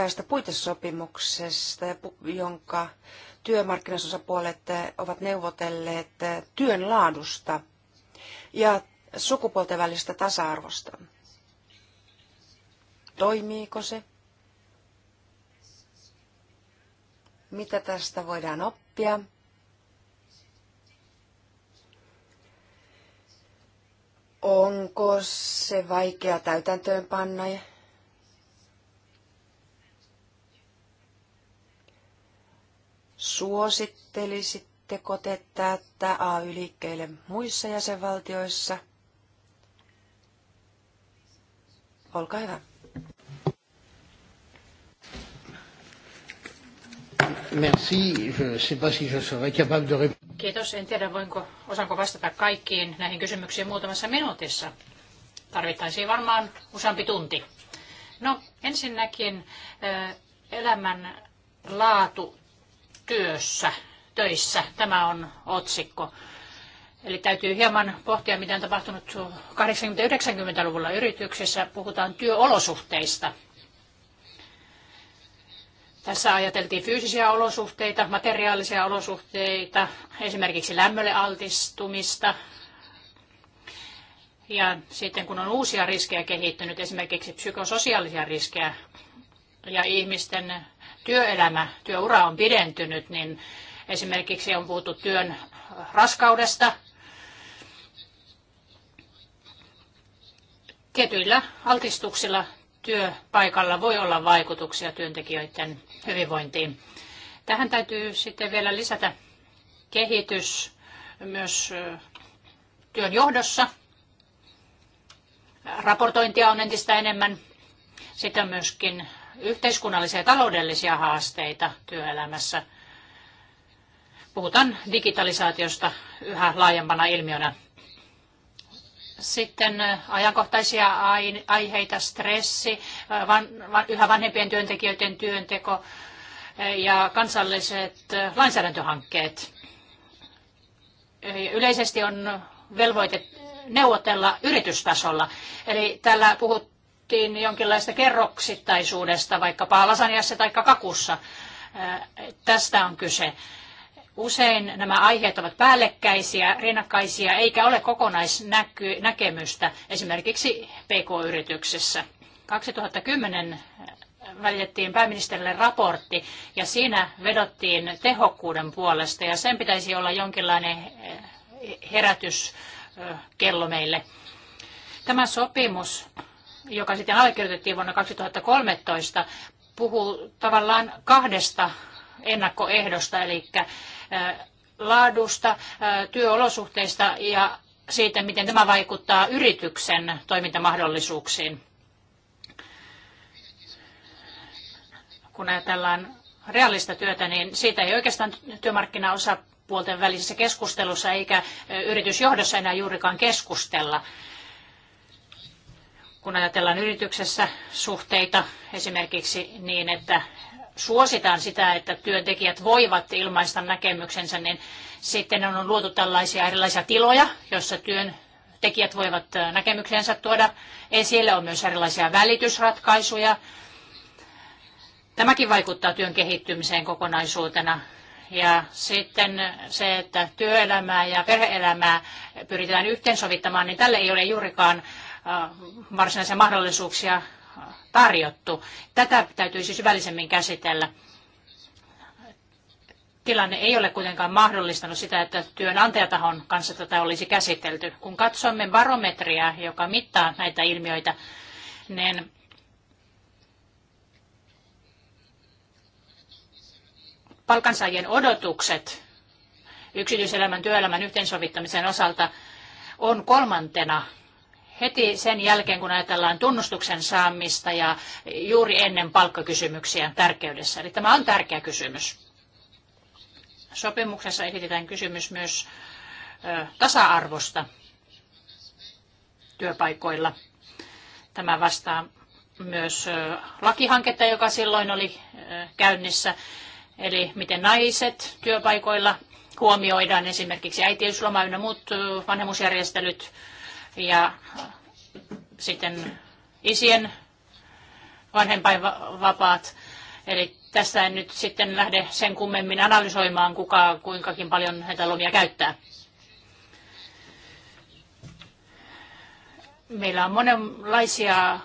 tästä puitesopimuksesta, jonka työmarkkinasosapuolet eh, ovat neuvotelleet eh, työn laadusta ja sukupuolten välisestä tasa-arvosta. Toimiiko se? Mitä tästä voidaan oppia? Onko se vaikea täytäntöönpanna Suosittelisitteko te tätä AY-liikkeelle muissa jäsenvaltioissa? Olkaa hyvä. Merci. Je sais pas si je serai capable de Kiitos. En tiedä, voinko, osaanko vastata kaikkiin näihin kysymyksiin muutamassa minuutissa. Tarvittaisiin varmaan useampi tunti. No, ensinnäkin elämän laatu Työssä, töissä. Tämä on otsikko. Eli täytyy hieman pohtia, mitä on tapahtunut 80-90-luvulla yrityksessä Puhutaan työolosuhteista. Tässä ajateltiin fyysisiä olosuhteita, materiaalisia olosuhteita, esimerkiksi lämmölle altistumista. Ja sitten kun on uusia riskejä kehittynyt, esimerkiksi psykososiaalisia riskejä ja ihmisten työelämä, työura on pidentynyt, niin esimerkiksi on puhuttu työn äh, raskaudesta. Tietyillä altistuksilla työpaikalla voi olla vaikutuksia työntekijöiden hyvinvointiin. Tähän täytyy sitten vielä lisätä kehitys myös äh, työn johdossa. Raportointia on entistä enemmän. Sitä myöskin yhteiskunnallisia ja taloudellisia haasteita työelämässä. Puhutaan digitalisaatiosta yhä laajempana ilmiönä. Sitten ajankohtaisia aiheita, stressi, yhä vanhempien työntekijöiden työnteko ja kansalliset lainsäädäntöhankkeet. Yleisesti on velvoite neuvotella yritystasolla. Eli täällä puhut, puhuttiin jonkinlaista kerroksittaisuudesta vaikkapa lasanjassa tai kakussa. Tästä on kyse. Usein nämä aiheet ovat päällekkäisiä, rinnakkaisia, eikä ole kokonaisnäkemystä esimerkiksi PK-yrityksessä. 2010 välitettiin pääministerille raportti ja siinä vedottiin tehokkuuden puolesta ja sen pitäisi olla jonkinlainen herätyskello meille. Tämä sopimus joka sitten allekirjoitettiin vuonna 2013, puhuu tavallaan kahdesta ennakkoehdosta, eli äh, laadusta, äh, työolosuhteista ja siitä, miten tämä vaikuttaa yrityksen toimintamahdollisuuksiin. Kun ajatellaan reaalista työtä, niin siitä ei oikeastaan työmarkkinaosapuolten välisessä keskustelussa eikä yritysjohdossa enää juurikaan keskustella kun ajatellaan yrityksessä suhteita esimerkiksi niin, että suositaan sitä, että työntekijät voivat ilmaista näkemyksensä, niin sitten on luotu tällaisia erilaisia tiloja, joissa työntekijät voivat näkemyksensä tuoda esille. On myös erilaisia välitysratkaisuja. Tämäkin vaikuttaa työn kehittymiseen kokonaisuutena. Ja sitten se, että työelämää ja perheelämää pyritään yhteensovittamaan, niin tälle ei ole juurikaan varsinaisia mahdollisuuksia tarjottu. Tätä täytyisi siis syvällisemmin käsitellä. Tilanne ei ole kuitenkaan mahdollistanut sitä, että työnantajatahon kanssa tätä olisi käsitelty. Kun katsomme barometria, joka mittaa näitä ilmiöitä, niin palkansaajien odotukset yksityiselämän työelämän yhteensovittamisen osalta on kolmantena heti sen jälkeen, kun ajatellaan tunnustuksen saamista ja juuri ennen palkkakysymyksiä tärkeydessä. Eli tämä on tärkeä kysymys. Sopimuksessa esitetään kysymys myös tasa-arvosta työpaikoilla. Tämä vastaa myös lakihanketta, joka silloin oli käynnissä. Eli miten naiset työpaikoilla huomioidaan esimerkiksi äitiysloma ynnä muut vanhemmuusjärjestelyt ja sitten isien vanhempainvapaat. Eli tästä en nyt sitten lähde sen kummemmin analysoimaan, kuka kuinkakin paljon näitä lomia käyttää. Meillä on monenlaisia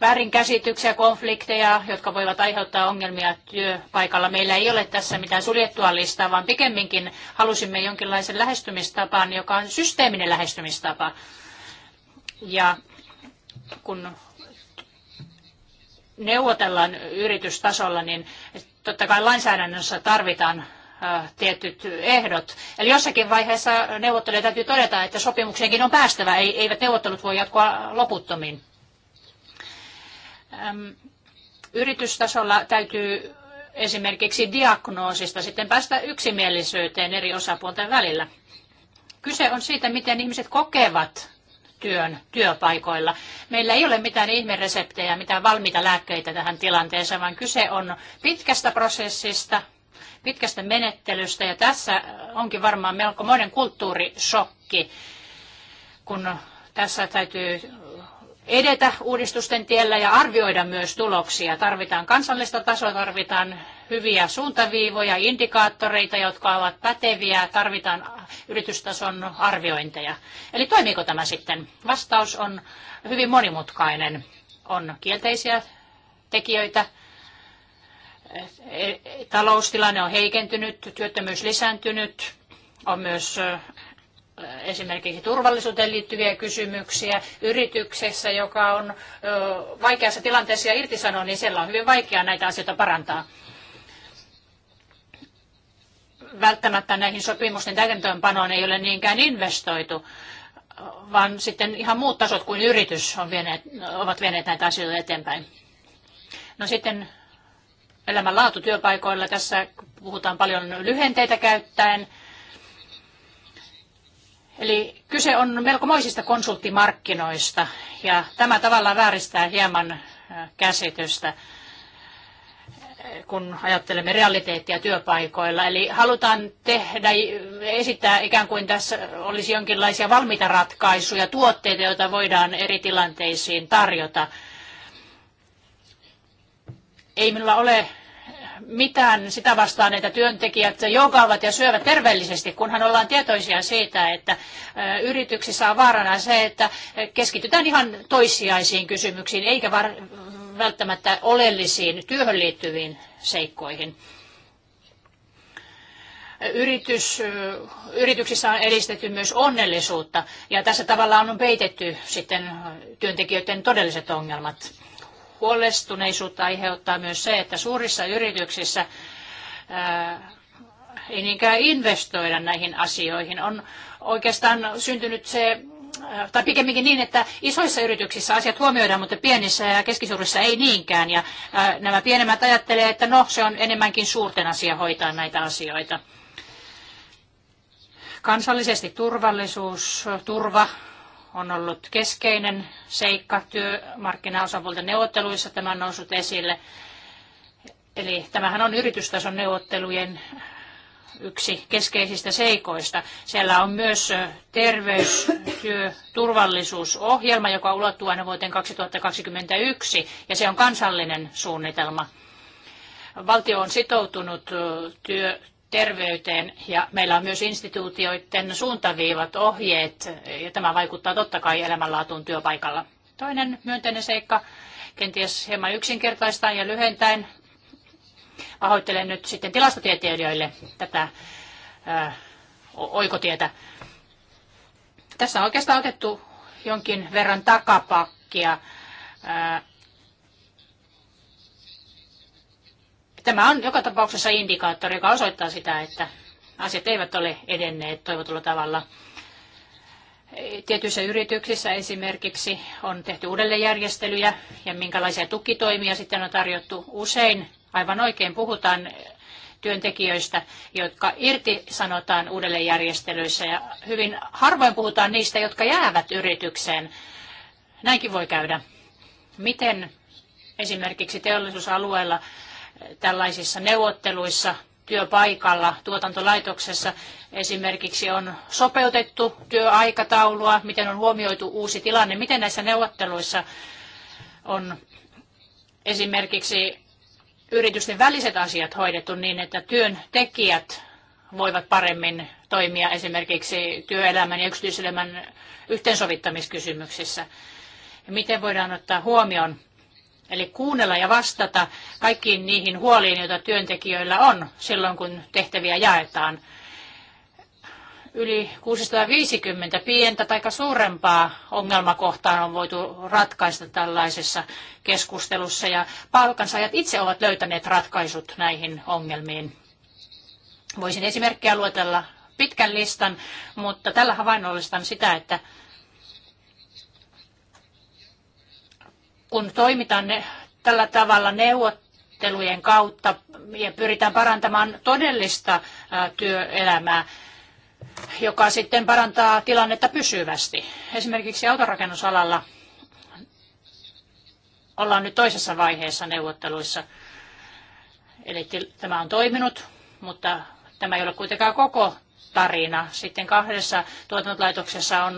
väärinkäsityksiä, konflikteja, jotka voivat aiheuttaa ongelmia työpaikalla. Meillä ei ole tässä mitään suljettua listaa, vaan pikemminkin halusimme jonkinlaisen lähestymistapaan, joka on systeeminen lähestymistapa. Ja kun neuvotellaan yritystasolla, niin totta kai lainsäädännössä tarvitaan äh, tietyt ehdot. Eli jossakin vaiheessa neuvottelijoiden täytyy todeta, että sopimukseenkin on päästävä, eivät neuvottelut voi jatkoa loputtomiin. Yritystasolla täytyy esimerkiksi diagnoosista sitten päästä yksimielisyyteen eri osapuolten välillä. Kyse on siitä, miten ihmiset kokevat työn työpaikoilla. Meillä ei ole mitään ihmereseptejä, mitään valmiita lääkkeitä tähän tilanteeseen, vaan kyse on pitkästä prosessista, pitkästä menettelystä ja tässä onkin varmaan melko monen kulttuurisokki, kun tässä täytyy edetä uudistusten tiellä ja arvioida myös tuloksia. Tarvitaan kansallista tasoa, tarvitaan hyviä suuntaviivoja, indikaattoreita, jotka ovat päteviä, tarvitaan yritystason arviointeja. Eli toimiiko tämä sitten? Vastaus on hyvin monimutkainen. On kielteisiä tekijöitä, taloustilanne on heikentynyt, työttömyys lisääntynyt, on myös esimerkiksi turvallisuuteen liittyviä kysymyksiä yrityksessä, joka on vaikeassa tilanteessa ja irtisanoo, niin siellä on hyvin vaikea näitä asioita parantaa välttämättä näihin sopimusten täytäntöönpanoon ei ole niinkään investoitu, vaan sitten ihan muut tasot kuin yritys on vieneet, ovat vieneet näitä asioita eteenpäin. No sitten elämänlaatu työpaikoilla. Tässä puhutaan paljon lyhenteitä käyttäen. Eli kyse on melkomoisista konsulttimarkkinoista ja tämä tavallaan vääristää hieman käsitystä kun ajattelemme realiteettia työpaikoilla. Eli halutaan tehdä, esittää ikään kuin tässä olisi jonkinlaisia valmiita ratkaisuja, tuotteita, joita voidaan eri tilanteisiin tarjota. Ei minulla ole mitään sitä vastaan, että työntekijät jokaavat ja syövät terveellisesti, kunhan ollaan tietoisia siitä, että yrityksissä on vaarana se, että keskitytään ihan toissijaisiin kysymyksiin, eikä var- välttämättä oleellisiin työhön liittyviin seikkoihin. Yritys, yrityksissä on edistetty myös onnellisuutta ja tässä tavallaan on peitetty sitten työntekijöiden todelliset ongelmat. Huolestuneisuutta aiheuttaa myös se, että suurissa yrityksissä ää, ei niinkään investoida näihin asioihin. On oikeastaan syntynyt se Äh, tai pikemminkin niin, että isoissa yrityksissä asiat huomioidaan, mutta pienissä ja keskisuurissa ei niinkään. Ja äh, nämä pienemmät ajattelee, että no, se on enemmänkin suurten asia hoitaa näitä asioita. Kansallisesti turvallisuus, turva on ollut keskeinen seikka työmarkkinaosapuolten neuvotteluissa. Tämä on noussut esille. Eli tämähän on yritystason neuvottelujen yksi keskeisistä seikoista. Siellä on myös turvallisuusohjelma, joka ulottuu aina vuoteen 2021, ja se on kansallinen suunnitelma. Valtio on sitoutunut työ, terveyteen ja meillä on myös instituutioiden suuntaviivat, ohjeet ja tämä vaikuttaa totta kai elämänlaatuun työpaikalla. Toinen myönteinen seikka, kenties hieman yksinkertaistaan ja lyhentäen, Pahoittelen nyt sitten tilastotieteilijöille tätä ää, oikotietä. Tässä on oikeastaan otettu jonkin verran takapakkia. Ää, tämä on joka tapauksessa indikaattori, joka osoittaa sitä, että asiat eivät ole edenneet toivotulla tavalla. Tietyissä yrityksissä esimerkiksi on tehty uudelleenjärjestelyjä ja minkälaisia tukitoimia sitten on tarjottu. Usein Aivan oikein puhutaan työntekijöistä, jotka irtisanotaan uudelleenjärjestelyissä ja hyvin harvoin puhutaan niistä, jotka jäävät yritykseen. Näinkin voi käydä. Miten esimerkiksi teollisuusalueella tällaisissa neuvotteluissa työpaikalla, tuotantolaitoksessa esimerkiksi on sopeutettu työaikataulua, miten on huomioitu uusi tilanne, miten näissä neuvotteluissa on esimerkiksi yritysten väliset asiat hoidettu niin, että työntekijät voivat paremmin toimia esimerkiksi työelämän ja yksityiselämän yhteensovittamiskysymyksissä. Ja miten voidaan ottaa huomioon, eli kuunnella ja vastata kaikkiin niihin huoliin, joita työntekijöillä on silloin, kun tehtäviä jaetaan – yli 650 pientä tai suurempaa ongelmakohtaa on voitu ratkaista tällaisessa keskustelussa ja palkansaajat itse ovat löytäneet ratkaisut näihin ongelmiin. Voisin esimerkkejä luetella pitkän listan, mutta tällä havainnollistan sitä, että kun toimitaan ne, tällä tavalla neuvottelujen kautta ja pyritään parantamaan todellista työelämää, joka sitten parantaa tilannetta pysyvästi. Esimerkiksi autorakennusalalla ollaan nyt toisessa vaiheessa neuvotteluissa. Eli tämä on toiminut, mutta tämä ei ole kuitenkaan koko tarina. Sitten kahdessa tuotantolaitoksessa on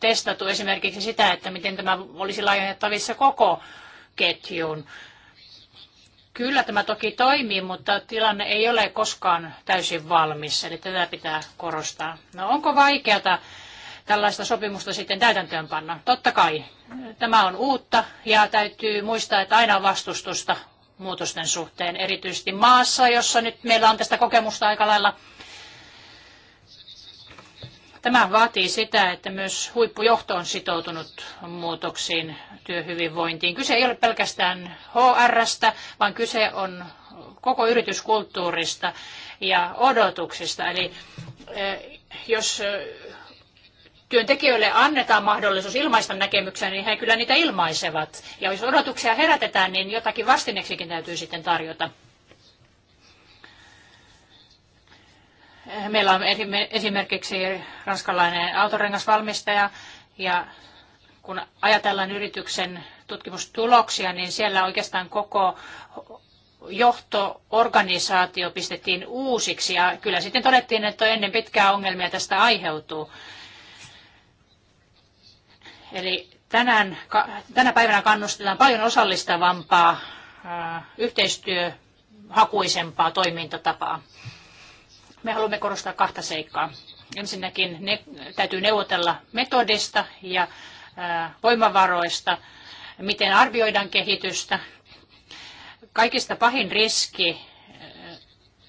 testattu esimerkiksi sitä, että miten tämä olisi laajennettavissa koko ketjuun. Kyllä tämä toki toimii, mutta tilanne ei ole koskaan täysin valmis, eli tätä pitää korostaa. No onko vaikeata tällaista sopimusta sitten täytäntöönpanna? Totta kai. Tämä on uutta ja täytyy muistaa, että aina on vastustusta muutosten suhteen, erityisesti maassa, jossa nyt meillä on tästä kokemusta aika lailla – Tämä vaatii sitä, että myös huippujohto on sitoutunut muutoksiin työhyvinvointiin. Kyse ei ole pelkästään HRstä, vaan kyse on koko yrityskulttuurista ja odotuksista. Eli e, jos e, työntekijöille annetaan mahdollisuus ilmaista näkemyksiä, niin he kyllä niitä ilmaisevat. Ja jos odotuksia herätetään, niin jotakin vastineksikin täytyy sitten tarjota. Meillä on esimerkiksi ranskalainen autorengasvalmistaja ja kun ajatellaan yrityksen tutkimustuloksia, niin siellä oikeastaan koko johtoorganisaatio pistettiin uusiksi ja kyllä sitten todettiin, että ennen pitkää ongelmia tästä aiheutuu. Eli tänään, tänä päivänä kannustetaan paljon osallistavampaa, yhteistyöhakuisempaa toimintatapaa. Me haluamme korostaa kahta seikkaa. Ensinnäkin ne, täytyy neuvotella metodista ja voimavaroista, miten arvioidaan kehitystä. Kaikista pahin riski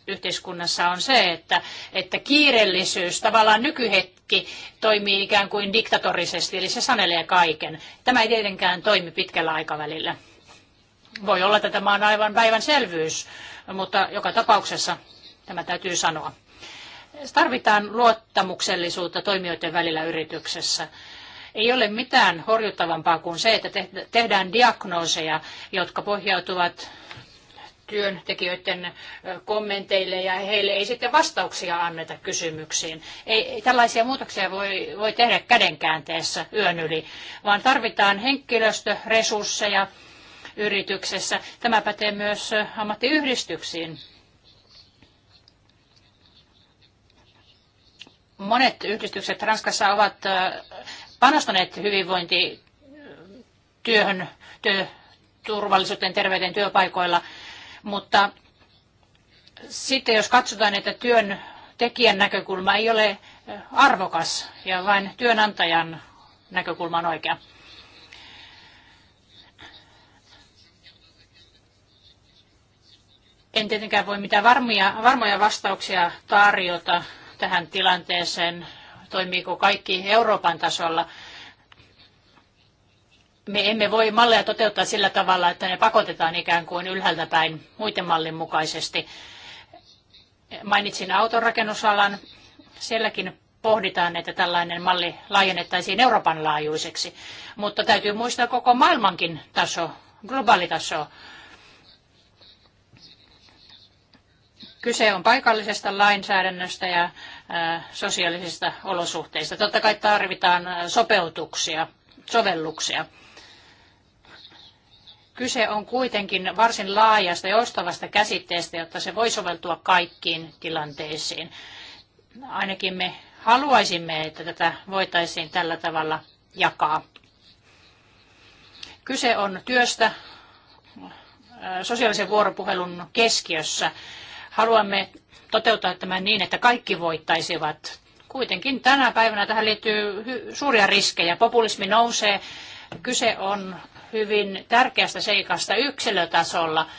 yhteiskunnassa on se, että, että kiireellisyys, tavallaan nykyhetki, toimii ikään kuin diktatorisesti, eli se sanelee kaiken. Tämä ei tietenkään toimi pitkällä aikavälillä. Voi olla, että tämä on aivan päivänselvyys, mutta joka tapauksessa tämä täytyy sanoa tarvitaan luottamuksellisuutta toimijoiden välillä yrityksessä. Ei ole mitään horjuttavampaa kuin se, että tehdään diagnooseja, jotka pohjautuvat työntekijöiden kommenteille ja heille ei sitten vastauksia anneta kysymyksiin. Ei, tällaisia muutoksia voi, voi tehdä kädenkäänteessä yön yli, vaan tarvitaan henkilöstöresursseja yrityksessä. Tämä pätee myös ammattiyhdistyksiin. Monet yhdistykset Ranskassa ovat panostaneet hyvinvointityöhön, työturvallisuuteen, terveyteen työpaikoilla, mutta sitten jos katsotaan, että työn tekijän näkökulma ei ole arvokas ja vain työnantajan näkökulma on oikea. En tietenkään voi mitään varmoja vastauksia tarjota tähän tilanteeseen, toimiiko kaikki Euroopan tasolla. Me emme voi malleja toteuttaa sillä tavalla, että ne pakotetaan ikään kuin ylhäältä päin muiden mallin mukaisesti. Mainitsin autorakennusalan. Sielläkin pohditaan, että tällainen malli laajennettaisiin Euroopan laajuiseksi. Mutta täytyy muistaa koko maailmankin taso, globaali taso. Kyse on paikallisesta lainsäädännöstä ja sosiaalisista olosuhteista. Totta kai tarvitaan sopeutuksia, sovelluksia. Kyse on kuitenkin varsin laajasta ostavasta käsitteestä, jotta se voi soveltua kaikkiin tilanteisiin. Ainakin me haluaisimme, että tätä voitaisiin tällä tavalla jakaa. Kyse on työstä sosiaalisen vuoropuhelun keskiössä Haluamme toteuttaa tämän niin, että kaikki voittaisivat. Kuitenkin tänä päivänä tähän liittyy suuria riskejä. Populismi nousee. Kyse on hyvin tärkeästä seikasta yksilötasolla,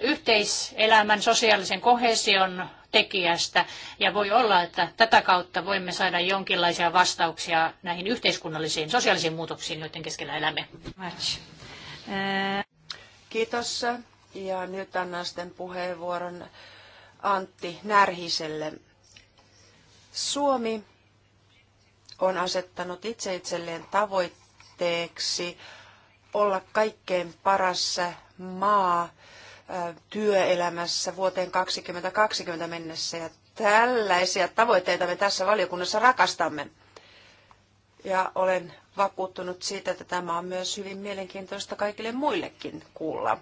yhteiselämän sosiaalisen kohesion tekijästä ja voi olla, että tätä kautta voimme saada jonkinlaisia vastauksia näihin yhteiskunnallisiin sosiaalisiin muutoksiin, joiden keskellä elämme. Kiitos. Ja nyt annan sitten puheenvuoron Antti Närhiselle. Suomi on asettanut itse itselleen tavoitteeksi olla kaikkein paras maa työelämässä vuoteen 2020 mennessä. Ja tällaisia tavoitteita me tässä valiokunnassa rakastamme. Ja olen vakuuttunut siitä, että tämä on myös hyvin mielenkiintoista kaikille muillekin kuulla.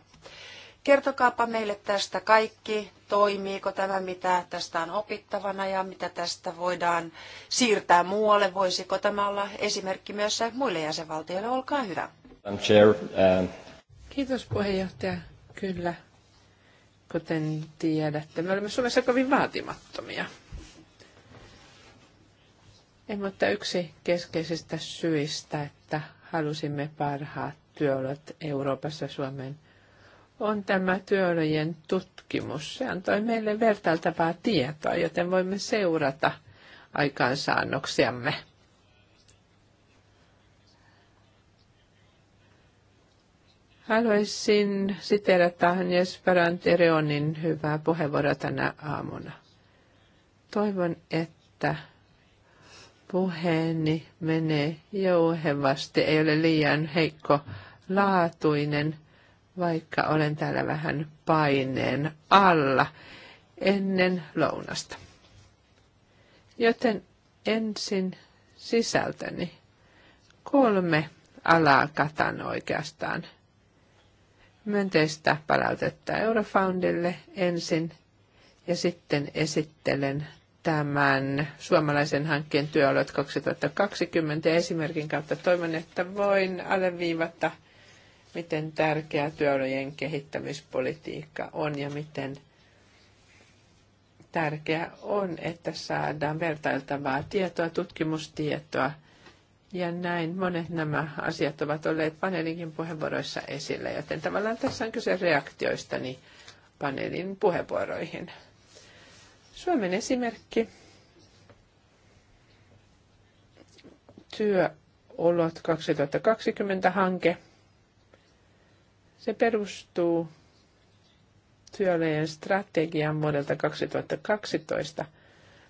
Kertokaapa meille tästä kaikki, toimiiko tämä, mitä tästä on opittavana ja mitä tästä voidaan siirtää muualle. Voisiko tämä olla esimerkki myös muille jäsenvaltioille? Olkaa hyvä. Um, Kiitos puheenjohtaja. Kyllä, kuten tiedätte, me olemme Suomessa kovin vaatimattomia. Ei, mutta yksi keskeisistä syistä, että halusimme parhaat työolot Euroopassa Suomen – on tämä työolojen tutkimus. Se antoi meille vertailtavaa tietoa, joten voimme seurata aikaansaannoksiamme. Haluaisin siteerata Agnes Parantereonin hyvää puheenvuoroa tänä aamuna. Toivon, että puheeni menee jouhevasti, ei ole liian heikko laatuinen, vaikka olen täällä vähän paineen alla ennen lounasta. Joten ensin sisältäni kolme alaa katan oikeastaan. Myönteistä palautetta Eurofoundille ensin ja sitten esittelen tämän suomalaisen hankkeen työolot 2020 esimerkin kautta. Toivon, että voin alleviivata miten tärkeää työolojen kehittämispolitiikka on ja miten tärkeää on, että saadaan vertailtavaa tietoa, tutkimustietoa. Ja näin monet nämä asiat ovat olleet paneelinkin puheenvuoroissa esillä, joten tavallaan tässä on kyse reaktioistani niin paneelin puheenvuoroihin. Suomen esimerkki. Työolot 2020-hanke se perustuu työolojen strategian vuodelta 2012.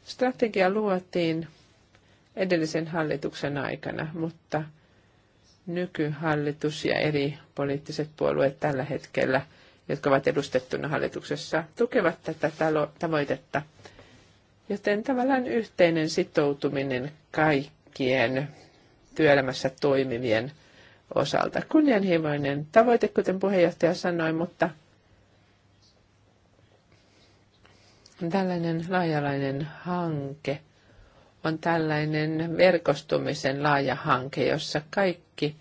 Strategia luotiin edellisen hallituksen aikana, mutta nykyhallitus ja eri poliittiset puolueet tällä hetkellä, jotka ovat edustettuna hallituksessa, tukevat tätä tavoitetta. Joten tavallaan yhteinen sitoutuminen kaikkien työelämässä toimivien osalta. Kunnianhimoinen tavoite, kuten puheenjohtaja sanoi, mutta tällainen laajalainen hanke on tällainen verkostumisen laaja hanke, jossa kaikki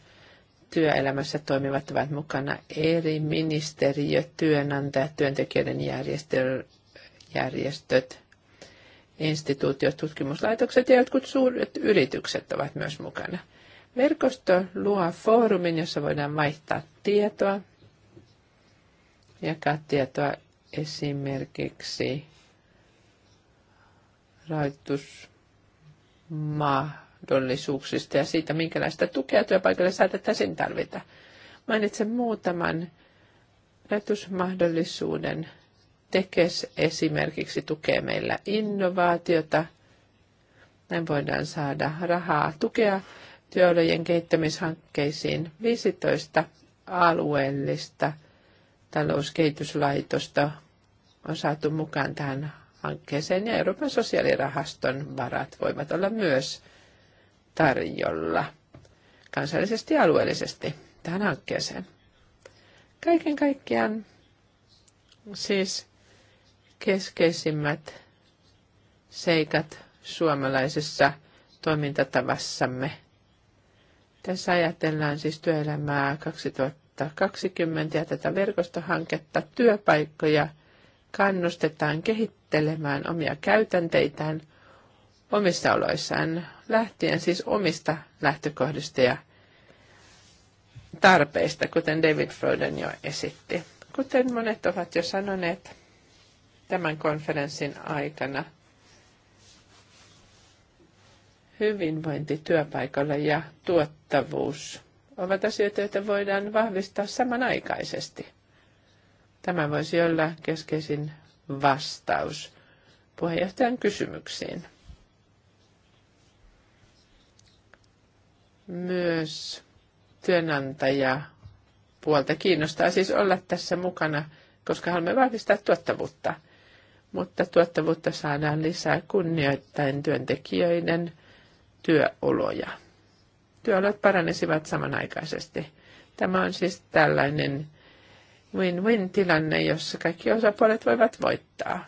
työelämässä toimivat ovat mukana eri ministeriöt, työnantajat, työntekijöiden järjestö, järjestöt, instituutiot, tutkimuslaitokset ja jotkut suuret yritykset ovat myös mukana. Verkosto luo foorumin, jossa voidaan vaihtaa tietoa, jakaa tietoa esimerkiksi rahoitusmahdollisuuksista ja siitä, minkälaista tukea työpaikalle saatettaisiin tarvita. Mainitsen muutaman rahoitusmahdollisuuden. Tekes esimerkiksi tukee meillä innovaatiota. Näin voidaan saada rahaa tukea työolojen kehittämishankkeisiin 15 alueellista talouskehityslaitosta on saatu mukaan tähän hankkeeseen ja Euroopan sosiaalirahaston varat voivat olla myös tarjolla kansallisesti ja alueellisesti tähän hankkeeseen. Kaiken kaikkiaan siis keskeisimmät seikat suomalaisessa toimintatavassamme – tässä ajatellaan siis työelämää 2020 ja tätä verkostohanketta. Työpaikkoja kannustetaan kehittelemään omia käytänteitään omissa oloissaan, lähtien siis omista lähtökohdista ja tarpeista, kuten David Froden jo esitti. Kuten monet ovat jo sanoneet tämän konferenssin aikana – hyvinvointi työpaikalla ja tuottavuus ovat asioita, joita voidaan vahvistaa samanaikaisesti. Tämä voisi olla keskeisin vastaus puheenjohtajan kysymyksiin. Myös työnantaja puolta kiinnostaa siis olla tässä mukana, koska haluamme vahvistaa tuottavuutta. Mutta tuottavuutta saadaan lisää kunnioittain työntekijöiden työoloja. Työolot paranisivat samanaikaisesti. Tämä on siis tällainen win-win tilanne, jossa kaikki osapuolet voivat voittaa.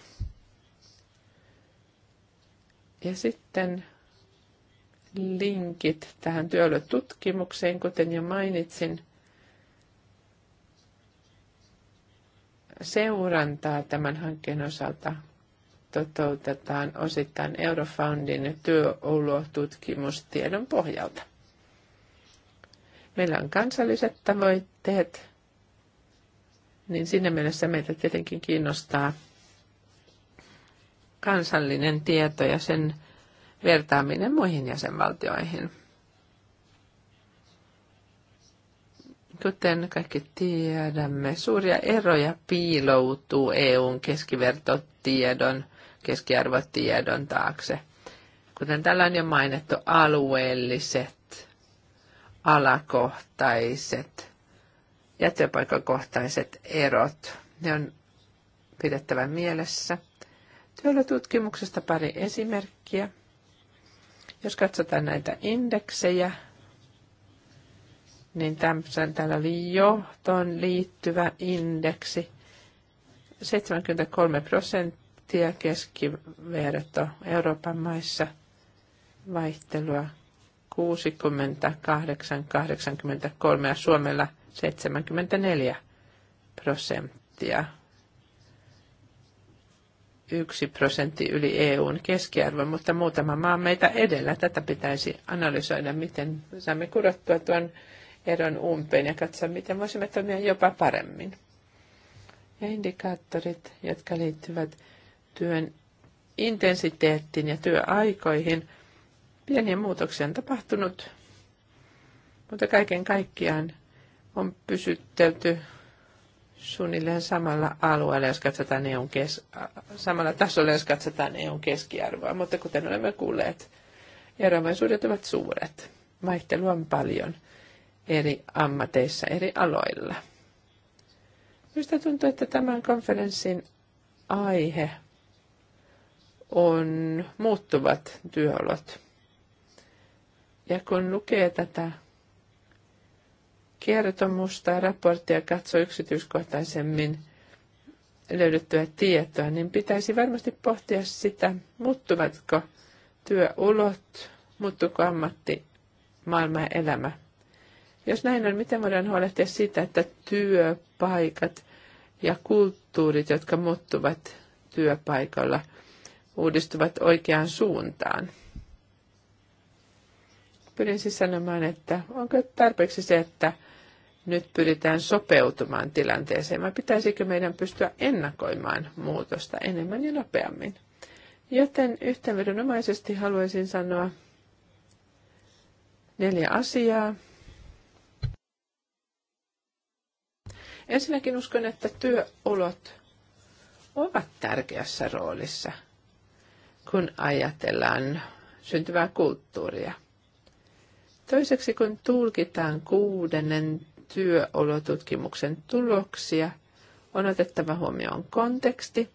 Ja sitten linkit tähän työolotutkimukseen, kuten jo mainitsin. Seurantaa tämän hankkeen osalta toteutetaan osittain Eurofoundin työolotutkimustiedon pohjalta. Meillä on kansalliset tavoitteet, niin siinä mielessä meitä tietenkin kiinnostaa kansallinen tieto ja sen vertaaminen muihin jäsenvaltioihin. Kuten kaikki tiedämme, suuria eroja piiloutuu EUn keskivertotiedon keskiarvotiedon taakse. Kuten tällä on jo mainittu, alueelliset, alakohtaiset ja erot, ne on pidettävä mielessä. tutkimuksesta pari esimerkkiä. Jos katsotaan näitä indeksejä, niin tämmöisen täällä oli johtoon liittyvä indeksi. 73 prosenttia Keski- ja keskiverto Euroopan maissa vaihtelua 68, 83 ja Suomella 74 prosenttia. Yksi prosentti yli EUn keskiarvo, mutta muutama maa meitä edellä. Tätä pitäisi analysoida, miten saamme kurottua tuon eron umpeen ja katsoa, miten voisimme toimia jopa paremmin. Ja indikaattorit, jotka liittyvät työn intensiteettiin ja työaikoihin. Pieniä muutoksia on tapahtunut, mutta kaiken kaikkiaan on pysyttelty suunnilleen samalla alueella, jos katsotaan EUn kes- samalla tasolla, jos katsotaan EUn keskiarvoa. Mutta kuten olemme kuulleet, eroavaisuudet ovat suuret. Vaihtelu on paljon eri ammateissa, eri aloilla. Minusta tuntuu, että tämän konferenssin aihe on muuttuvat työolot. Ja kun lukee tätä kertomusta ja raporttia katsoo yksityiskohtaisemmin löydettyä tietoa, niin pitäisi varmasti pohtia sitä, muuttuvatko työolot, muuttuuko ammatti, maailma ja elämä. Jos näin on, miten voidaan huolehtia siitä, että työpaikat ja kulttuurit, jotka muuttuvat työpaikalla – uudistuvat oikeaan suuntaan. Pyrin siis sanomaan, että onko tarpeeksi se, että nyt pyritään sopeutumaan tilanteeseen, vai pitäisikö meidän pystyä ennakoimaan muutosta enemmän ja nopeammin. Joten yhteenvedonomaisesti haluaisin sanoa neljä asiaa. Ensinnäkin uskon, että työolot ovat tärkeässä roolissa – kun ajatellaan syntyvää kulttuuria. Toiseksi, kun tulkitaan kuudennen työolotutkimuksen tuloksia, on otettava huomioon konteksti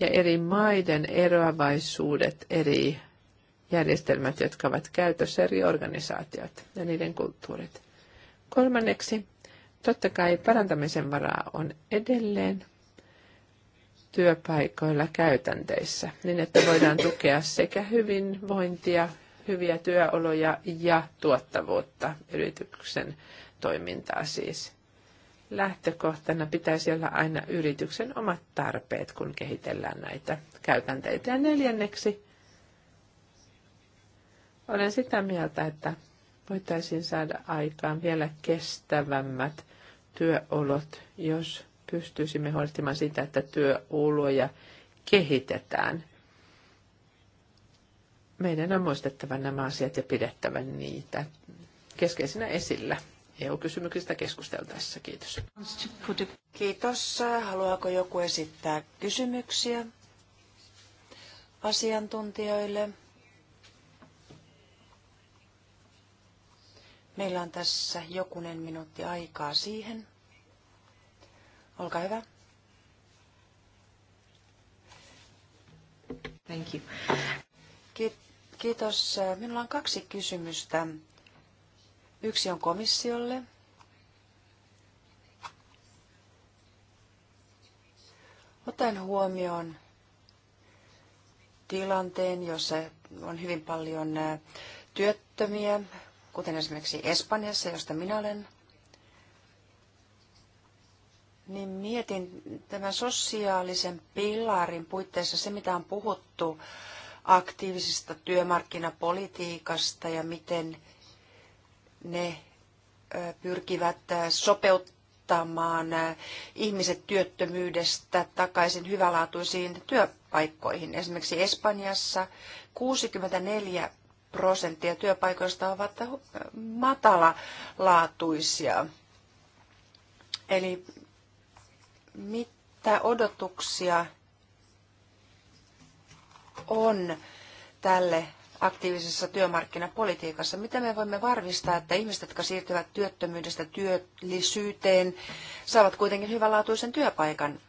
ja eri maiden eroavaisuudet, eri järjestelmät, jotka ovat käytössä, eri organisaatiot ja niiden kulttuurit. Kolmanneksi, totta kai parantamisen varaa on edelleen työpaikoilla käytänteissä, niin että voidaan tukea sekä hyvinvointia, hyviä työoloja ja tuottavuutta yrityksen toimintaa siis. Lähtökohtana pitäisi olla aina yrityksen omat tarpeet, kun kehitellään näitä käytänteitä. Ja neljänneksi olen sitä mieltä, että voitaisiin saada aikaan vielä kestävämmät työolot, jos pystyisimme huolehtimaan sitä, että työoloja kehitetään. Meidän on muistettava nämä asiat ja pidettävä niitä keskeisinä esillä EU-kysymyksistä keskusteltaessa. Kiitos. Kiitos. Haluaako joku esittää kysymyksiä asiantuntijoille? Meillä on tässä jokunen minuutti aikaa siihen. Olkaa hyvä. Thank you. Kiitos. Minulla on kaksi kysymystä. Yksi on komissiolle. Otan huomioon tilanteen, jossa on hyvin paljon työttömiä, kuten esimerkiksi Espanjassa, josta minä olen niin mietin tämän sosiaalisen pilarin puitteissa se, mitä on puhuttu aktiivisesta työmarkkinapolitiikasta ja miten ne pyrkivät sopeuttamaan ihmiset työttömyydestä takaisin hyvälaatuisiin työpaikkoihin. Esimerkiksi Espanjassa 64 prosenttia työpaikoista ovat matalalaatuisia. Eli mitä odotuksia on tälle aktiivisessa työmarkkinapolitiikassa? Miten me voimme varmistaa, että ihmiset, jotka siirtyvät työttömyydestä työllisyyteen, saavat kuitenkin hyvänlaatuisen työpaikan?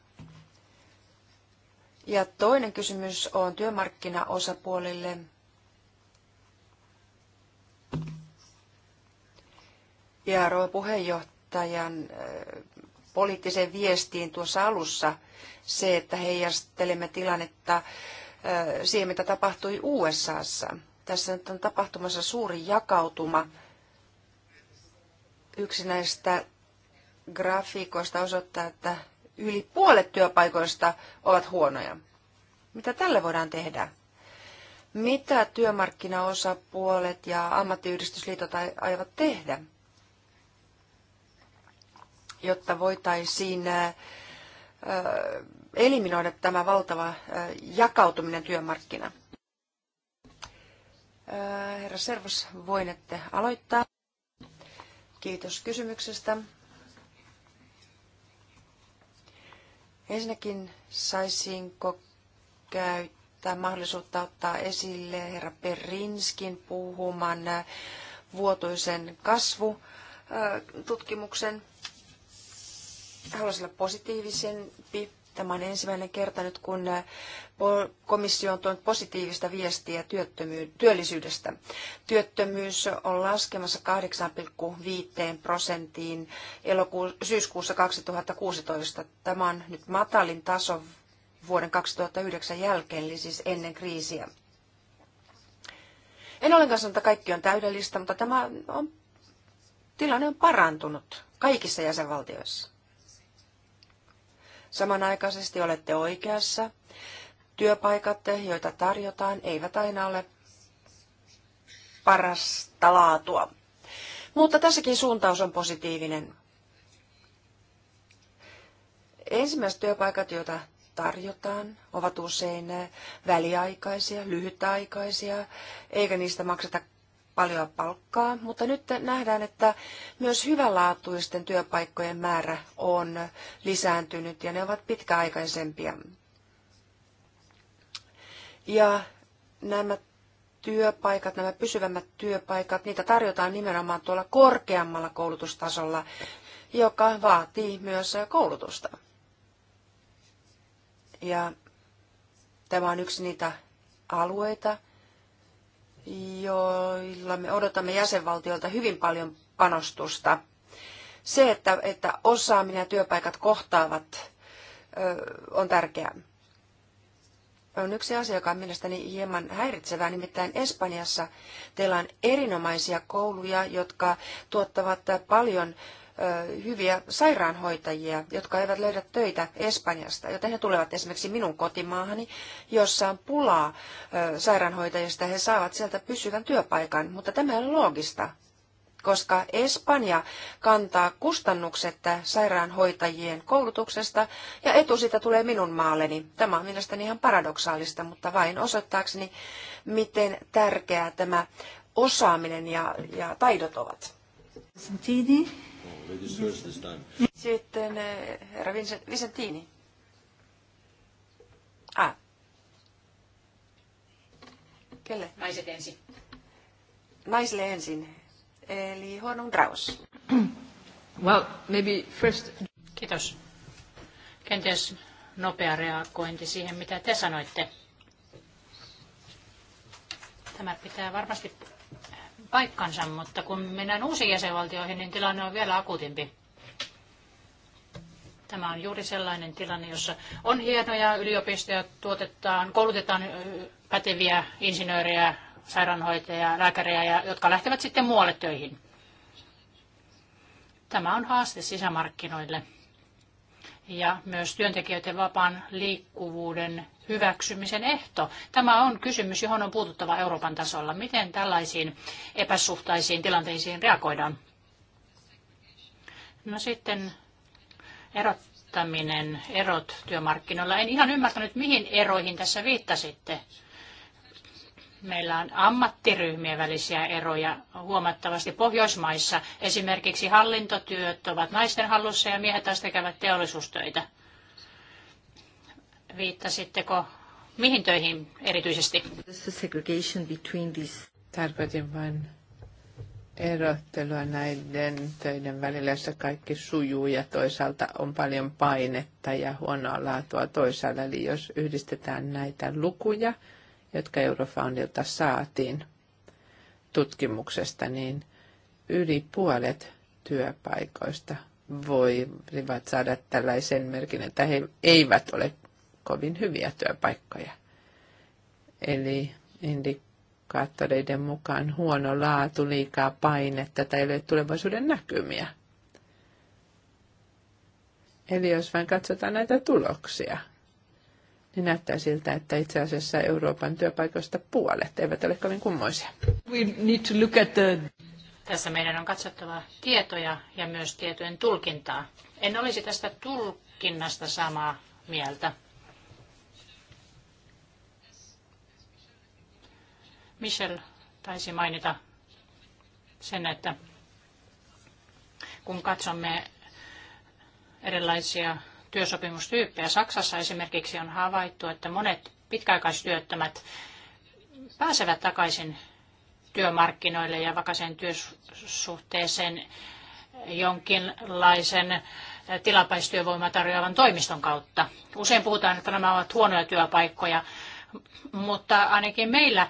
Ja toinen kysymys on työmarkkinaosapuolille. Ja rouva puheenjohtajan poliittiseen viestiin tuossa alussa se, että heijastelemme tilannetta siihen, mitä tapahtui USAssa. Tässä nyt on tapahtumassa suuri jakautuma. Yksi näistä grafiikoista osoittaa, että yli puolet työpaikoista ovat huonoja. Mitä tälle voidaan tehdä? Mitä työmarkkinaosapuolet ja ammattiyhdistysliitot aivat tehdä? jotta voitaisiin eliminoida tämä valtava jakautuminen työmarkkina. Herra Servos, voinette aloittaa. Kiitos kysymyksestä. Ensinnäkin saisinko käyttää mahdollisuutta ottaa esille herra Perinskin puhuman vuotuisen kasvututkimuksen haluaisin olla positiivisempi. Tämä on ensimmäinen kerta nyt, kun äh, komissio on tuonut positiivista viestiä työllisyydestä. Työttömyys on laskemassa 8,5 prosenttiin eloku- syyskuussa 2016. Tämä on nyt matalin taso vuoden 2009 jälkeen, eli siis ennen kriisiä. En ollenkaan sano, että kaikki on täydellistä, mutta tämä on, tilanne on parantunut kaikissa jäsenvaltioissa. Samanaikaisesti olette oikeassa. Työpaikat, joita tarjotaan, eivät aina ole parasta laatua. Mutta tässäkin suuntaus on positiivinen. Ensimmäiset työpaikat, joita tarjotaan, ovat usein väliaikaisia, lyhytaikaisia, eikä niistä makseta paljon palkkaa, mutta nyt nähdään, että myös hyvänlaatuisten työpaikkojen määrä on lisääntynyt ja ne ovat pitkäaikaisempia. Ja nämä työpaikat, nämä pysyvämmät työpaikat, niitä tarjotaan nimenomaan tuolla korkeammalla koulutustasolla, joka vaatii myös koulutusta. Ja tämä on yksi niitä alueita, joilla me odotamme jäsenvaltioilta hyvin paljon panostusta. Se, että, että osaaminen ja työpaikat kohtaavat, on tärkeää. On yksi asia, joka on mielestäni hieman häiritsevää, nimittäin Espanjassa teillä on erinomaisia kouluja, jotka tuottavat paljon hyviä sairaanhoitajia, jotka eivät löydä töitä Espanjasta, joten he tulevat esimerkiksi minun kotimaahani, jossa on pulaa sairaanhoitajista, ja he saavat sieltä pysyvän työpaikan, mutta tämä ei ole loogista, koska Espanja kantaa kustannukset sairaanhoitajien koulutuksesta ja etu siitä tulee minun maalleni. Tämä on mielestäni ihan paradoksaalista, mutta vain osoittaakseni, miten tärkeää tämä osaaminen ja, ja taidot ovat. Vicentini. Oh, Sitten eh, herra Vicentini. Ah. Kelle? Naiset ensin. Naisille ensin. Eli Huonun Raus. Well, maybe first... Kiitos. Kenties nopea reagointi siihen, mitä te sanoitte. Tämä pitää varmasti paikkansa, mutta kun mennään uusiin jäsenvaltioihin, niin tilanne on vielä akuutimpi. Tämä on juuri sellainen tilanne, jossa on hienoja yliopistoja, tuotetaan, koulutetaan päteviä insinöörejä, sairaanhoitajia, lääkärejä, jotka lähtevät sitten muualle töihin. Tämä on haaste sisämarkkinoille ja myös työntekijöiden vapaan liikkuvuuden hyväksymisen ehto. Tämä on kysymys, johon on puututtava Euroopan tasolla. Miten tällaisiin epäsuhtaisiin tilanteisiin reagoidaan? No sitten erottaminen, erot työmarkkinoilla. En ihan ymmärtänyt, mihin eroihin tässä viittasitte. Meillä on ammattiryhmien välisiä eroja huomattavasti Pohjoismaissa. Esimerkiksi hallintotyöt ovat naisten hallussa ja miehet taas tekevät teollisuustöitä. Viittasitteko mihin töihin erityisesti? Tarkoitin vain erottelua näiden töiden välillä, jossa kaikki sujuu ja toisaalta on paljon painetta ja huonoa laatua toisaalta, Eli jos yhdistetään näitä lukuja, jotka Eurofoundilta saatiin tutkimuksesta, niin yli puolet työpaikoista voivat saada tällaisen merkin, että he eivät ole kovin hyviä työpaikkoja. Eli indikaattoreiden mukaan huono laatu, liikaa painetta tai ei ole tulevaisuuden näkymiä. Eli jos vain katsotaan näitä tuloksia, niin näyttää siltä, että itse asiassa Euroopan työpaikoista puolet eivät ole kovin kummoisia. We need to look at the... Tässä meidän on katsottava tietoja ja myös tietojen tulkintaa. En olisi tästä tulkinnasta samaa mieltä. Michel taisi mainita sen, että kun katsomme erilaisia työsopimustyyppejä, Saksassa esimerkiksi on havaittu, että monet pitkäaikaistyöttömät pääsevät takaisin työmarkkinoille ja vakaiseen työsuhteeseen jonkinlaisen tilapäistyövoimaa tarjoavan toimiston kautta. Usein puhutaan, että nämä ovat huonoja työpaikkoja, mutta ainakin meillä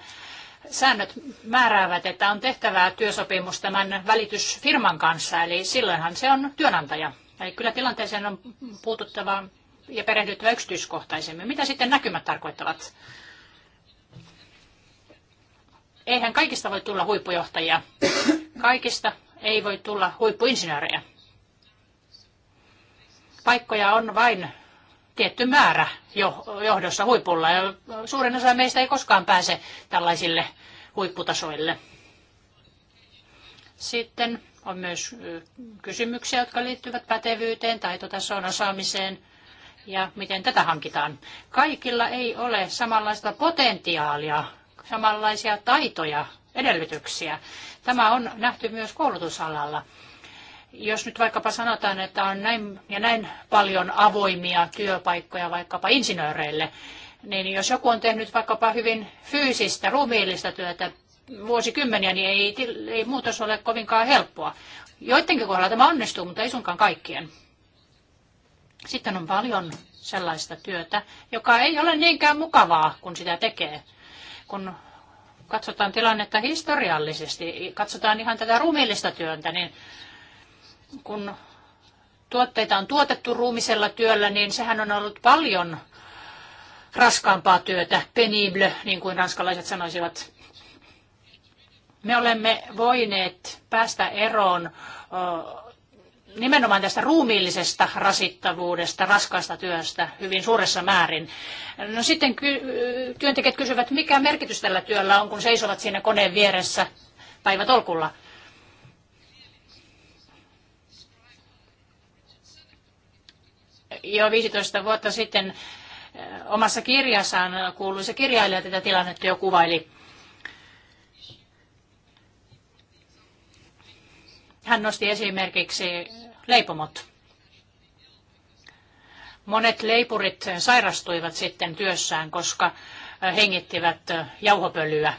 säännöt määräävät, että on tehtävää työsopimus tämän välitysfirman kanssa, eli silloinhan se on työnantaja. Eli kyllä tilanteeseen on puututtava ja perehdyttävä yksityiskohtaisemmin. Mitä sitten näkymät tarkoittavat? Eihän kaikista voi tulla huippujohtajia. Kaikista ei voi tulla huippuinsinöörejä. Paikkoja on vain tietty määrä johdossa huipulla. Ja suurin osa meistä ei koskaan pääse tällaisille huipputasoille. Sitten on myös kysymyksiä, jotka liittyvät pätevyyteen, taitotasoon, osaamiseen ja miten tätä hankitaan. Kaikilla ei ole samanlaista potentiaalia, samanlaisia taitoja, edellytyksiä. Tämä on nähty myös koulutusalalla jos nyt vaikkapa sanotaan, että on näin ja näin paljon avoimia työpaikkoja vaikkapa insinööreille, niin jos joku on tehnyt vaikkapa hyvin fyysistä, ruumiillista työtä vuosikymmeniä, niin ei, ei muutos ole kovinkaan helppoa. Joidenkin kohdalla tämä onnistuu, mutta ei sunkaan kaikkien. Sitten on paljon sellaista työtä, joka ei ole niinkään mukavaa, kun sitä tekee. Kun katsotaan tilannetta historiallisesti, katsotaan ihan tätä ruumiillista työtä, niin kun tuotteita on tuotettu ruumisella työllä, niin sehän on ollut paljon raskaampaa työtä, penible, niin kuin ranskalaiset sanoisivat. Me olemme voineet päästä eroon nimenomaan tästä ruumiillisesta rasittavuudesta, raskaasta työstä hyvin suuressa määrin. No sitten työntekijät kysyvät, mikä merkitys tällä työllä on, kun seisovat siinä koneen vieressä päivätolkulla. jo 15 vuotta sitten eh, omassa kirjassaan kuuluisa kirjailija tätä tilannetta jo kuvaili. Hän nosti esimerkiksi leipomot. Monet leipurit sairastuivat sitten työssään, koska eh, hengittivät eh, jauhopölyä.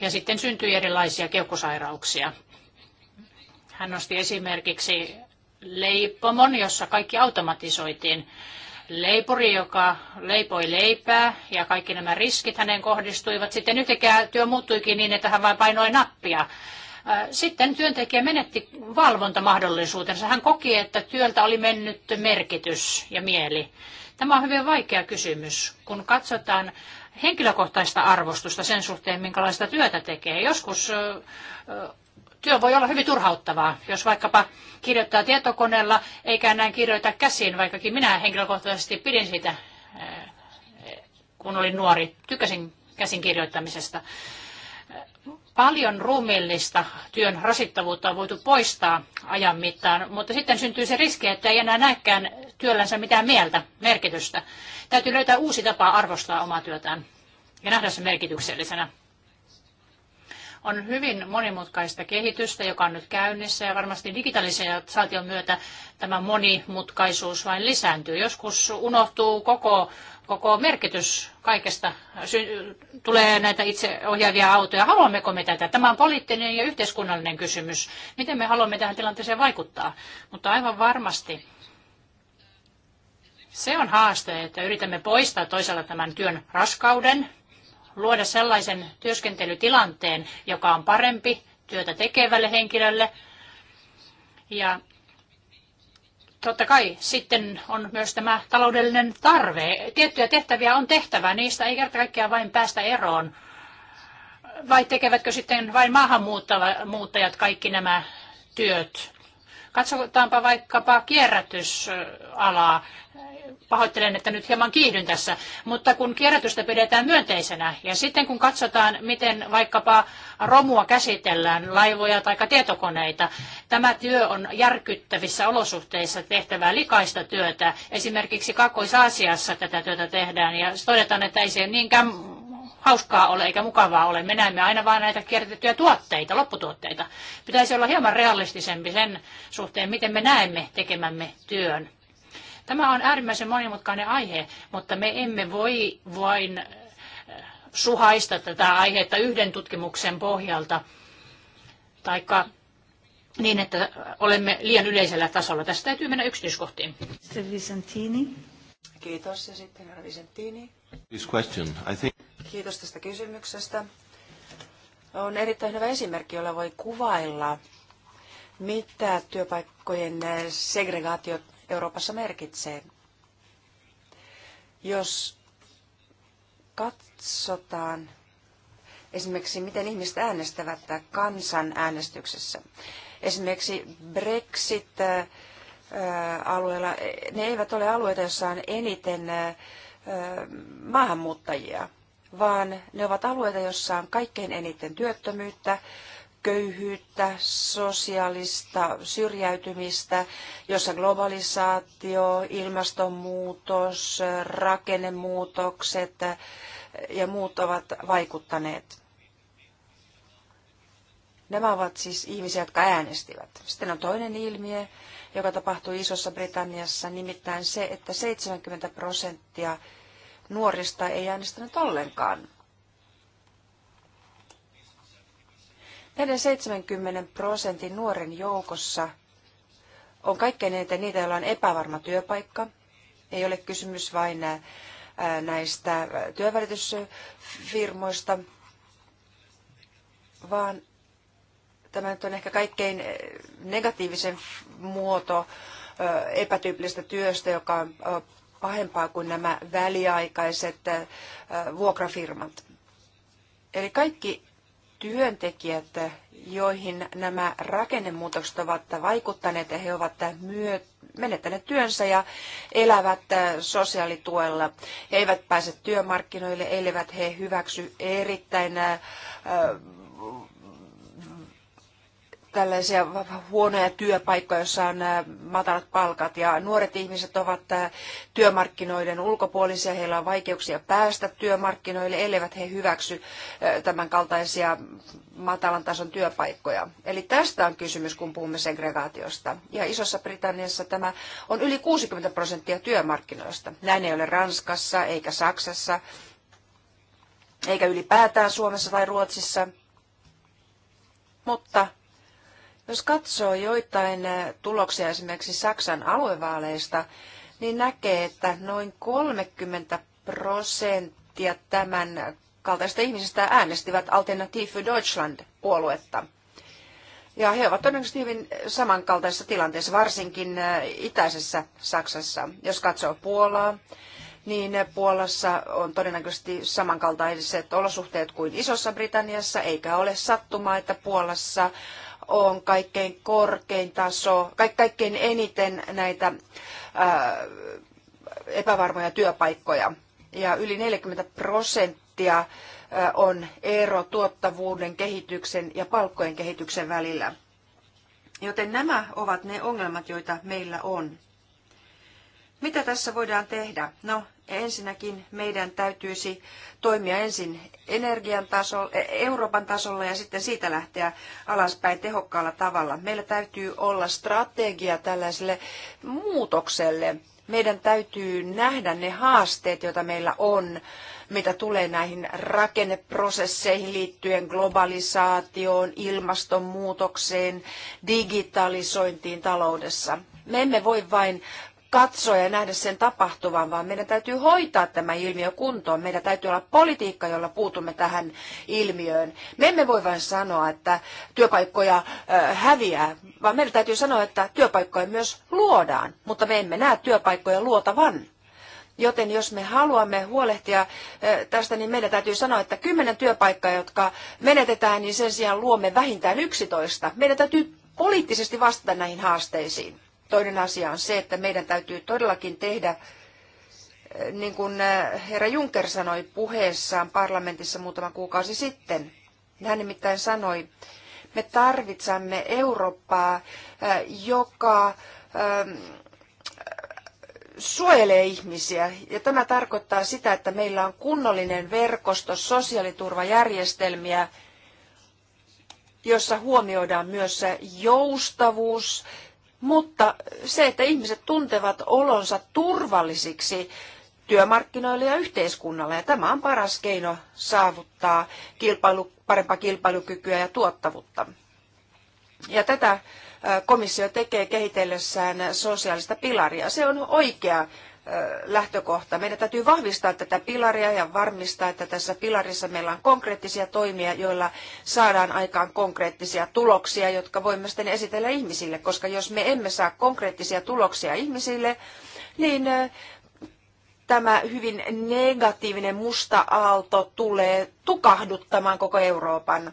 Ja sitten syntyi erilaisia keuhkosairauksia. Hän nosti esimerkiksi leipomon, jossa kaikki automatisoitiin. Leipuri, joka leipoi leipää ja kaikki nämä riskit hänen kohdistuivat. Sitten yhtäkään työ muuttuikin niin, että hän vain painoi nappia. Äh, sitten työntekijä menetti valvontamahdollisuutensa. Hän koki, että työltä oli mennyt merkitys ja mieli. Tämä on hyvin vaikea kysymys, kun katsotaan henkilökohtaista arvostusta sen suhteen, minkälaista työtä tekee. Joskus äh, työ voi olla hyvin turhauttavaa, jos vaikkapa kirjoittaa tietokoneella eikä enää kirjoita käsiin, vaikkakin minä henkilökohtaisesti pidin siitä, eh, kun olin nuori, tykkäsin käsin kirjoittamisesta. Paljon ruumiillista työn rasittavuutta on voitu poistaa ajan mittaan, mutta sitten syntyy se riski, että ei enää näkään työllänsä mitään mieltä, merkitystä. Täytyy löytää uusi tapa arvostaa omaa työtään ja nähdä se merkityksellisenä on hyvin monimutkaista kehitystä, joka on nyt käynnissä ja varmasti digitalisaation myötä tämä monimutkaisuus vain lisääntyy. Joskus unohtuu koko, koko merkitys kaikesta. Sy- tulee näitä itseohjaavia autoja. Haluammeko me tätä? Tämä on poliittinen ja yhteiskunnallinen kysymys. Miten me haluamme tähän tilanteeseen vaikuttaa? Mutta aivan varmasti se on haaste, että yritämme poistaa toisaalta tämän työn raskauden, luoda sellaisen työskentelytilanteen, joka on parempi työtä tekevälle henkilölle. Ja totta kai sitten on myös tämä taloudellinen tarve. Tiettyjä tehtäviä on tehtävä, niistä ei kerta kaikkiaan vain päästä eroon. Vai tekevätkö sitten vain maahanmuuttajat kaikki nämä työt? Katsotaanpa vaikkapa kierrätysalaa. Pahoittelen, että nyt hieman kiihdyn tässä, mutta kun kierrätystä pidetään myönteisenä ja sitten kun katsotaan, miten vaikkapa romua käsitellään, laivoja tai tietokoneita, tämä työ on järkyttävissä olosuhteissa tehtävää likaista työtä. Esimerkiksi Kakkois-Aasiassa tätä työtä tehdään ja todetaan, että ei se niinkään hauskaa ole eikä mukavaa ole. Me näemme aina vain näitä kierrätettyjä tuotteita, lopputuotteita. Pitäisi olla hieman realistisempi sen suhteen, miten me näemme tekemämme työn. Tämä on äärimmäisen monimutkainen aihe, mutta me emme voi vain äh, suhaista tätä aihetta yhden tutkimuksen pohjalta, taikka niin, että olemme liian yleisellä tasolla. Tästä täytyy mennä yksityiskohtiin. Vicentini. Kiitos. Ja sitten herra Vicentini. This question, I think... Kiitos tästä kysymyksestä. On erittäin hyvä esimerkki, jolla voi kuvailla, mitä työpaikkojen segregaatio Euroopassa merkitsee. Jos katsotaan esimerkiksi, miten ihmiset äänestävät kansanäänestyksessä. Esimerkiksi Brexit-alueella, ne eivät ole alueita, joissa on eniten maahanmuuttajia, vaan ne ovat alueita, joissa on kaikkein eniten työttömyyttä, köyhyyttä, sosiaalista syrjäytymistä, jossa globalisaatio, ilmastonmuutos, rakennemuutokset ja muut ovat vaikuttaneet. Nämä ovat siis ihmisiä, jotka äänestivät. Sitten on toinen ilmiö, joka tapahtui Isossa Britanniassa, nimittäin se, että 70 prosenttia nuorista ei äänestänyt ollenkaan. Näiden 70 prosentin nuoren joukossa on kaikkein eniten niitä, joilla on epävarma työpaikka. Ei ole kysymys vain näistä työvälitysfirmoista, vaan tämä nyt on ehkä kaikkein negatiivisen muoto epätyypillistä työstä, joka on pahempaa kuin nämä väliaikaiset vuokrafirmat. Eli kaikki työntekijät, joihin nämä rakennemuutokset ovat vaikuttaneet ja he ovat myö- menettäneet työnsä ja elävät äh, sosiaalituella. He eivät pääse työmarkkinoille, eivät he hyväksy erittäin äh, äh, tällaisia huonoja työpaikkoja, joissa on matalat palkat ja nuoret ihmiset ovat työmarkkinoiden ulkopuolisia, heillä on vaikeuksia päästä työmarkkinoille, elleivät he hyväksy tämän kaltaisia matalan tason työpaikkoja. Eli tästä on kysymys, kun puhumme segregaatiosta. Ja Isossa Britanniassa tämä on yli 60 prosenttia työmarkkinoista. Näin ei ole Ranskassa eikä Saksassa eikä ylipäätään Suomessa tai Ruotsissa. Mutta jos katsoo joitain eh, tuloksia esimerkiksi Saksan aluevaaleista, niin näkee, että noin 30 prosenttia tämän kaltaista ihmisistä äänestivät Alternative für Deutschland-puoluetta. Ja he ovat todennäköisesti hyvin samankaltaisessa tilanteessa, varsinkin eh, itäisessä Saksassa. Jos katsoo Puolaa, niin Puolassa on todennäköisesti samankaltaiset olosuhteet kuin Isossa Britanniassa, eikä ole sattumaa, että Puolassa on kaikkein korkein taso, kaikkein eniten näitä epävarmoja työpaikkoja. Ja yli 40 prosenttia on ero tuottavuuden kehityksen ja palkkojen kehityksen välillä. Joten nämä ovat ne ongelmat, joita meillä on. Mitä tässä voidaan tehdä? No, Ensinnäkin meidän täytyisi toimia ensin energian tasolla, e, Euroopan tasolla ja sitten siitä lähteä alaspäin tehokkaalla tavalla. Meillä täytyy olla strategia tällaiselle muutokselle. Meidän täytyy nähdä ne haasteet, joita meillä on, mitä tulee näihin rakenneprosesseihin liittyen globalisaatioon, ilmastonmuutokseen, digitalisointiin taloudessa. Me emme voi vain katsoa ja nähdä sen tapahtuvan, vaan meidän täytyy hoitaa tämä ilmiö kuntoon. Meidän täytyy olla politiikka, jolla puutumme tähän ilmiöön. Me emme voi vain sanoa, että työpaikkoja häviää, vaan meidän täytyy sanoa, että työpaikkoja myös luodaan, mutta me emme näe työpaikkoja luotavan. Joten jos me haluamme huolehtia tästä, niin meidän täytyy sanoa, että kymmenen työpaikkaa, jotka menetetään, niin sen sijaan luomme vähintään yksitoista. Meidän täytyy poliittisesti vastata näihin haasteisiin. Toinen asia on se, että meidän täytyy todellakin tehdä, eh, niin kuin eh, herra Juncker sanoi puheessaan parlamentissa muutama kuukausi sitten, hän nimittäin sanoi, me tarvitsemme Eurooppaa, eh, joka suojelee ihmisiä. Ja tämä tarkoittaa sitä, että meillä on kunnollinen verkosto sosiaaliturvajärjestelmiä, jossa huomioidaan myös joustavuus mutta se, että ihmiset tuntevat olonsa turvallisiksi työmarkkinoille ja yhteiskunnalle, ja tämä on paras keino saavuttaa kilpailu, parempaa kilpailukykyä ja tuottavuutta. Ja tätä komissio tekee kehitellessään sosiaalista pilaria. Se on oikea lähtökohta. Meidän täytyy vahvistaa tätä pilaria ja varmistaa, että tässä pilarissa meillä on konkreettisia toimia, joilla saadaan aikaan konkreettisia tuloksia, jotka voimme sitten esitellä ihmisille, koska jos me emme saa konkreettisia tuloksia ihmisille, niin tämä hyvin negatiivinen musta aalto tulee tukahduttamaan koko Euroopan.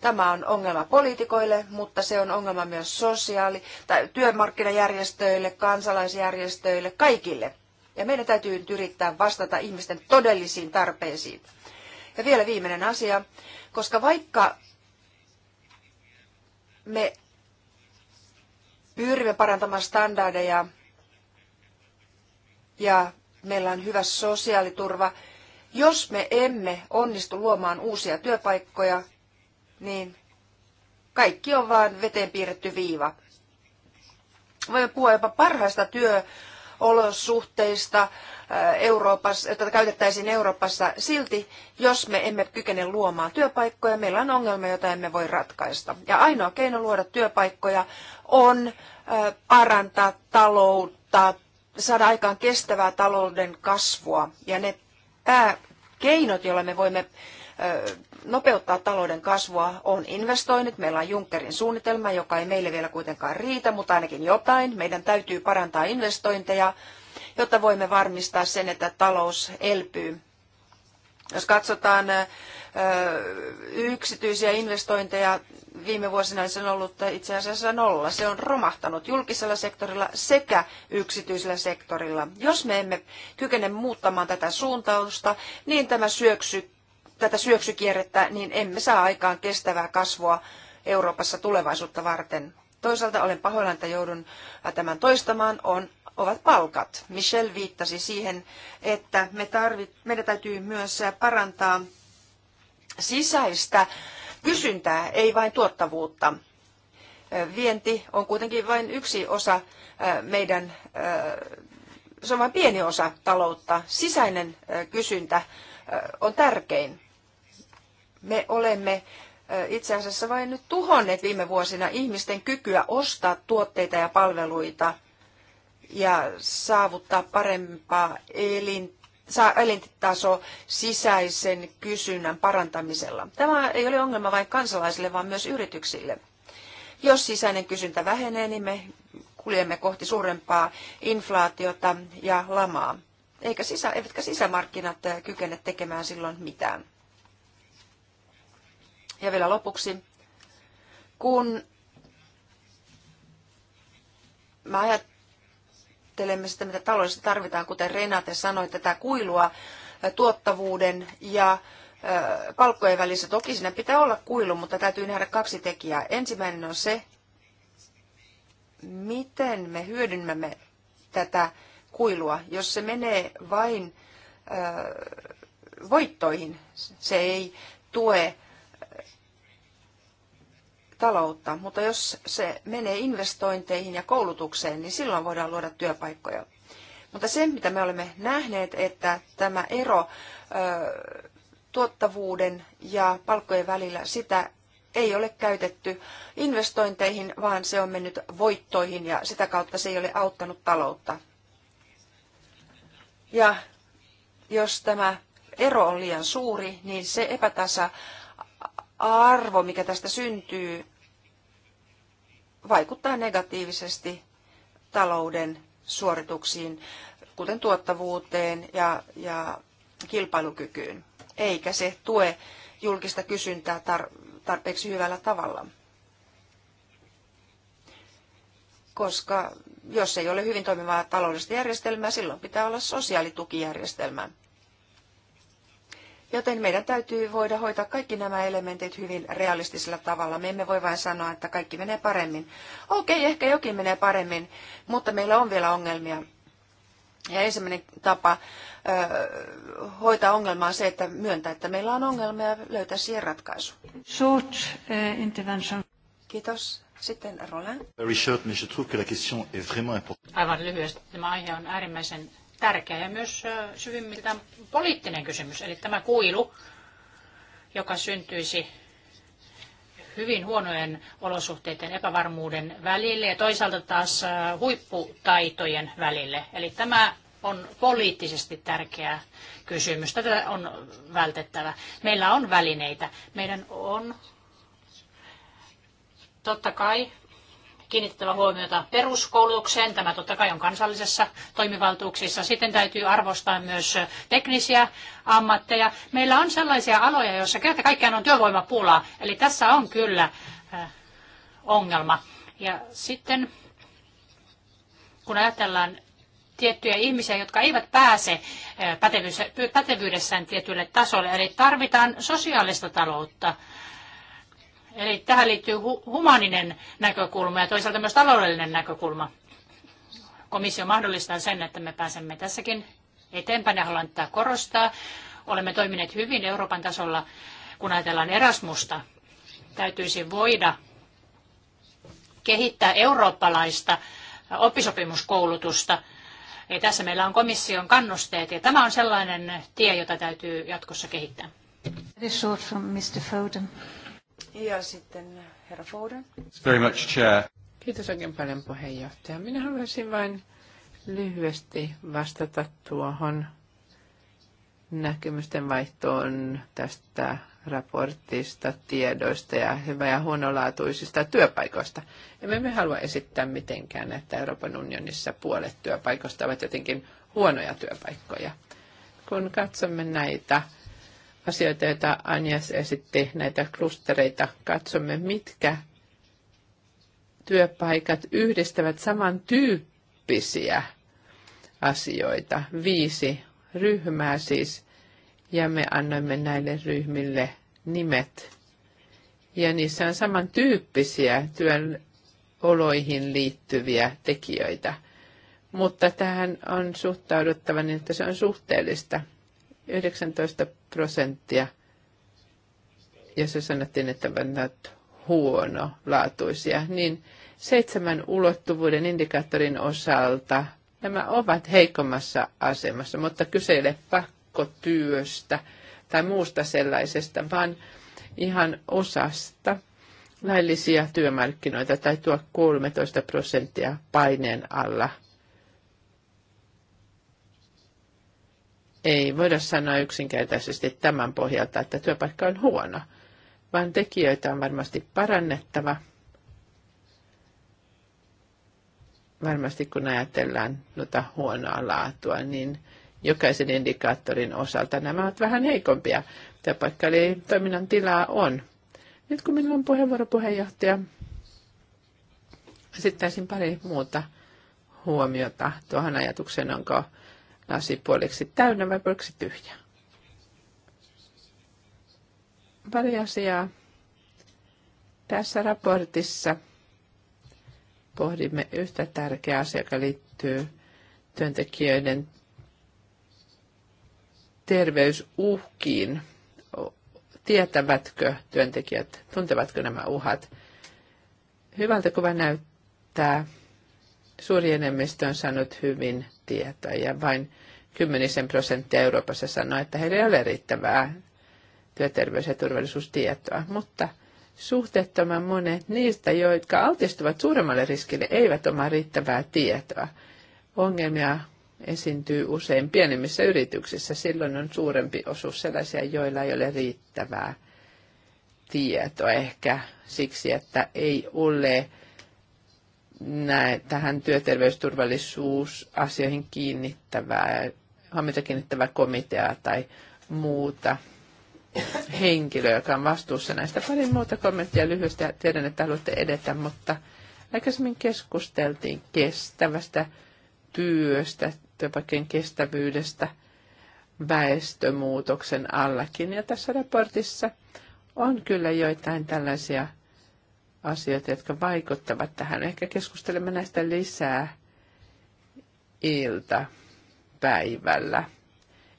Tämä on ongelma poliitikoille, mutta se on ongelma myös sosiaali- tai työmarkkinajärjestöille, kansalaisjärjestöille, kaikille. Ja meidän täytyy yrittää vastata ihmisten todellisiin tarpeisiin. Ja vielä viimeinen asia, koska vaikka me pyrimme parantamaan standardeja ja meillä on hyvä sosiaaliturva, jos me emme onnistu luomaan uusia työpaikkoja, niin kaikki on vain veteen piirretty viiva. Voimme puhua jopa parhaista työ olosuhteista äh, Euroopassa, käytettäisiin Euroopassa silti, jos me emme kykene luomaan työpaikkoja. Meillä on ongelma, jota emme voi ratkaista. Ja ainoa keino luoda työpaikkoja on äh, parantaa taloutta, saada aikaan kestävää talouden kasvua. Ja ne pääkeinot, joilla me voimme nopeuttaa talouden kasvua on investoinnit. Meillä on Junckerin suunnitelma, joka ei meille vielä kuitenkaan riitä, mutta ainakin jotain. Meidän täytyy parantaa investointeja, jotta voimme varmistaa sen, että talous elpyy. Jos katsotaan yksityisiä investointeja viime vuosina se on ollut itse asiassa nolla. Se on romahtanut julkisella sektorilla sekä yksityisellä sektorilla. Jos me emme kykene muuttamaan tätä suuntausta, niin tämä syöksy tätä syöksykierrettä, niin emme saa aikaan kestävää kasvua Euroopassa tulevaisuutta varten. Toisaalta olen pahoillani, että joudun tämän toistamaan, on, ovat palkat. Michel viittasi siihen, että me tarvit, meidän täytyy myös parantaa sisäistä kysyntää, ei vain tuottavuutta. Vienti on kuitenkin vain yksi osa meidän, se on vain pieni osa taloutta. Sisäinen kysyntä on tärkein me olemme itse asiassa vain nyt tuhonneet viime vuosina ihmisten kykyä ostaa tuotteita ja palveluita ja saavuttaa parempaa elin, elintaso sisäisen kysynnän parantamisella. Tämä ei ole ongelma vain kansalaisille, vaan myös yrityksille. Jos sisäinen kysyntä vähenee, niin me kuljemme kohti suurempaa inflaatiota ja lamaa. Eikä sisä, eivätkä sisämarkkinat kykene tekemään silloin mitään. Ja vielä lopuksi, kun mä ajattelemme sitä, mitä taloudessa tarvitaan, kuten Renate sanoi, tätä kuilua tuottavuuden ja palkkojen välissä. Toki siinä pitää olla kuilu, mutta täytyy nähdä kaksi tekijää. Ensimmäinen on se, miten me hyödynnämme tätä kuilua. Jos se menee vain voittoihin, se ei tue taloutta, mutta jos se menee investointeihin ja koulutukseen, niin silloin voidaan luoda työpaikkoja. Mutta se, mitä me olemme nähneet, että tämä ero ö, tuottavuuden ja palkkojen välillä, sitä ei ole käytetty investointeihin, vaan se on mennyt voittoihin ja sitä kautta se ei ole auttanut taloutta. Ja jos tämä ero on liian suuri, niin se epätasa arvo, mikä tästä syntyy, vaikuttaa negatiivisesti talouden suorituksiin, kuten tuottavuuteen ja, ja kilpailukykyyn, eikä se tue julkista kysyntää tarpeeksi hyvällä tavalla. Koska jos ei ole hyvin toimivaa taloudellista järjestelmää, silloin pitää olla sosiaalitukijärjestelmä. Joten meidän täytyy voida hoitaa kaikki nämä elementit hyvin realistisella tavalla. Me emme voi vain sanoa, että kaikki menee paremmin. Okei, ehkä jokin menee paremmin, mutta meillä on vielä ongelmia. Ja ensimmäinen tapa ö, hoitaa ongelmaa on se, että myöntää, että meillä on ongelmia ja löytää siihen ratkaisu. Short uh, intervention. Kiitos. Sitten Roland. Very short, mais je trouve que la question est vraiment importante. Aivan lyhyesti. Tämä aihe on äärimmäisen tärkeä ja myös syvimmiltään poliittinen kysymys. Eli tämä kuilu, joka syntyisi hyvin huonojen olosuhteiden epävarmuuden välille ja toisaalta taas huipputaitojen välille. Eli tämä on poliittisesti tärkeä kysymys. Tätä on vältettävä. Meillä on välineitä. Meidän on totta kai kiinnitettävä huomiota peruskoulutukseen. Tämä totta kai on kansallisessa toimivaltuuksissa. Sitten täytyy arvostaa myös teknisiä ammatteja. Meillä on sellaisia aloja, joissa kerta kaikkiaan on työvoimapula. Eli tässä on kyllä äh, ongelma. Ja sitten kun ajatellaan tiettyjä ihmisiä, jotka eivät pääse äh, pätevyydessään tietylle tasolle. Eli tarvitaan sosiaalista taloutta. Eli tähän liittyy hu- humaninen näkökulma ja toisaalta myös taloudellinen näkökulma. Komissio mahdollistaa sen, että me pääsemme tässäkin eteenpäin ja haluan tätä korostaa. Olemme toimineet hyvin Euroopan tasolla, kun ajatellaan Erasmusta. Täytyisi voida kehittää eurooppalaista oppisopimuskoulutusta. Ja tässä meillä on komission kannusteet ja tämä on sellainen tie, jota täytyy jatkossa kehittää. Mr. Foden. Ja sitten herra Foden. Very much, chair. Kiitos oikein paljon puheenjohtaja. Minä haluaisin vain lyhyesti vastata tuohon näkemysten vaihtoon tästä raportista, tiedoista ja hyvä- ja huonolaatuisista työpaikoista. Emme me halua esittää mitenkään, että Euroopan unionissa puolet työpaikoista ovat jotenkin huonoja työpaikkoja. Kun katsomme näitä asioita, joita Anjas esitti, näitä klustereita. Katsomme, mitkä työpaikat yhdistävät samantyyppisiä asioita. Viisi ryhmää siis, ja me annoimme näille ryhmille nimet. Ja niissä on samantyyppisiä työn oloihin liittyviä tekijöitä. Mutta tähän on suhtauduttava niin, että se on suhteellista. 19 prosenttia. Ja se sanottiin, että ovat huono laatuisia, niin seitsemän ulottuvuuden indikaattorin osalta nämä ovat heikommassa asemassa, mutta kyse ei ole pakkotyöstä tai muusta sellaisesta, vaan ihan osasta laillisia työmarkkinoita tai tuo 13 prosenttia paineen alla – Ei voida sanoa yksinkertaisesti tämän pohjalta, että työpaikka on huono, vaan tekijöitä on varmasti parannettava. Varmasti kun ajatellaan noita huonoa laatua, niin jokaisen indikaattorin osalta nämä ovat vähän heikompia. Työpaikka eli toiminnan tilaa on. Nyt kun minulla on puheenvuoro puheenjohtaja, esittäisin pari muuta huomiota tuohon ajatukseen, onko lasi puoliksi täynnä vai puoliksi tyhjä. Pari asiaa. Tässä raportissa pohdimme yhtä tärkeää asiaa, joka liittyy työntekijöiden terveysuhkiin. Tietävätkö työntekijät, tuntevatko nämä uhat? Hyvältä kuva näyttää. Suuri enemmistö on saanut hyvin tietä ja vain kymmenisen prosenttia Euroopassa sanoo, että heillä ei ole riittävää työterveys- ja turvallisuustietoa, mutta suhteettoman monet niistä, jotka altistuvat suuremmalle riskille, eivät omaa riittävää tietoa. Ongelmia esiintyy usein pienemmissä yrityksissä. Silloin on suurempi osuus sellaisia, joilla ei ole riittävää tietoa. Ehkä siksi, että ei ole näe tähän työterveysturvallisuusasioihin kiinnittävää, huomiota kiinnittävää komiteaa tai muuta henkilöä, joka on vastuussa näistä. Pari muuta kommenttia lyhyesti. Tiedän, että haluatte edetä, mutta aikaisemmin keskusteltiin kestävästä työstä, työpaikkojen kestävyydestä väestömuutoksen allakin. Ja tässä raportissa on kyllä joitain tällaisia – asioita, jotka vaikuttavat tähän. Ehkä keskustelemme näistä lisää iltapäivällä.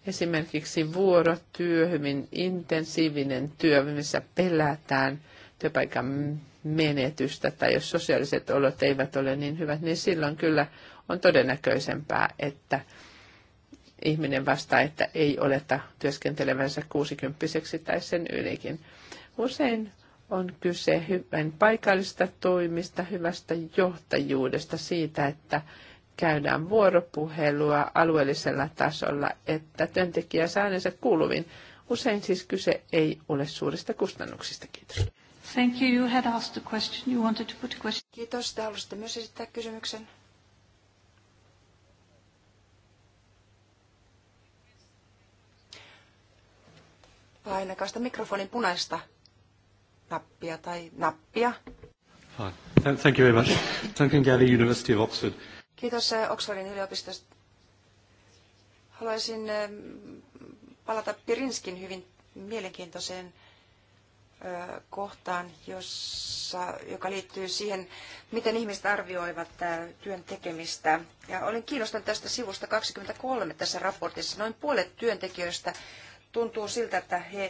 Esimerkiksi vuorotyö, hyvin intensiivinen työ, missä pelätään työpaikan menetystä tai jos sosiaaliset olot eivät ole niin hyvät, niin silloin kyllä on todennäköisempää, että ihminen vastaa, että ei oleta työskentelevänsä kuusikymppiseksi tai sen ylikin. Usein on kyse hyvän paikallista toimista, hyvästä johtajuudesta siitä, että käydään vuoropuhelua alueellisella tasolla, että työntekijä saa äänensä kuuluviin. Usein siis kyse ei ole suurista kustannuksista. Kiitos. Thank you. You had asked a question. You wanted to put a question. Kiitos. Te haluaisitte myös esittää kysymyksen. Painakaa sitä mikrofonin punaista nappia tai nappia. Fine. Thank you very much. Duncan Gally, University of Oxford. Kiitos eh, Oxfordin yliopistosta. Haluaisin eh, palata Pirinskin hyvin mielenkiintoiseen eh, kohtaan, jossa, joka liittyy siihen, miten ihmiset arvioivat työn tekemistä. Ja olin kiinnostunut tästä sivusta 23 tässä raportissa. Noin puolet työntekijöistä tuntuu siltä, että he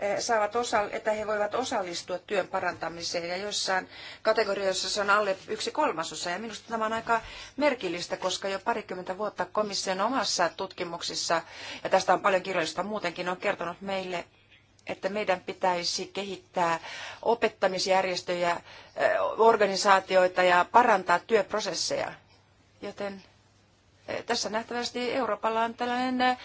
Eh, saavat osa, että he voivat osallistua työn parantamiseen ja jossain kategorioissa se on alle yksi kolmasosa. Ja minusta tämä on aika merkillistä, koska jo parikymmentä vuotta komission omassa tutkimuksissa, ja tästä on paljon kirjallista muutenkin, on kertonut meille, että meidän pitäisi kehittää opettamisjärjestöjä, eh, organisaatioita ja parantaa työprosesseja. Joten tässä nähtävästi Euroopalla on tällainen äh,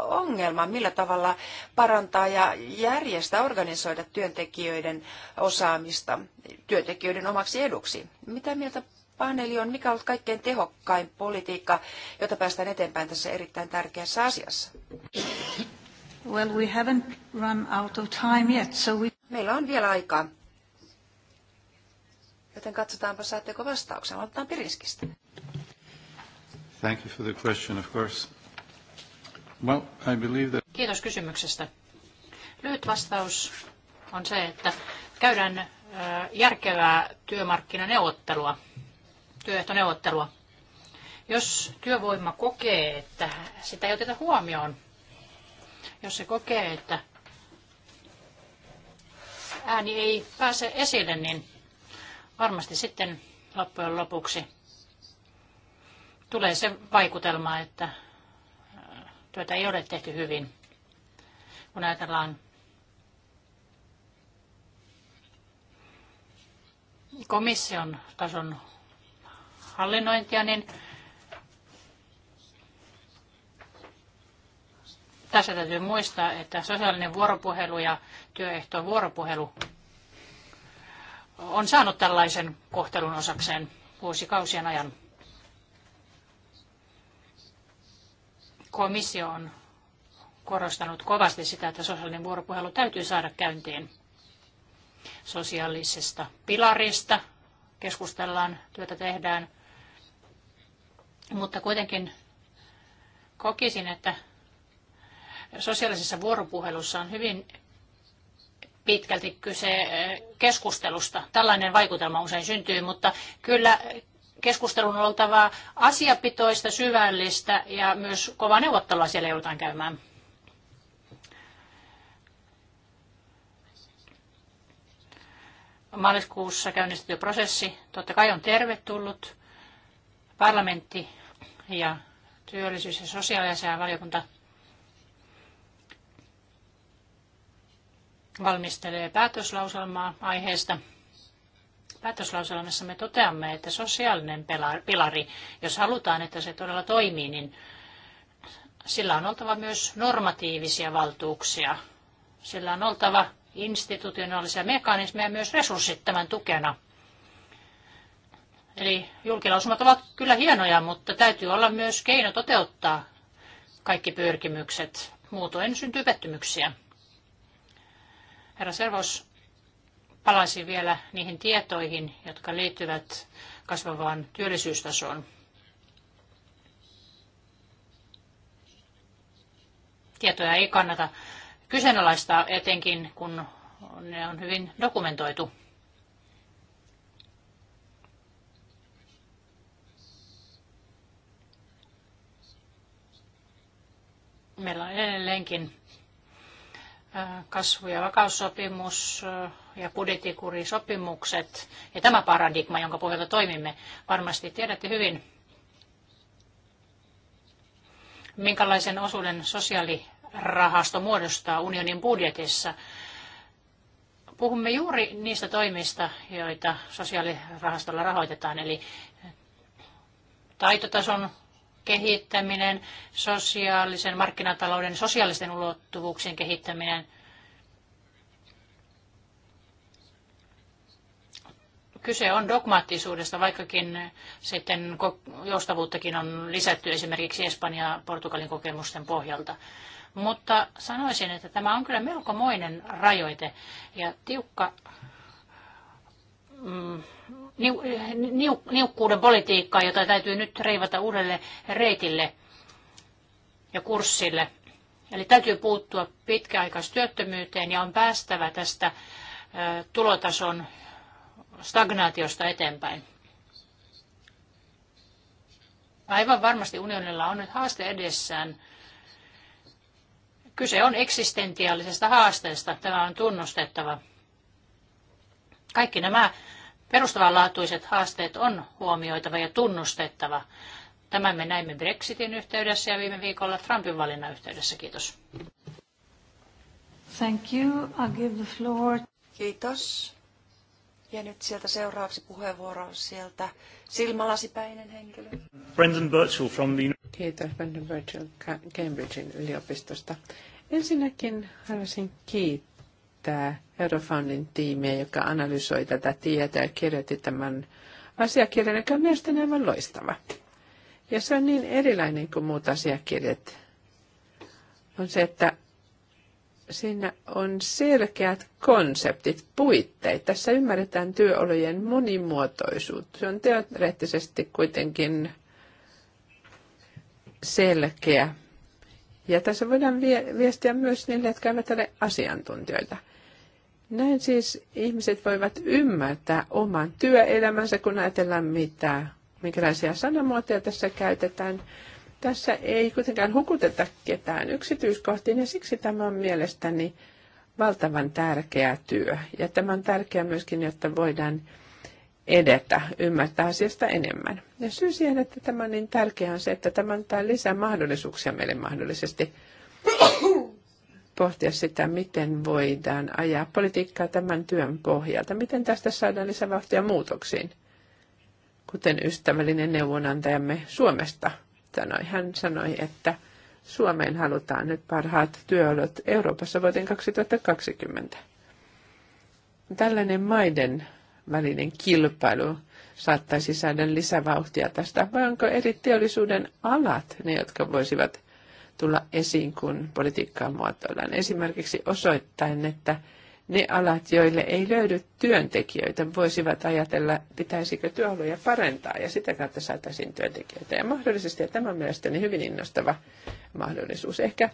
ongelma, millä tavalla parantaa ja järjestää, organisoida työntekijöiden osaamista työntekijöiden omaksi eduksi. Mitä mieltä paneeli on, mikä on ollut kaikkein tehokkain politiikka, jota päästään eteenpäin tässä erittäin tärkeässä asiassa? Well, we haven't run out of time yet, so we... Meillä on vielä aikaa. Joten katsotaanpa, saatteko vastauksen. Otetaan Pirinskistä. Thank you for the question, of course. Well, I believe that... Kiitos kysymyksestä. Lyhyt vastaus on se, että käydään järkevää työmarkkinaneuvottelua, työehtoneuvottelua. Jos työvoima kokee, että sitä ei oteta huomioon, jos se kokee, että ääni ei pääse esille, niin varmasti sitten loppujen lopuksi tulee se vaikutelma, että äh, työtä ei ole tehty hyvin, kun ajatellaan komission tason hallinnointia, niin tässä täytyy muistaa, että sosiaalinen vuoropuhelu ja työehtojen vuoropuhelu on saanut tällaisen kohtelun osakseen vuosikausien ajan. Komissio on korostanut kovasti sitä, että sosiaalinen vuoropuhelu täytyy saada käyntiin. Sosiaalisesta pilarista keskustellaan, työtä tehdään, mutta kuitenkin kokisin, että sosiaalisessa vuoropuhelussa on hyvin pitkälti kyse eh, keskustelusta. Tällainen vaikutelma usein syntyy, mutta kyllä keskustelun on oltava asiapitoista, syvällistä ja myös kovaa neuvottelua siellä joudutaan käymään. Maaliskuussa käynnistetty prosessi totta kai on tervetullut. Parlamentti ja työllisyys- ja sosiaaliasiainvaliokunta valmistelee päätöslauselmaa aiheesta. Päätöslauselmassa me toteamme, että sosiaalinen pilari, jos halutaan, että se todella toimii, niin sillä on oltava myös normatiivisia valtuuksia. Sillä on oltava institutionaalisia mekanismeja myös resurssit tämän tukena. Eli julkilausumat ovat kyllä hienoja, mutta täytyy olla myös keino toteuttaa kaikki pyrkimykset. Muutoin syntyy pettymyksiä. Herra Servos palaisin vielä niihin tietoihin, jotka liittyvät kasvavaan työllisyystasoon. Tietoja ei kannata kyseenalaistaa, etenkin kun ne on hyvin dokumentoitu. Meillä on edelleenkin kasvu- ja vakaussopimus ja budjettikurisopimukset ja tämä paradigma, jonka pohjalta toimimme, varmasti tiedätte hyvin, minkälaisen osuuden sosiaalirahasto muodostaa unionin budjetissa. Puhumme juuri niistä toimista, joita sosiaalirahastolla rahoitetaan, eli taitotason kehittäminen, sosiaalisen markkinatalouden sosiaalisten ulottuvuuksien kehittäminen – Kyse on dogmaattisuudesta, vaikkakin sitten joustavuuttakin on lisätty esimerkiksi espanja ja Portugalin kokemusten pohjalta. Mutta sanoisin, että tämä on kyllä melkomoinen rajoite ja tiukka mm, niu, niu, niukkuuden politiikkaa, jota täytyy nyt reivata uudelle reitille ja kurssille. Eli täytyy puuttua pitkäaikaistyöttömyyteen ja on päästävä tästä tulotason stagnaatiosta eteenpäin. Aivan varmasti unionilla on nyt haaste edessään. Kyse on eksistentiaalisesta haasteesta. Tämä on tunnustettava. Kaikki nämä perustavanlaatuiset haasteet on huomioitava ja tunnustettava. Tämän me näimme Brexitin yhteydessä ja viime viikolla Trumpin valinnan yhteydessä. Kiitos. Thank you. I'll give the floor. Kiitos. Ja nyt sieltä seuraavaksi puheenvuoro sieltä silmälasipäinen henkilö. Brendan Birchall from the... Kiitos Brendan Birchall Cambridgein yliopistosta. Ensinnäkin haluaisin kiittää Eurofoundin tiimiä, joka analysoi tätä tietoa ja kirjoitti tämän asiakirjan, joka on mielestäni aivan loistava. Ja se on niin erilainen kuin muut asiakirjat. On se, että siinä on selkeät konseptit, puitteet. Tässä ymmärretään työolojen monimuotoisuutta. Se on teoreettisesti kuitenkin selkeä. Ja tässä voidaan viestiä myös niille, jotka eivät ole asiantuntijoita. Näin siis ihmiset voivat ymmärtää oman työelämänsä, kun ajatellaan, mitä, minkälaisia sanamuotoja tässä käytetään. Tässä ei kuitenkaan hukuteta ketään yksityiskohtiin ja siksi tämä on mielestäni valtavan tärkeä työ. Ja tämä on tärkeää myöskin, jotta voidaan edetä, ymmärtää asiasta enemmän. Ja syy siihen, että tämä on niin tärkeää on se, että tämä antaa lisää mahdollisuuksia meille mahdollisesti pohtia sitä, miten voidaan ajaa politiikkaa tämän työn pohjalta, miten tästä saadaan lisävauhtia muutoksiin, kuten ystävällinen neuvonantajamme Suomesta – sanoi. Hän sanoi, että Suomeen halutaan nyt parhaat työolot Euroopassa vuoteen 2020. Tällainen maiden välinen kilpailu saattaisi saada lisävauhtia tästä, vai onko eri teollisuuden alat ne, jotka voisivat tulla esiin, kun politiikkaa muotoillaan? Esimerkiksi osoittain, että ne alat, joille ei löydy työntekijöitä, voisivat ajatella, pitäisikö työoloja parantaa ja sitä kautta saataisiin työntekijöitä. Ja mahdollisesti, ja tämä on mielestäni hyvin innostava mahdollisuus, ehkä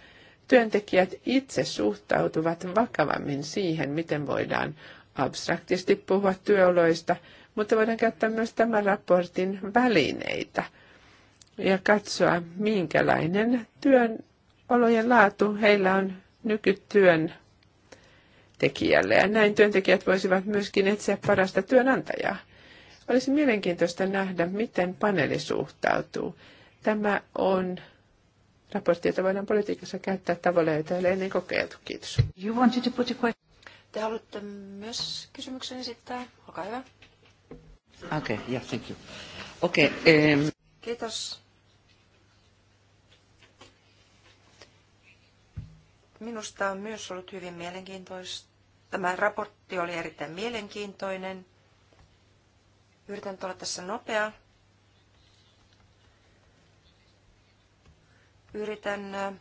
työntekijät itse suhtautuvat vakavammin siihen, miten voidaan abstraktisti puhua työoloista, mutta voidaan käyttää myös tämän raportin välineitä ja katsoa, minkälainen työn olojen laatu heillä on nykytyön tekijälle. Ja näin työntekijät voisivat myöskin etsiä parasta työnantajaa. Olisi mielenkiintoista nähdä, miten paneeli suhtautuu. Tämä on raportti, jota voidaan politiikassa käyttää tavalla, jota ei ole ennen kokeiltu. Kiitos. You wanted to put a question. Te haluatte myös kysymyksen esittää? Olkaa hyvä. Okei, okay, yeah, thank you. Okay, um... Kiitos. Minusta on myös ollut hyvin mielenkiintoista. Tämä raportti oli erittäin mielenkiintoinen. Yritän olla tässä nopea. Yritän äh,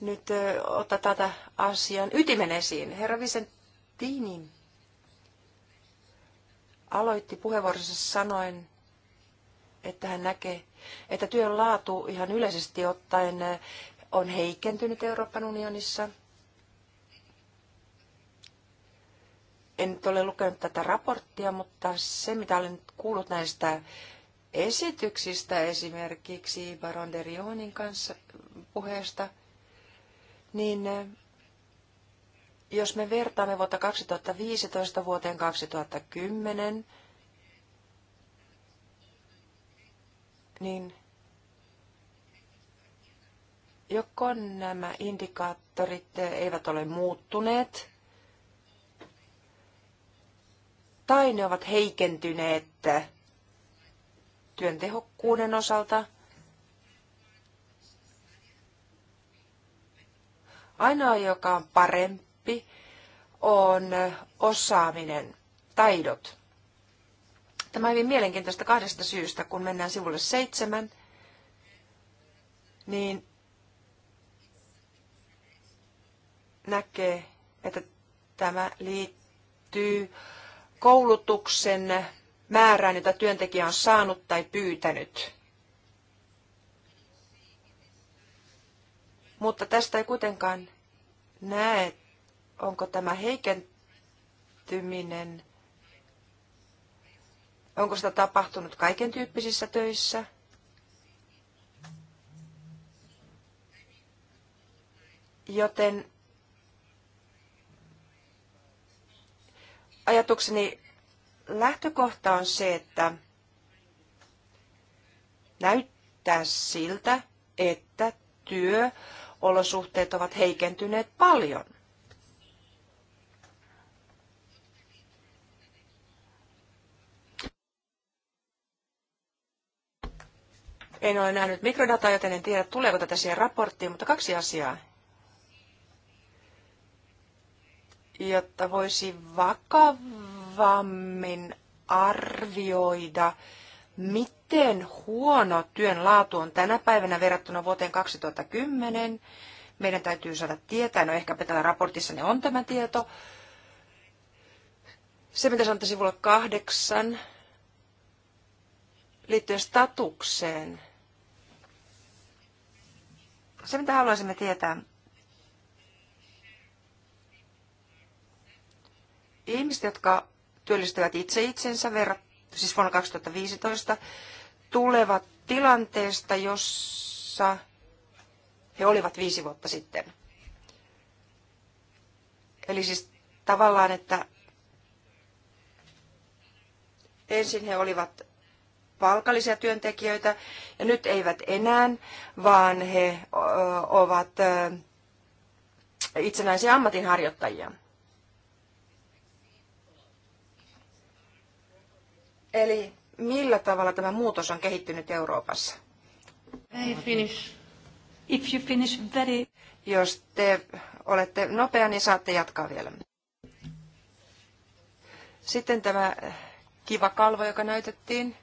nyt äh, ottaa tätä asian ytimen esiin. Herra Vicentini aloitti puheenvuorossa sanoen, että hän näkee, että työn laatu ihan yleisesti ottaen äh, on heikentynyt Euroopan unionissa. En nyt ole lukenut tätä raporttia, mutta se mitä olen nyt kuullut näistä esityksistä esimerkiksi Baron de Rionin kanssa puheesta, niin jos me vertaamme vuotta 2015 vuoteen 2010, niin joko nämä indikaattorit eh, eivät ole muuttuneet tai ne ovat heikentyneet eh, työn tehokkuuden osalta. Ainoa, joka on parempi, on eh, osaaminen, taidot. Tämä on hyvin mielenkiintoista kahdesta syystä. Kun mennään sivulle seitsemän, niin näkee, että tämä liittyy koulutuksen määrään, jota työntekijä on saanut tai pyytänyt. Mutta tästä ei kuitenkaan näe, onko tämä heikentyminen, onko sitä tapahtunut kaiken tyyppisissä töissä. Joten ajatukseni lähtökohta on se, että näyttää siltä, että työolosuhteet ovat heikentyneet paljon. En ole nähnyt mikrodataa, joten en tiedä tuleeko tätä siihen raporttiin, mutta kaksi asiaa. jotta voisi vakavammin arvioida, miten huono työn laatu on tänä päivänä verrattuna vuoteen 2010. Meidän täytyy saada tietää, no ehkäpä tällä raportissa ne on tämä tieto. Se, mitä sanotaan sivulla kahdeksan, liittyen statukseen. Se, mitä haluaisimme tietää, Ihmiset, jotka työllistävät itse itsensä verrat, siis vuonna 2015, tulevat tilanteesta, jossa he olivat viisi vuotta sitten. Eli siis tavallaan, että ensin he olivat palkallisia työntekijöitä ja nyt eivät enää, vaan he ovat itsenäisiä ammatinharjoittajia. Eli millä tavalla tämä muutos on kehittynyt Euroopassa? Ei finish. If you finish very... Jos te olette nopea, niin saatte jatkaa vielä. Sitten tämä kiva kalvo, joka näytettiin.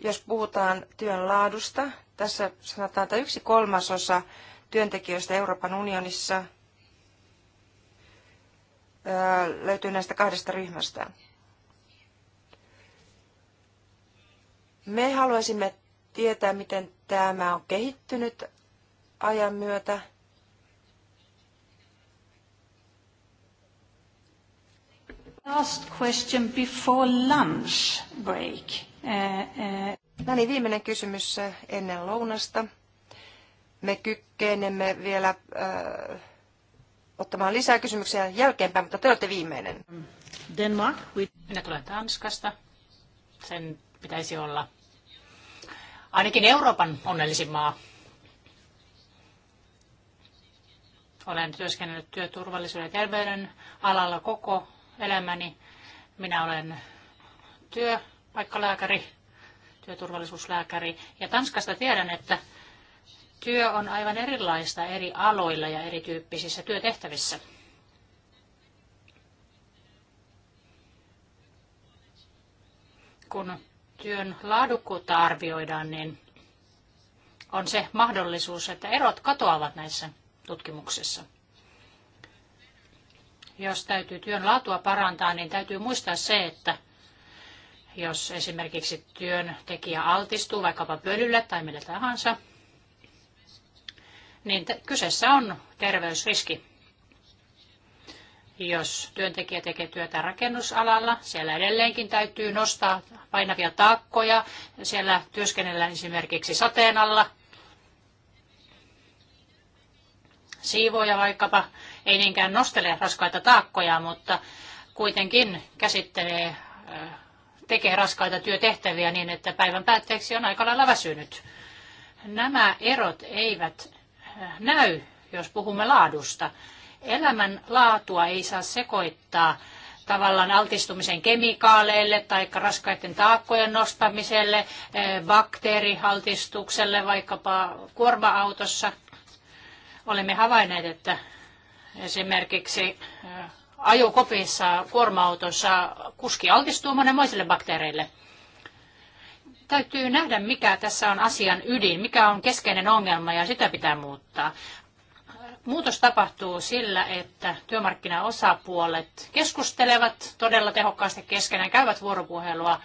Jos puhutaan työn laadusta, tässä sanotaan, että yksi kolmasosa työntekijöistä Euroopan unionissa löytyy näistä kahdesta ryhmästä. Me haluaisimme tietää, miten tämä on kehittynyt ajan myötä. Last question before lunch break. Uh, uh... No niin, viimeinen kysymys äh, ennen lounasta. Me kykenemme vielä äh, ottamaan lisää kysymyksiä jälkeenpäin, mutta te olette viimeinen. Denmark. Minä tulen Tanskasta. Sen pitäisi olla ainakin Euroopan onnellisin maa. Olen työskennellyt työturvallisuuden ja terveyden alalla koko elämäni. Minä olen työpaikkalääkäri työturvallisuuslääkäri. Ja Tanskasta tiedän, että työ on aivan erilaista eri aloilla ja erityyppisissä työtehtävissä. Kun työn laadukkuutta arvioidaan, niin on se mahdollisuus, että erot katoavat näissä tutkimuksissa. Jos täytyy työn laatua parantaa, niin täytyy muistaa se, että jos esimerkiksi työntekijä altistuu vaikkapa pölylle tai mille tahansa, niin kyseessä on terveysriski. Jos työntekijä tekee työtä rakennusalalla, siellä edelleenkin täytyy nostaa painavia taakkoja, siellä työskennellään esimerkiksi sateen alla, siivoja vaikkapa ei niinkään nostele raskaita taakkoja, mutta kuitenkin käsittelee tekee raskaita työtehtäviä niin, että päivän päätteeksi on aika lailla väsynyt. Nämä erot eivät äh, näy, jos puhumme laadusta. Elämän laatua ei saa sekoittaa tavallaan altistumisen kemikaaleille tai raskaiden taakkojen nostamiselle, äh, bakteerihaltistukselle vaikkapa kuorma-autossa. Olemme havainneet, että esimerkiksi äh, ajokopissa, kuorma-autossa kuski altistuu monenmoisille bakteereille. Täytyy nähdä, mikä tässä on asian ydin, mikä on keskeinen ongelma ja sitä pitää muuttaa. Muutos tapahtuu sillä, että työmarkkinaosapuolet keskustelevat todella tehokkaasti keskenään, käyvät vuoropuhelua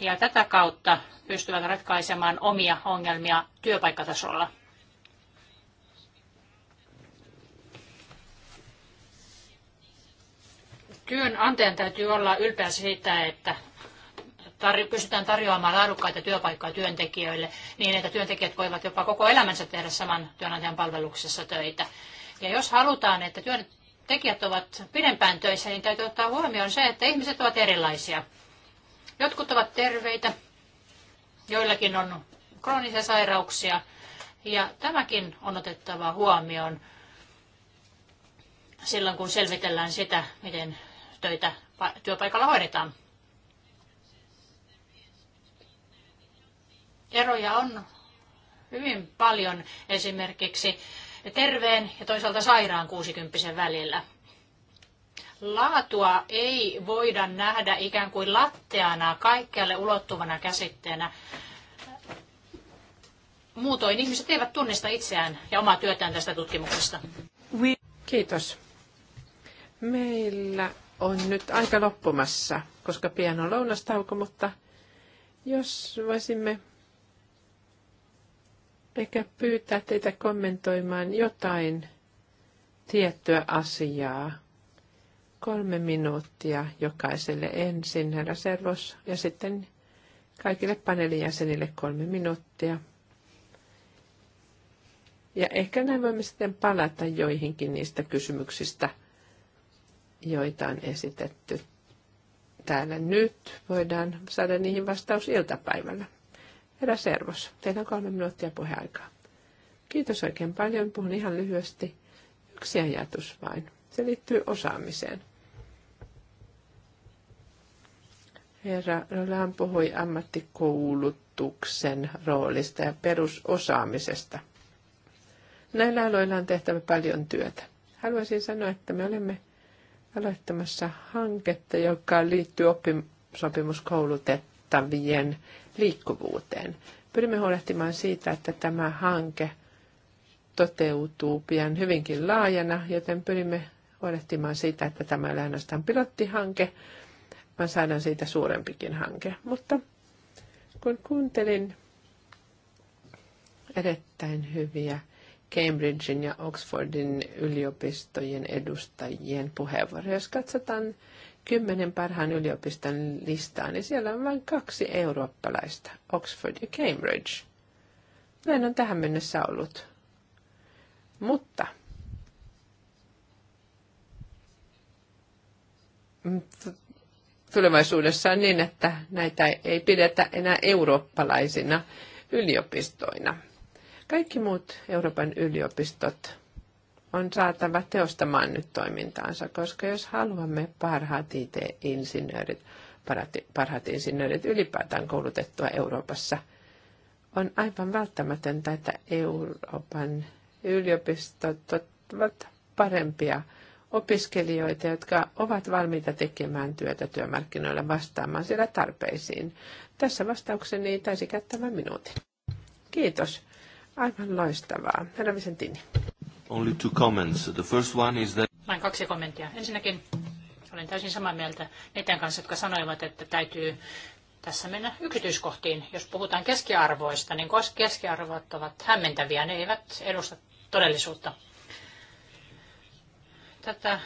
ja tätä kautta pystyvät ratkaisemaan omia ongelmia työpaikkatasolla. Työnantajan täytyy olla ylpeä siitä, että tar- pystytään tarjoamaan laadukkaita työpaikkoja työntekijöille niin, että työntekijät voivat jopa koko elämänsä tehdä saman työnantajan palveluksessa töitä. Ja jos halutaan, että työntekijät ovat pidempään töissä, niin täytyy ottaa huomioon se, että ihmiset ovat erilaisia. Jotkut ovat terveitä, joillakin on kroonisia sairauksia, ja tämäkin on otettava huomioon silloin, kun selvitellään sitä, miten töitä työpaikalla hoidetaan. Eroja on hyvin paljon esimerkiksi terveen ja toisaalta sairaan 60 välillä. Laatua ei voida nähdä ikään kuin latteana kaikkealle ulottuvana käsitteenä. Muutoin ihmiset eivät tunnista itseään ja omaa työtään tästä tutkimuksesta. Kiitos. Meillä on nyt aika loppumassa, koska pian on lounastauko, mutta jos voisimme ehkä pyytää teitä kommentoimaan jotain tiettyä asiaa. Kolme minuuttia jokaiselle ensin, herra Servos, ja sitten kaikille paneelin jäsenille kolme minuuttia. Ja ehkä näin voimme sitten palata joihinkin niistä kysymyksistä, joita on esitetty täällä nyt. Voidaan saada niihin vastaus iltapäivällä. Herra Servos, teillä on kolme minuuttia puheaikaa. Kiitos oikein paljon. Puhun ihan lyhyesti. Yksi ajatus vain. Se liittyy osaamiseen. Herra Roland puhui ammattikoulutuksen roolista ja perusosaamisesta. Näillä aloilla on tehtävä paljon työtä. Haluaisin sanoa, että me olemme aloittamassa hanketta, joka liittyy oppisopimuskoulutettavien liikkuvuuteen. Pyrimme huolehtimaan siitä, että tämä hanke toteutuu pian hyvinkin laajana, joten pyrimme huolehtimaan siitä, että tämä ei ole ainoastaan pilottihanke, vaan saadaan siitä suurempikin hanke. Mutta kun kuuntelin erittäin hyviä Cambridgein ja Oxfordin yliopistojen edustajien puheenvuoroja. Jos katsotaan kymmenen parhaan yliopiston listaa, niin siellä on vain kaksi eurooppalaista, Oxford ja Cambridge. Näin on tähän mennessä ollut. Mutta tulevaisuudessa on niin, että näitä ei pidetä enää eurooppalaisina yliopistoina. Kaikki muut Euroopan yliopistot on saatava teostamaan nyt toimintaansa, koska jos haluamme parhaat IT-insinöörit, parhaat, parhaat insinöörit ylipäätään koulutettua Euroopassa, on aivan välttämätöntä, että Euroopan yliopistot ovat parempia opiskelijoita, jotka ovat valmiita tekemään työtä työmarkkinoilla vastaamaan siellä tarpeisiin. Tässä vastaukseni taisi käyttää minuutin. Kiitos. Aivan loistavaa. Herra Vicentini. Only two comments. The first one is that... Vain kaksi kommenttia. Ensinnäkin olen täysin samaa mieltä niiden kanssa, jotka sanoivat, että täytyy tässä mennä yksityiskohtiin. Jos puhutaan keskiarvoista, niin koska keskiarvot ovat hämmentäviä, ne eivät edusta todellisuutta. Tätä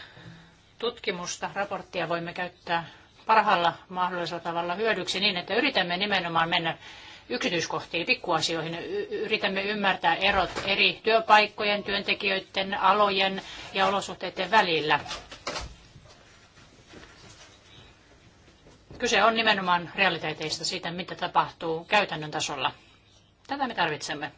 tutkimusta, raporttia voimme käyttää parhaalla mahdollisella tavalla hyödyksi niin, että yritämme nimenomaan mennä yksityiskohtiin, pikkuasioihin. Yritämme ymmärtää erot eri työpaikkojen, työntekijöiden, alojen ja olosuhteiden välillä. Kyse on nimenomaan realiteeteista, siitä mitä tapahtuu käytännön tasolla. Tätä me tarvitsemme.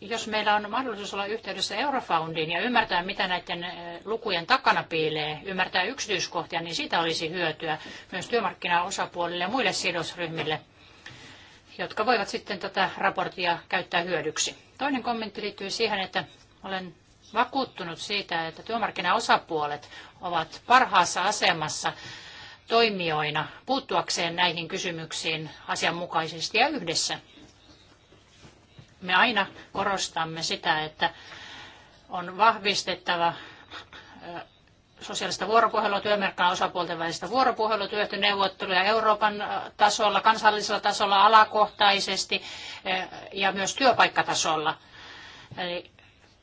Jos meillä on mahdollisuus olla yhteydessä Eurofoundiin ja ymmärtää, mitä näiden eh, lukujen takana piilee, ymmärtää yksityiskohtia, niin siitä olisi hyötyä myös työmarkkinaosapuolille ja muille sidosryhmille jotka voivat sitten tätä raporttia käyttää hyödyksi. Toinen kommentti liittyy siihen, että olen vakuuttunut siitä, että työmarkkinaosapuolet ovat parhaassa asemassa toimijoina puuttuakseen näihin kysymyksiin asianmukaisesti ja yhdessä. Me aina korostamme sitä, että on vahvistettava sosiaalista vuoropuhelua, työmerkkaan osapuolten välistä vuoropuhelua, työehtoneuvotteluja Euroopan äh, tasolla, kansallisella tasolla, alakohtaisesti äh, ja myös työpaikkatasolla. Eli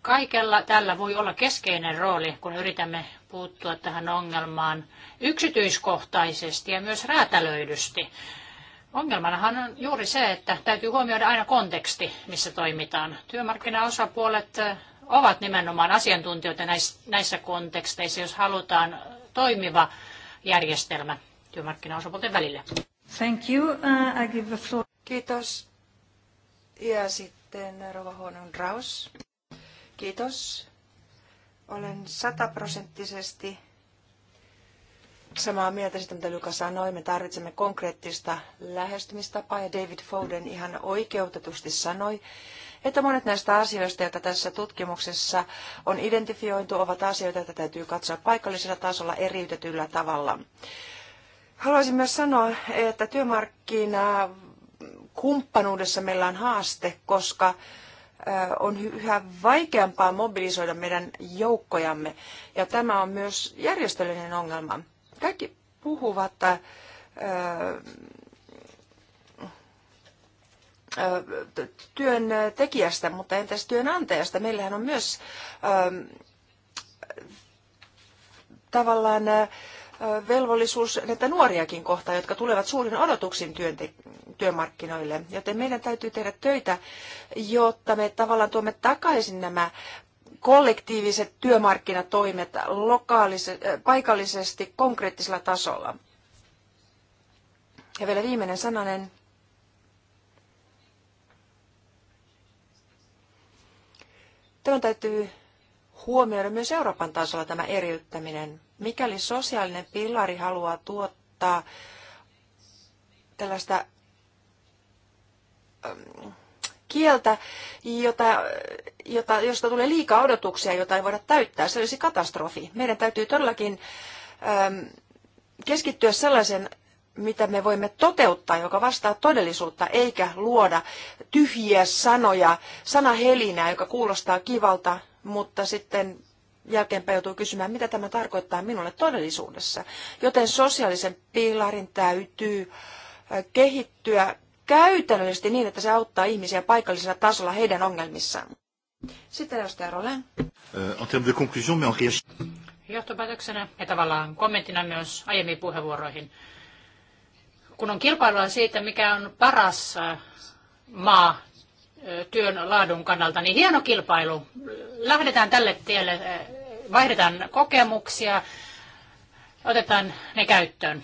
kaikella tällä voi olla keskeinen rooli, kun yritämme puuttua tähän ongelmaan yksityiskohtaisesti ja myös räätälöidysti. Ongelmanahan on juuri se, että täytyy huomioida aina konteksti, missä toimitaan. Työmarkkinaosapuolet ovat nimenomaan asiantuntijoita näissä konteksteissa, jos halutaan toimiva järjestelmä työmarkkinaosapuolten välillä. Thank you. Uh, I give the floor. Kiitos. Ja sitten Rova Huonon Raus. Kiitos. Olen sataprosenttisesti samaa mieltä siitä, mitä Luka sanoi. Me tarvitsemme konkreettista lähestymistapaa ja David Foden ihan oikeutetusti sanoi, että monet näistä asioista, joita tässä tutkimuksessa on identifioitu, ovat asioita, joita täytyy katsoa paikallisella tasolla eriytetyllä tavalla. Haluaisin myös sanoa, että työmarkkina kumppanuudessa meillä on haaste, koska on yhä vaikeampaa mobilisoida meidän joukkojamme. Ja tämä on myös järjestöllinen ongelma. Kaikki puhuvat työn tekijästä, mutta entäs työnantajasta? Meillähän on myös tavallaan velvollisuus näitä nuoriakin kohtaan, jotka tulevat suurin odotuksin työnte- työmarkkinoille. Joten meidän täytyy tehdä töitä, jotta me tavallaan tuomme takaisin nämä kollektiiviset työmarkkinatoimet lokaalis- paikallisesti konkreettisella tasolla. Ja vielä viimeinen sananen. Tämän täytyy huomioida myös Euroopan tasolla tämä eriyttäminen. Mikäli sosiaalinen pilari haluaa tuottaa tällaista kieltä, jota, jota, josta tulee liikaa odotuksia, jota ei voida täyttää. Se olisi katastrofi. Meidän täytyy todellakin keskittyä sellaisen mitä me voimme toteuttaa, joka vastaa todellisuutta, eikä luoda tyhjiä sanoja, sanahelinää, joka kuulostaa kivalta, mutta sitten jälkeenpäin joutuu kysymään, mitä tämä tarkoittaa minulle todellisuudessa. Joten sosiaalisen pilarin täytyy äh, kehittyä käytännöllisesti niin, että se auttaa ihmisiä paikallisella tasolla heidän ongelmissaan. Sitten edustaja Rolen. Äh, Johtopäätöksenä ja tavallaan kommenttina myös aiemmin puheenvuoroihin kun on kilpailua siitä, mikä on paras maa työn laadun kannalta, niin hieno kilpailu. Lähdetään tälle tielle, vaihdetaan kokemuksia, otetaan ne käyttöön.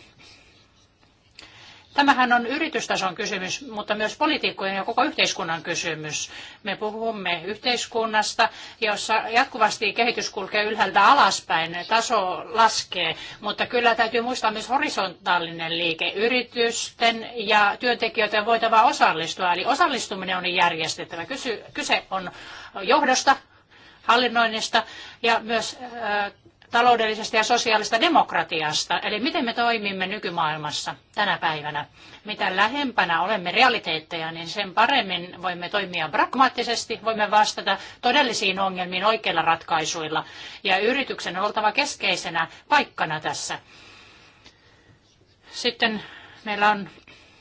Tämähän on yritystason kysymys, mutta myös poliitikkojen ja koko yhteiskunnan kysymys. Me puhumme yhteiskunnasta, jossa jatkuvasti kehitys kulkee ylhäältä alaspäin, taso laskee, mutta kyllä täytyy muistaa myös horisontaalinen liike. Yritysten ja työntekijöiden on voitava osallistua, eli osallistuminen on järjestettävä. Kyse on johdosta, hallinnoinnista ja myös äh, taloudellisesta ja sosiaalista demokratiasta, eli miten me toimimme nykymaailmassa tänä päivänä. Mitä lähempänä olemme realiteetteja, niin sen paremmin voimme toimia pragmaattisesti, voimme vastata todellisiin ongelmiin oikeilla ratkaisuilla, ja yrityksen on oltava keskeisenä paikkana tässä. Sitten meillä on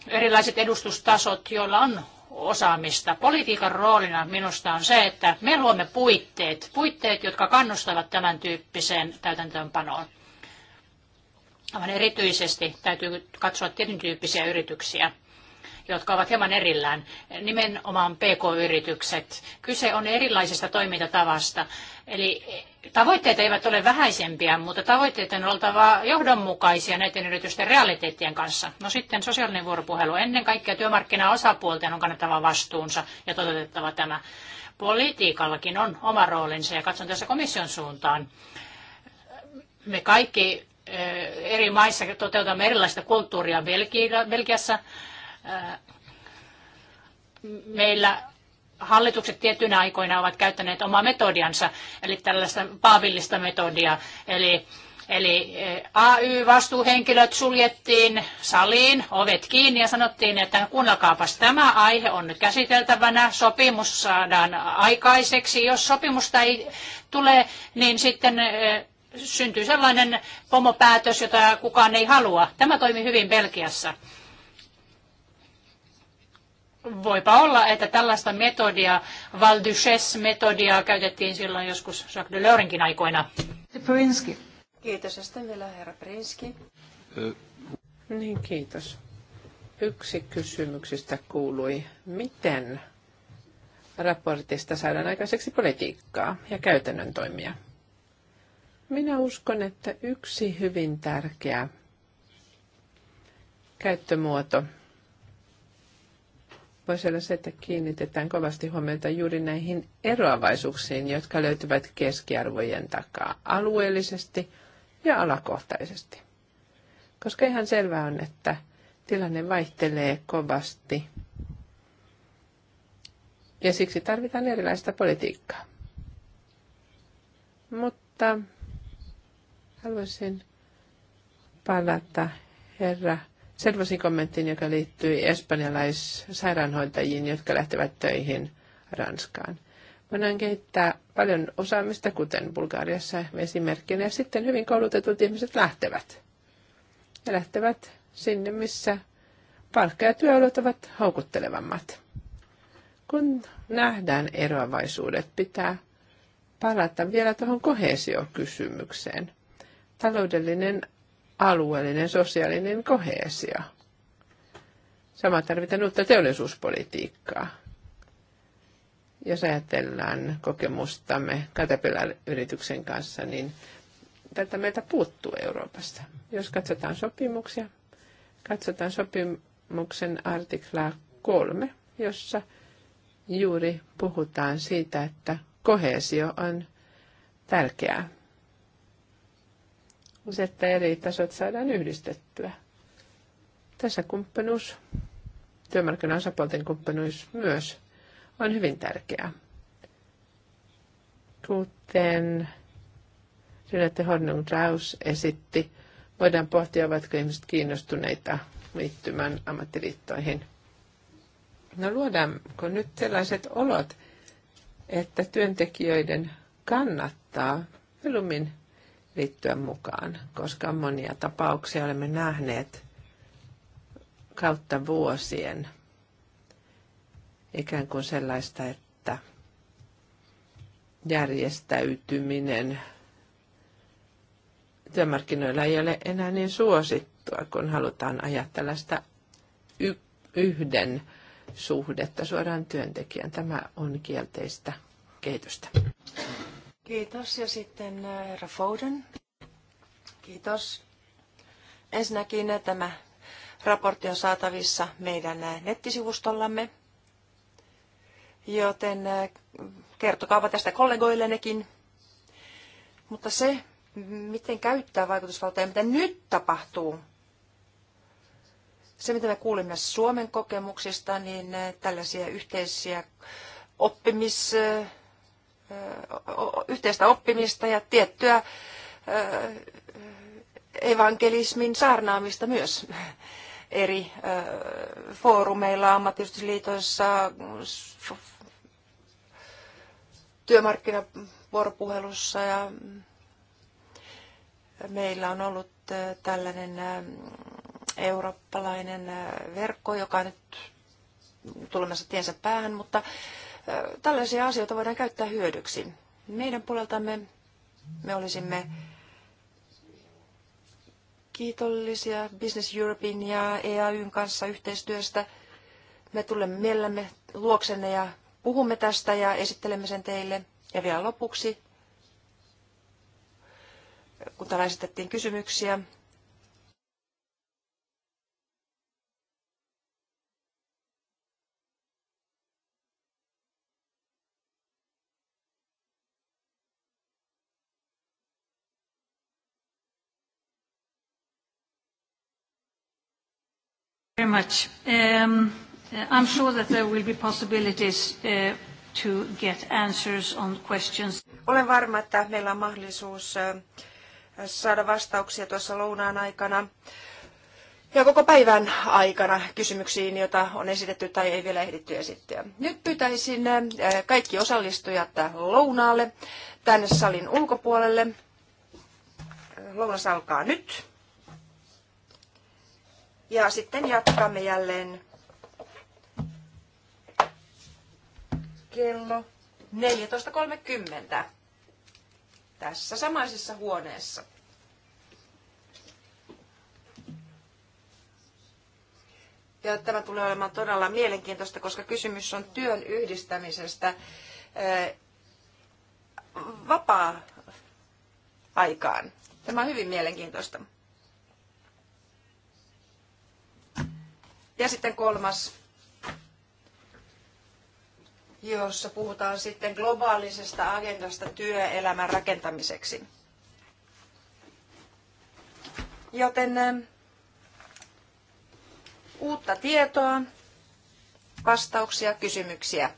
erilaiset edustustasot, joilla on osaamista. Politiikan roolina minusta on se, että me luomme puitteet, puitteet, jotka kannustavat tämän tyyppiseen täytäntöönpanoon. Aivan erityisesti täytyy katsoa tietyn tyyppisiä yrityksiä jotka ovat hieman erillään, nimenomaan PK-yritykset. Kyse on erilaisesta toimintatavasta, eli Tavoitteet eivät ole vähäisempiä, mutta tavoitteet on oltava johdonmukaisia näiden yritysten realiteettien kanssa. No sitten sosiaalinen vuoropuhelu. Ennen kaikkea työmarkkinaosapuolten on kannettava vastuunsa ja toteutettava tämä. Politiikallakin on oma roolinsa ja katson tässä komission suuntaan. Me kaikki eh, eri maissa toteutamme erilaista kulttuuria Belgiassa. Eh, meillä hallitukset tiettyinä aikoina ovat käyttäneet omaa metodiansa, eli tällaista paavillista metodia. Eli, eli eh, AY-vastuuhenkilöt suljettiin saliin, ovet kiinni ja sanottiin, että kuunnelkaapas, tämä aihe on nyt käsiteltävänä, sopimus saadaan aikaiseksi. Jos sopimusta ei tule, niin sitten eh, syntyy sellainen pomopäätös, jota kukaan ei halua. Tämä toimi hyvin Belgiassa. Voipa olla, että tällaista metodia, Val metodia käytettiin silloin joskus Jacques Deleurinkin aikoina. Prinski. Kiitos. Ja sitten vielä herra Prinski. Niin, kiitos. Yksi kysymyksistä kuului, miten raportista saadaan aikaiseksi politiikkaa ja käytännön toimia. Minä uskon, että yksi hyvin tärkeä käyttömuoto voisi olla se, että kiinnitetään kovasti huomiota juuri näihin eroavaisuuksiin, jotka löytyvät keskiarvojen takaa alueellisesti ja alakohtaisesti. Koska ihan selvää on, että tilanne vaihtelee kovasti ja siksi tarvitaan erilaista politiikkaa. Mutta haluaisin palata herra Selvasin kommenttiin, joka liittyi espanjalaissairaanhoitajiin, jotka lähtevät töihin Ranskaan. Voidaan kehittää paljon osaamista, kuten Bulgariassa esimerkkinä, ja sitten hyvin koulutetut ihmiset lähtevät. Ja lähtevät sinne, missä palkka- ja työolot ovat houkuttelevammat. Kun nähdään eroavaisuudet, pitää palata vielä tuohon kohesiokysymykseen. Taloudellinen alueellinen sosiaalinen koheesio. Sama tarvitaan uutta teollisuuspolitiikkaa. Jos ajatellaan kokemustamme Caterpillar-yrityksen kanssa, niin tätä meiltä puuttuu Euroopasta. Jos katsotaan sopimuksia, katsotaan sopimuksen artiklaa kolme, jossa juuri puhutaan siitä, että kohesio on tärkeää se, että eri tasot saadaan yhdistettyä. Tässä kumppanuus, työmarkkinaosapuolten kumppanuus myös, on hyvin tärkeää. Kuten Renate Hornung Raus esitti, voidaan pohtia, ovatko ihmiset kiinnostuneita liittymään ammattiliittoihin. No luodaanko nyt sellaiset olot, että työntekijöiden kannattaa mieluummin liittyä mukaan, koska monia tapauksia olemme nähneet kautta vuosien ikään kuin sellaista, että järjestäytyminen työmarkkinoilla ei ole enää niin suosittua, kun halutaan ajaa tällaista y- yhden suhdetta suoraan työntekijän. Tämä on kielteistä kehitystä. Kiitos. Ja sitten äh, herra Foden. Kiitos. Ensinnäkin äh, tämä raportti on saatavissa meidän äh, nettisivustollamme, joten kertokaa tästä kollegoillenekin. Mutta se, miten käyttää vaikutusvaltaa ja mitä nyt tapahtuu, se mitä me kuulimme Suomen kokemuksista, niin tällaisia yhteisiä oppimis- yhteistä oppimista ja tiettyä evankelismin saarnaamista myös [LAUGHS] eri foorumeilla, ammattiyhdistysliitoissa, työmarkkinavuoropuhelussa ja meillä on ollut tällainen eurooppalainen verkko, joka on nyt tulemassa tiensä päähän, mutta tällaisia asioita voidaan käyttää hyödyksi. Meidän puoleltamme me olisimme kiitollisia Business Europein ja EAYn kanssa yhteistyöstä. Me tulemme mielellämme luoksenne ja puhumme tästä ja esittelemme sen teille. Ja vielä lopuksi, kun täällä esitettiin kysymyksiä, much. Um, uh, I'm sure that there will be possibilities uh, to get answers on questions. Olen varma, että meillä on mahdollisuus uh, saada vastauksia tuossa lounaan aikana ja koko päivän aikana kysymyksiin, joita on esitetty tai ei vielä ehditty esittää. Nyt pyytäisin uh, kaikki osallistujat lounaalle tänne salin ulkopuolelle. Lounas alkaa nyt. Ja sitten jatkamme jälleen kello 14.30 tässä samaisessa huoneessa. Ja tämä tulee olemaan todella mielenkiintoista, koska kysymys on työn yhdistämisestä eh, vapaa-aikaan. Tämä on hyvin mielenkiintoista. Ja sitten kolmas, jossa puhutaan sitten globaalisesta agendasta työelämän rakentamiseksi. Joten ähm, uutta tietoa, vastauksia, kysymyksiä.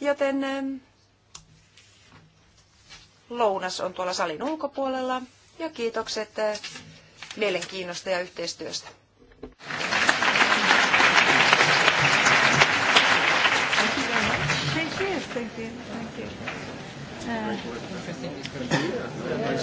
Joten ähm, lounas on tuolla salin ulkopuolella ja kiitokset äh, mielenkiinnosta ja yhteistyöstä. Thank you. Thank you. Uh,